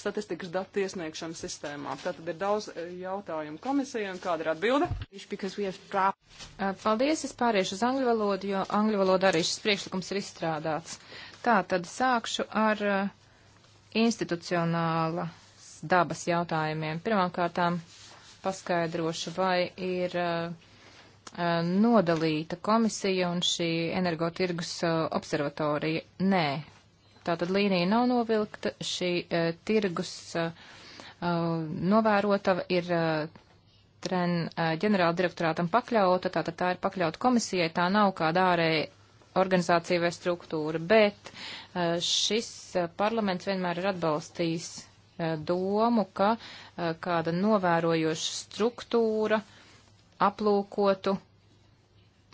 statistikas datu iesniegšanas sistēmā. Tātad ir daudz e, jautājumu komisijai un kāda ir atbilde? E, paldies, es pāriešu uz angļu valodu, jo angļu valoda arī šis priekšlikums ir izstrādāts. Tā tad sākšu ar e, institucionālas dabas jautājumiem. Pirmkārtām paskaidrošu, vai ir nodalīta komisija un šī energotirgus observatorija. Nē, Tātad līnija nav novilkta, šī uh, tirgus uh, novērotava ir uh, tren uh, ģenerāla direktorātam pakļauta, tātad tā ir pakļauta komisijai, tā nav kāda ārēja organizācija vai struktūra, bet uh, šis uh, parlaments vienmēr ir atbalstījis uh, domu, ka uh, kāda novērojoša struktūra aplūkotu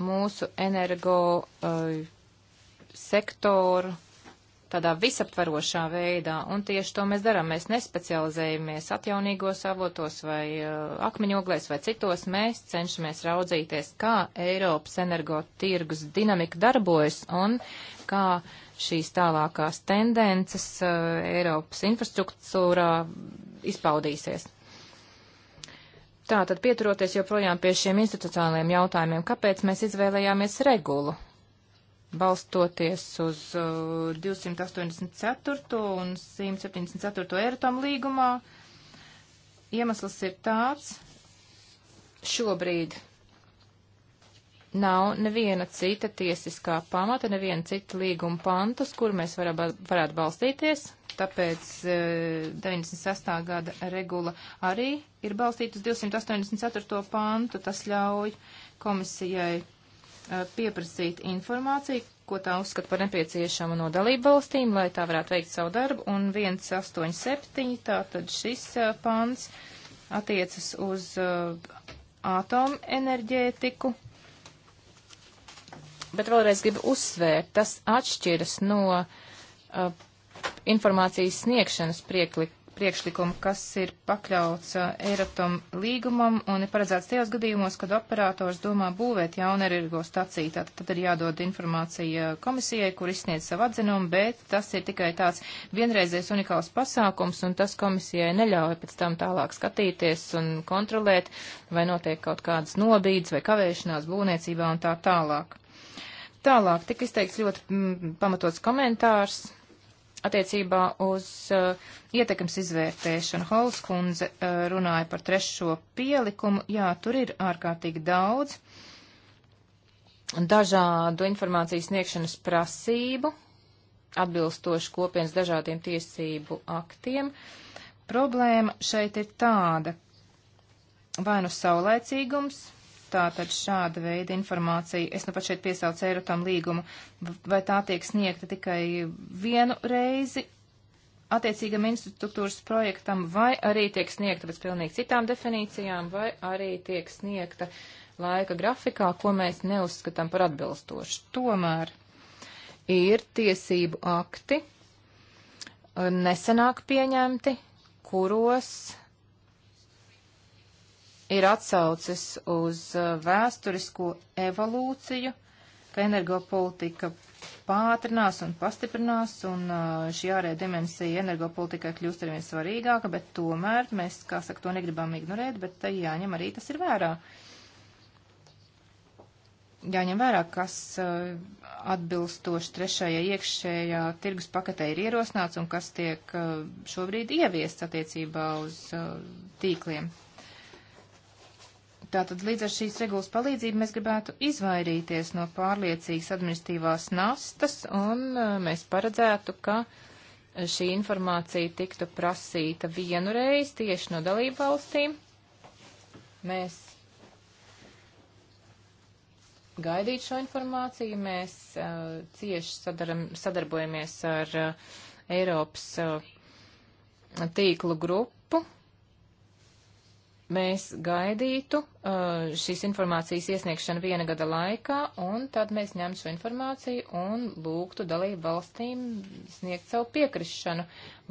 mūsu energo uh, sektoru tādā visaptvarošā veidā, un tieši to mēs darām. Mēs nespecializējamies atjaunīgos avotos vai uh, akmeņoglēs vai citos. Mēs cenšamies raudzīties, kā Eiropas energotirgus dinamika darbojas un kā šīs tālākās tendences uh, Eiropas infrastruktūrā izpaudīsies. Tātad pieturoties joprojām pie šiem institucionāliem jautājumiem, kāpēc mēs izvēlējāmies regulu? balstoties uz 284. Uh, un 174. eratom līgumā. Iemesls ir tāds, šobrīd nav neviena cita tiesiskā pamata, neviena cita līguma pantus, kur mēs varētu balstīties, tāpēc uh, e, 96. gada regula arī ir balstīta uz 284. pantu. Tas ļauj komisijai Uh, pieprasīt informāciju, ko tā uzskata par nepieciešamu no dalību valstīm, lai tā varētu veikt savu darbu, un 187, tātad šis uh, pants attiecas uz uh, atomenerģētiku. Bet vēlreiz gribu uzsvērt, tas atšķiras no uh, informācijas sniegšanas prieklik, priekšlikumu, kas ir pakļauts Eiratom līgumam un ir paredzēts tajos gadījumos, kad operators domā būvēt jaunu energo staciju. Tātad tad ir jādod informācija komisijai, kur izsniedz savu atzinumu, bet tas ir tikai tāds vienreizējs unikāls pasākums un tas komisijai neļauj pēc tam tālāk skatīties un kontrolēt, vai notiek kaut kādas nobīdes vai kavēšanās būvniecībā un tā tālāk. Tālāk tika izteikts ļoti mm, pamatots komentārs Attiecībā uz uh, ietekmes izvērtēšanu Holskundze uh, runāja par trešo pielikumu. Jā, tur ir ārkārtīgi daudz dažādu informācijas sniegšanas prasību, atbilstoši kopienas dažādiem tiesību aktiem. Problēma šeit ir tāda, vai nu saulēcīgums, tātad šāda veida informācija, es nu pat šeit piesaucu Eirotam līgumu, vai tā tiek sniegta tikai vienu reizi attiecīgam infrastruktūras projektam, vai arī tiek sniegta pēc pilnīgi citām definīcijām, vai arī tiek sniegta laika grafikā, ko mēs neuzskatām par atbilstošu. Tomēr ir tiesību akti nesenāk pieņemti, kuros ir atsaucis uz uh, vēsturisko evolūciju, ka energopolitika pātrinās un pastiprinās, un uh, šī ārēja dimensija energopolitikai kļūst arvien svarīgāka, bet tomēr mēs, kā saka, to negribam ignorēt, bet tai jāņem arī tas ir vērā. Jāņem vērā, kas uh, atbilstoši trešajai iekšējā tirgus paketē ir ierosināts un kas tiek šobrīd ieviests attiecībā uz tīkliem. Tātad līdz ar šīs regulas palīdzību mēs gribētu izvairīties no pārliecīgas administratīvās nastas, un e, mēs paredzētu, ka šī informācija tiktu prasīta vienu reizi tieši no dalību valstīm. Mēs gaidītu šo informāciju, mēs uh, cieši sadaram, sadarbojamies ar uh, Eiropas uh, tīklu grupu mēs gaidītu uh, šīs informācijas iesniegšanu viena gada laikā, un tad mēs ņemtu šo informāciju un lūgtu dalību valstīm sniegt savu piekrišanu,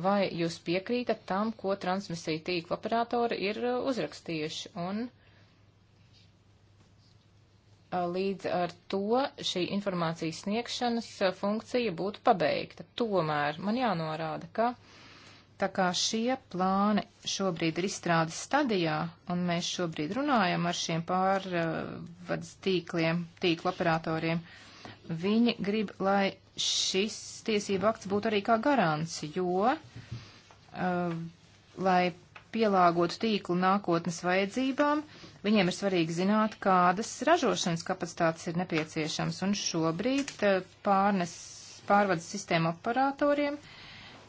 vai jūs piekrītat tam, ko transmisija tīkla operatori ir uh, uzrakstījuši. Un uh, līdz ar to šī informācijas sniegšanas funkcija būtu pabeigta. Tomēr man jānorāda, ka Tā kā šie plāni šobrīd ir izstrādes stadijā, un mēs šobrīd runājam ar šiem pārvades tīkliem, tīkla operatoriem, viņi grib, lai šis tiesību akts būtu arī kā garants, jo, uh, lai pielāgotu tīklu nākotnes vajadzībām, viņiem ir svarīgi zināt, kādas ražošanas kapacitātes ir nepieciešams, un šobrīd uh, pārnes pārvades sistēma operatoriem uh,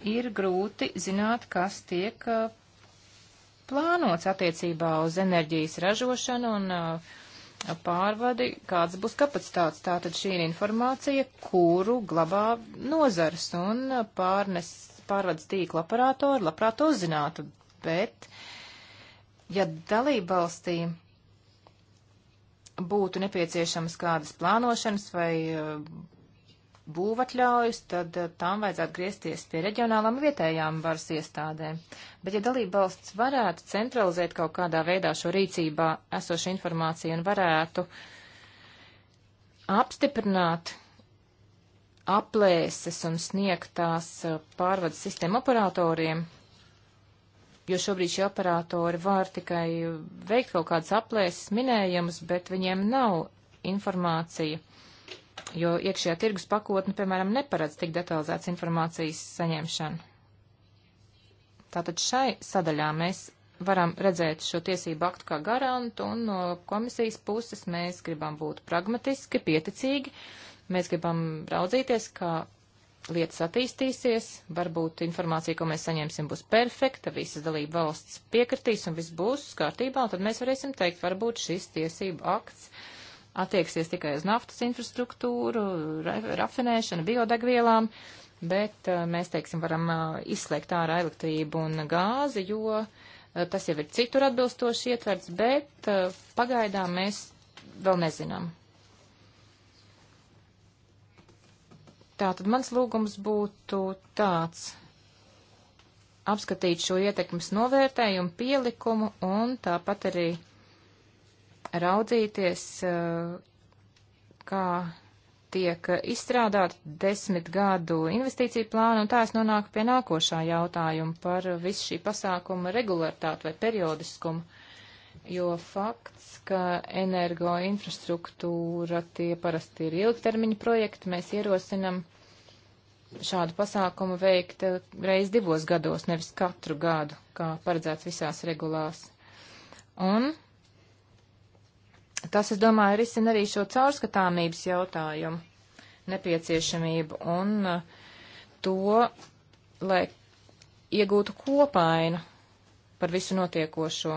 ir grūti zināt, kas tiek uh, plānots attiecībā uz enerģijas ražošanu un uh, pārvadi, kāds būs kapacitāts. Tātad šī ir informācija, kuru glabā nozars un uh, pārnes, pārvades tīkla operatori labprāt uzzinātu, bet ja dalībvalstī būtu nepieciešamas kādas plānošanas vai būvatļaujas, tad eh, tām vajadzētu griezties pie reģionālām vietējām varas iestādēm. Bet, ja dalība valsts varētu centralizēt kaut kādā veidā šo rīcībā esošu informāciju un varētu apstiprināt aplēses un sniegtās eh, pārvades sistēmu operatoriem, jo šobrīd šie operatori var tikai veikt kaut kādas aplēses minējumus, bet viņiem nav informācija jo iekšējā tirgus pakotne, piemēram, neparedz tik detalizētas informācijas saņemšanu. Tātad šai sadaļā mēs varam redzēt šo tiesību aktu kā garantu, un no komisijas puses mēs gribam būt pragmatiski, pieticīgi, mēs gribam raudzīties, kā lietas attīstīsies, varbūt informācija, ko mēs saņemsim, būs perfekta, visas dalība valsts piekritīs un viss būs kārtībā, un tad mēs varēsim teikt, varbūt šis tiesību akts uh, attieksies tikai uz naftas infrastruktūru, rafinēšanu, biodegvielām, bet eh, mēs, teiksim, varam eh, izslēgt ārā elektrību un gāzi, jo eh, tas jau ir citur atbilstoši ietverts, bet pagaidām mēs vēl nezinām. Tātad mans lūgums būtu tāds apskatīt šo ietekmes novērtējumu pielikumu un tāpat arī raudzīties, eh, kā tiek izstrādāt desmit gadu investīciju plānu, un tā es nonāku pie nākošā jautājuma par visu šī pasākuma regularitāti vai periodiskumu. Jo fakts, ka energoinfrastruktūra tie parasti ir ilgtermiņa projekti, mēs ierosinam šādu pasākumu veikt eh, reiz divos gados, nevis katru gadu, kā paredzēts visās regulās. Un Tas, es domāju, risina arī šo caurskatāmības jautājumu nepieciešamību un uh, to, lai iegūtu kopainu par visu notiekošo,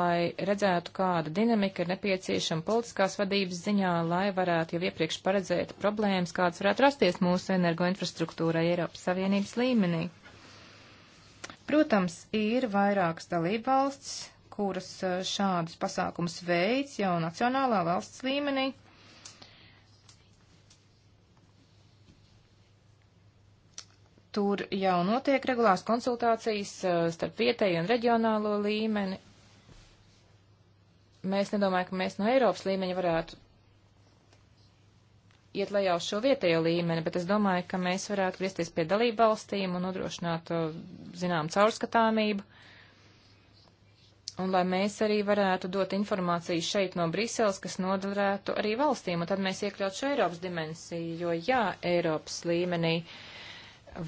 lai redzētu, kāda dinamika ir nepieciešama politiskās vadības ziņā, lai varētu jau iepriekš paredzēt problēmas, kādas varētu rasties mūsu energoinfrastruktūrai Eiropas Savienības līmenī. Protams, ir vairākas dalībvalsts, kuras eh, šādus pasākums veids jau nacionālā valsts līmenī. Tur jau notiek regulās konsultācijas eh, starp vietēju un reģionālo līmeni. Mēs nedomājam, ka mēs no Eiropas līmeņa varētu iet lejā uz šo vietējo līmeni, bet es domāju, ka mēs varētu griezties pie dalību valstīm un nodrošināt, eh, zinām, caurskatāmību. Uh, un lai mēs arī varētu dot informāciju šeit no Briseles, kas nodarētu arī valstīm, un tad mēs iekļautu šo Eiropas dimensiju, jo jā, Eiropas līmenī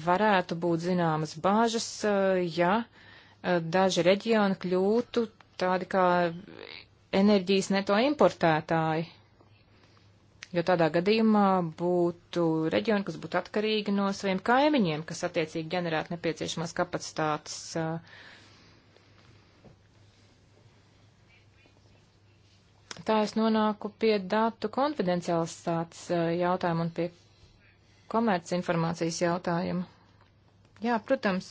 varētu būt zināmas bāžas, eh, ja eh, daži reģioni kļūtu tādi kā enerģijas neto importētāji, jo tādā gadījumā būtu reģioni, kas būtu atkarīgi no saviem kaimiņiem, kas attiecīgi ģenerētu nepieciešamās kapacitātes. Uh, Tā es nonāku pie datu konfidenciālitātes eh, jautājuma un pie komerci informācijas jautājuma. Jā, protams,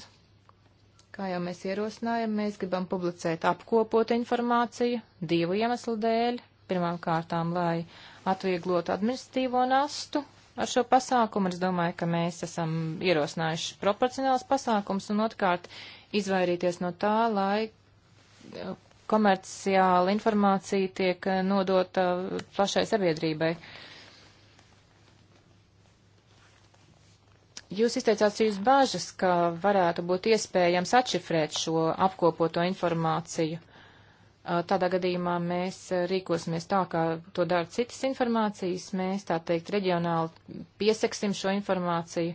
kā jau mēs ierosinājam, mēs gribam publicēt apkopot informāciju divu iemeslu dēļ. Pirmām kārtām, lai atvieglotu administratīvo nastu ar šo pasākumu, es domāju, ka mēs esam ierosinājuši proporcionāls pasākums un otrkārt izvairīties no tā, lai eh, komerciāla informācija tiek eh, nodota eh, plašai sabiedrībai. Jūs izteicāt jūs bāžas, ka varētu būt iespējams atšifrēt šo apkopoto informāciju. Eh, tādā gadījumā mēs rīkosimies tā, kā to dara citas informācijas. Mēs, tā teikt, reģionāli pieseksim šo informāciju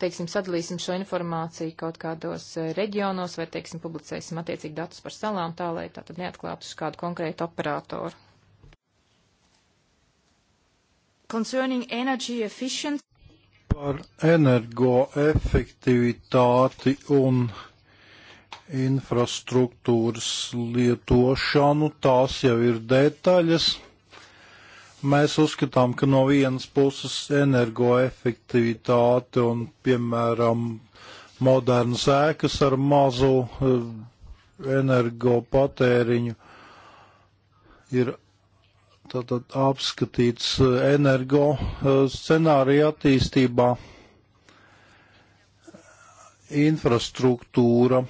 teiksim, sadalīsim šo informāciju kaut kādos eh, reģionos vai, teiksim, publicēsim attiecīgi datus par salām tā, lai tā tad neatklātu uz kādu konkrētu operātoru. Concerning energy efficiency. Par energoefektivitāti un infrastruktūras lietošanu tās jau ir detaļas Mēs uzskatām, ka no vienas puses energoefektivitāte un, piemēram, modernas ēkas ar mazu eh, energopatēriņu ir tātad apskatīts eh, energo eh, scenārija attīstībā infrastruktūra.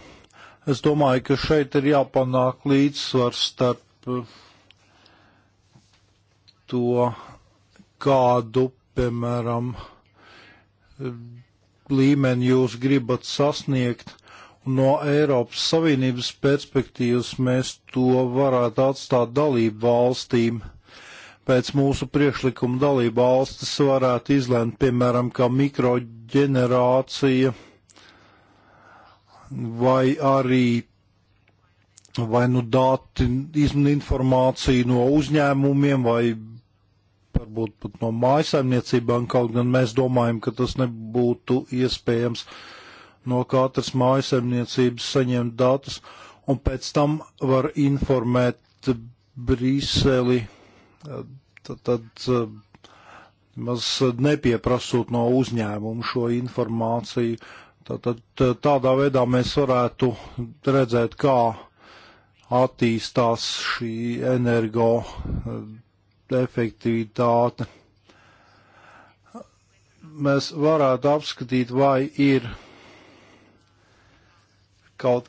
Es domāju, ka šeit ir jāpanāk līdzsvars starp to, kādu, piemēram, līmeni jūs gribat sasniegt. No Eiropas Savienības perspektīvas mēs to varētu atstāt dalību valstīm. Pēc mūsu priekšlikuma dalību valstis varētu izlēmt, piemēram, kā mikroģenerācija vai arī vai nu dati, informācija no uzņēmumiem vai varbūt pat no mājasaimniecībām, kaut gan mēs domājam, ka tas nebūtu iespējams no katras mājasaimniecības saņemt datus, un pēc tam var informēt Brīseli, tad, tad eh, maz nepieprasot no uzņēmumu šo informāciju. Tātad eh, tādā veidā mēs varētu redzēt, kā attīstās šī energo eh, efektivitāte. Mēs varētu apskatīt, vai ir kaut,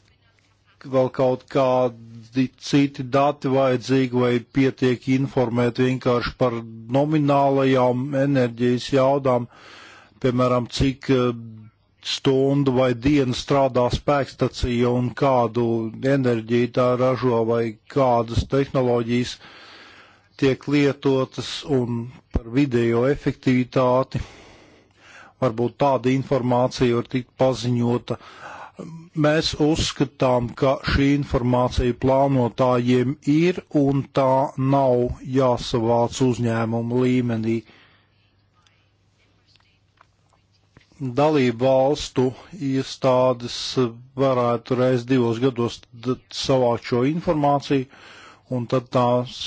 vēl kaut kādi citi dati vajadzīgi, vai pietiek informēt vienkārši par nominālajām enerģijas jaudām, piemēram, cik eh, stundu vai dienu strādā spēkstacija un kādu enerģiju tā ražo vai kādas tehnoloģijas uh, tiek lietotas un par video efektivitāti. Varbūt tāda informācija var tikt paziņota. Mēs uzskatām, ka šī informācija plānotājiem ir un tā nav jāsavāc uzņēmumu līmenī. dalību valstu iestādes varētu reiz divos gados savākt šo informāciju, un tad tās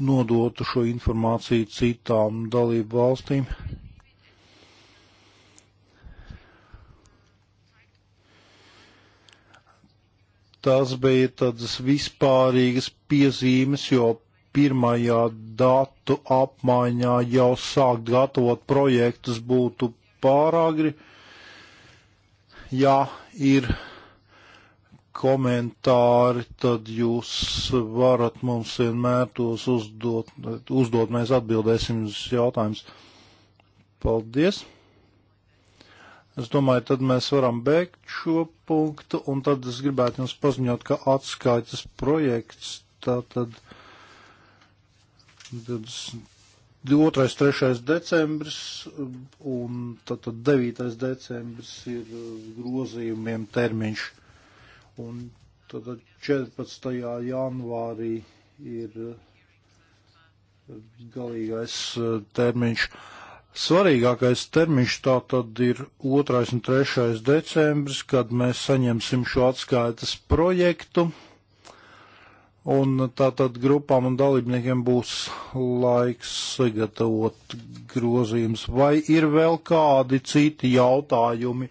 nodotu šo informāciju citām dalību valstīm. Tās bija tādas vispārīgas piezīmes, jo pirmajā datu apmaiņā jau sākt gatavot projektus būtu pāragri. Jā, ir komentāri, tad jūs varat mums vienmēr tos uzdot, uzdot mēs atbildēsim uz jautājumus. Paldies! Es domāju, tad mēs varam beigt šo punktu, un tad es gribētu jums paziņot, ka atskaitas projekts, tātad 22. 3. decembris, un tātad 9. decembris ir grozījumiem termiņš. Un tad 14. janvārī ir eh, galīgais eh, termiņš. Svarīgākais termiņš tā tad ir 2. un 3. decembris, kad mēs saņemsim šo atskaitas projektu. Un tā tad grupām un dalībniekiem būs laiks sagatavot grozījumus. Vai ir vēl kādi citi jautājumi?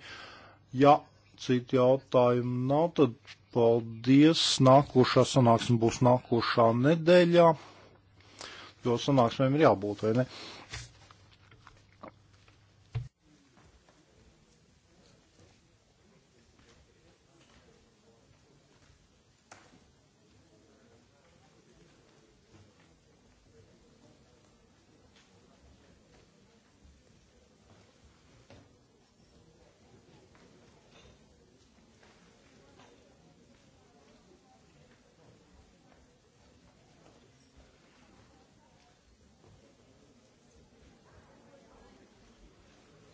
Ja citu jautājumu nav, tad paldies. Nākošā sanāksme būs nākošā nedēļā, jo sanāksmēm ir jābūt, vai ne?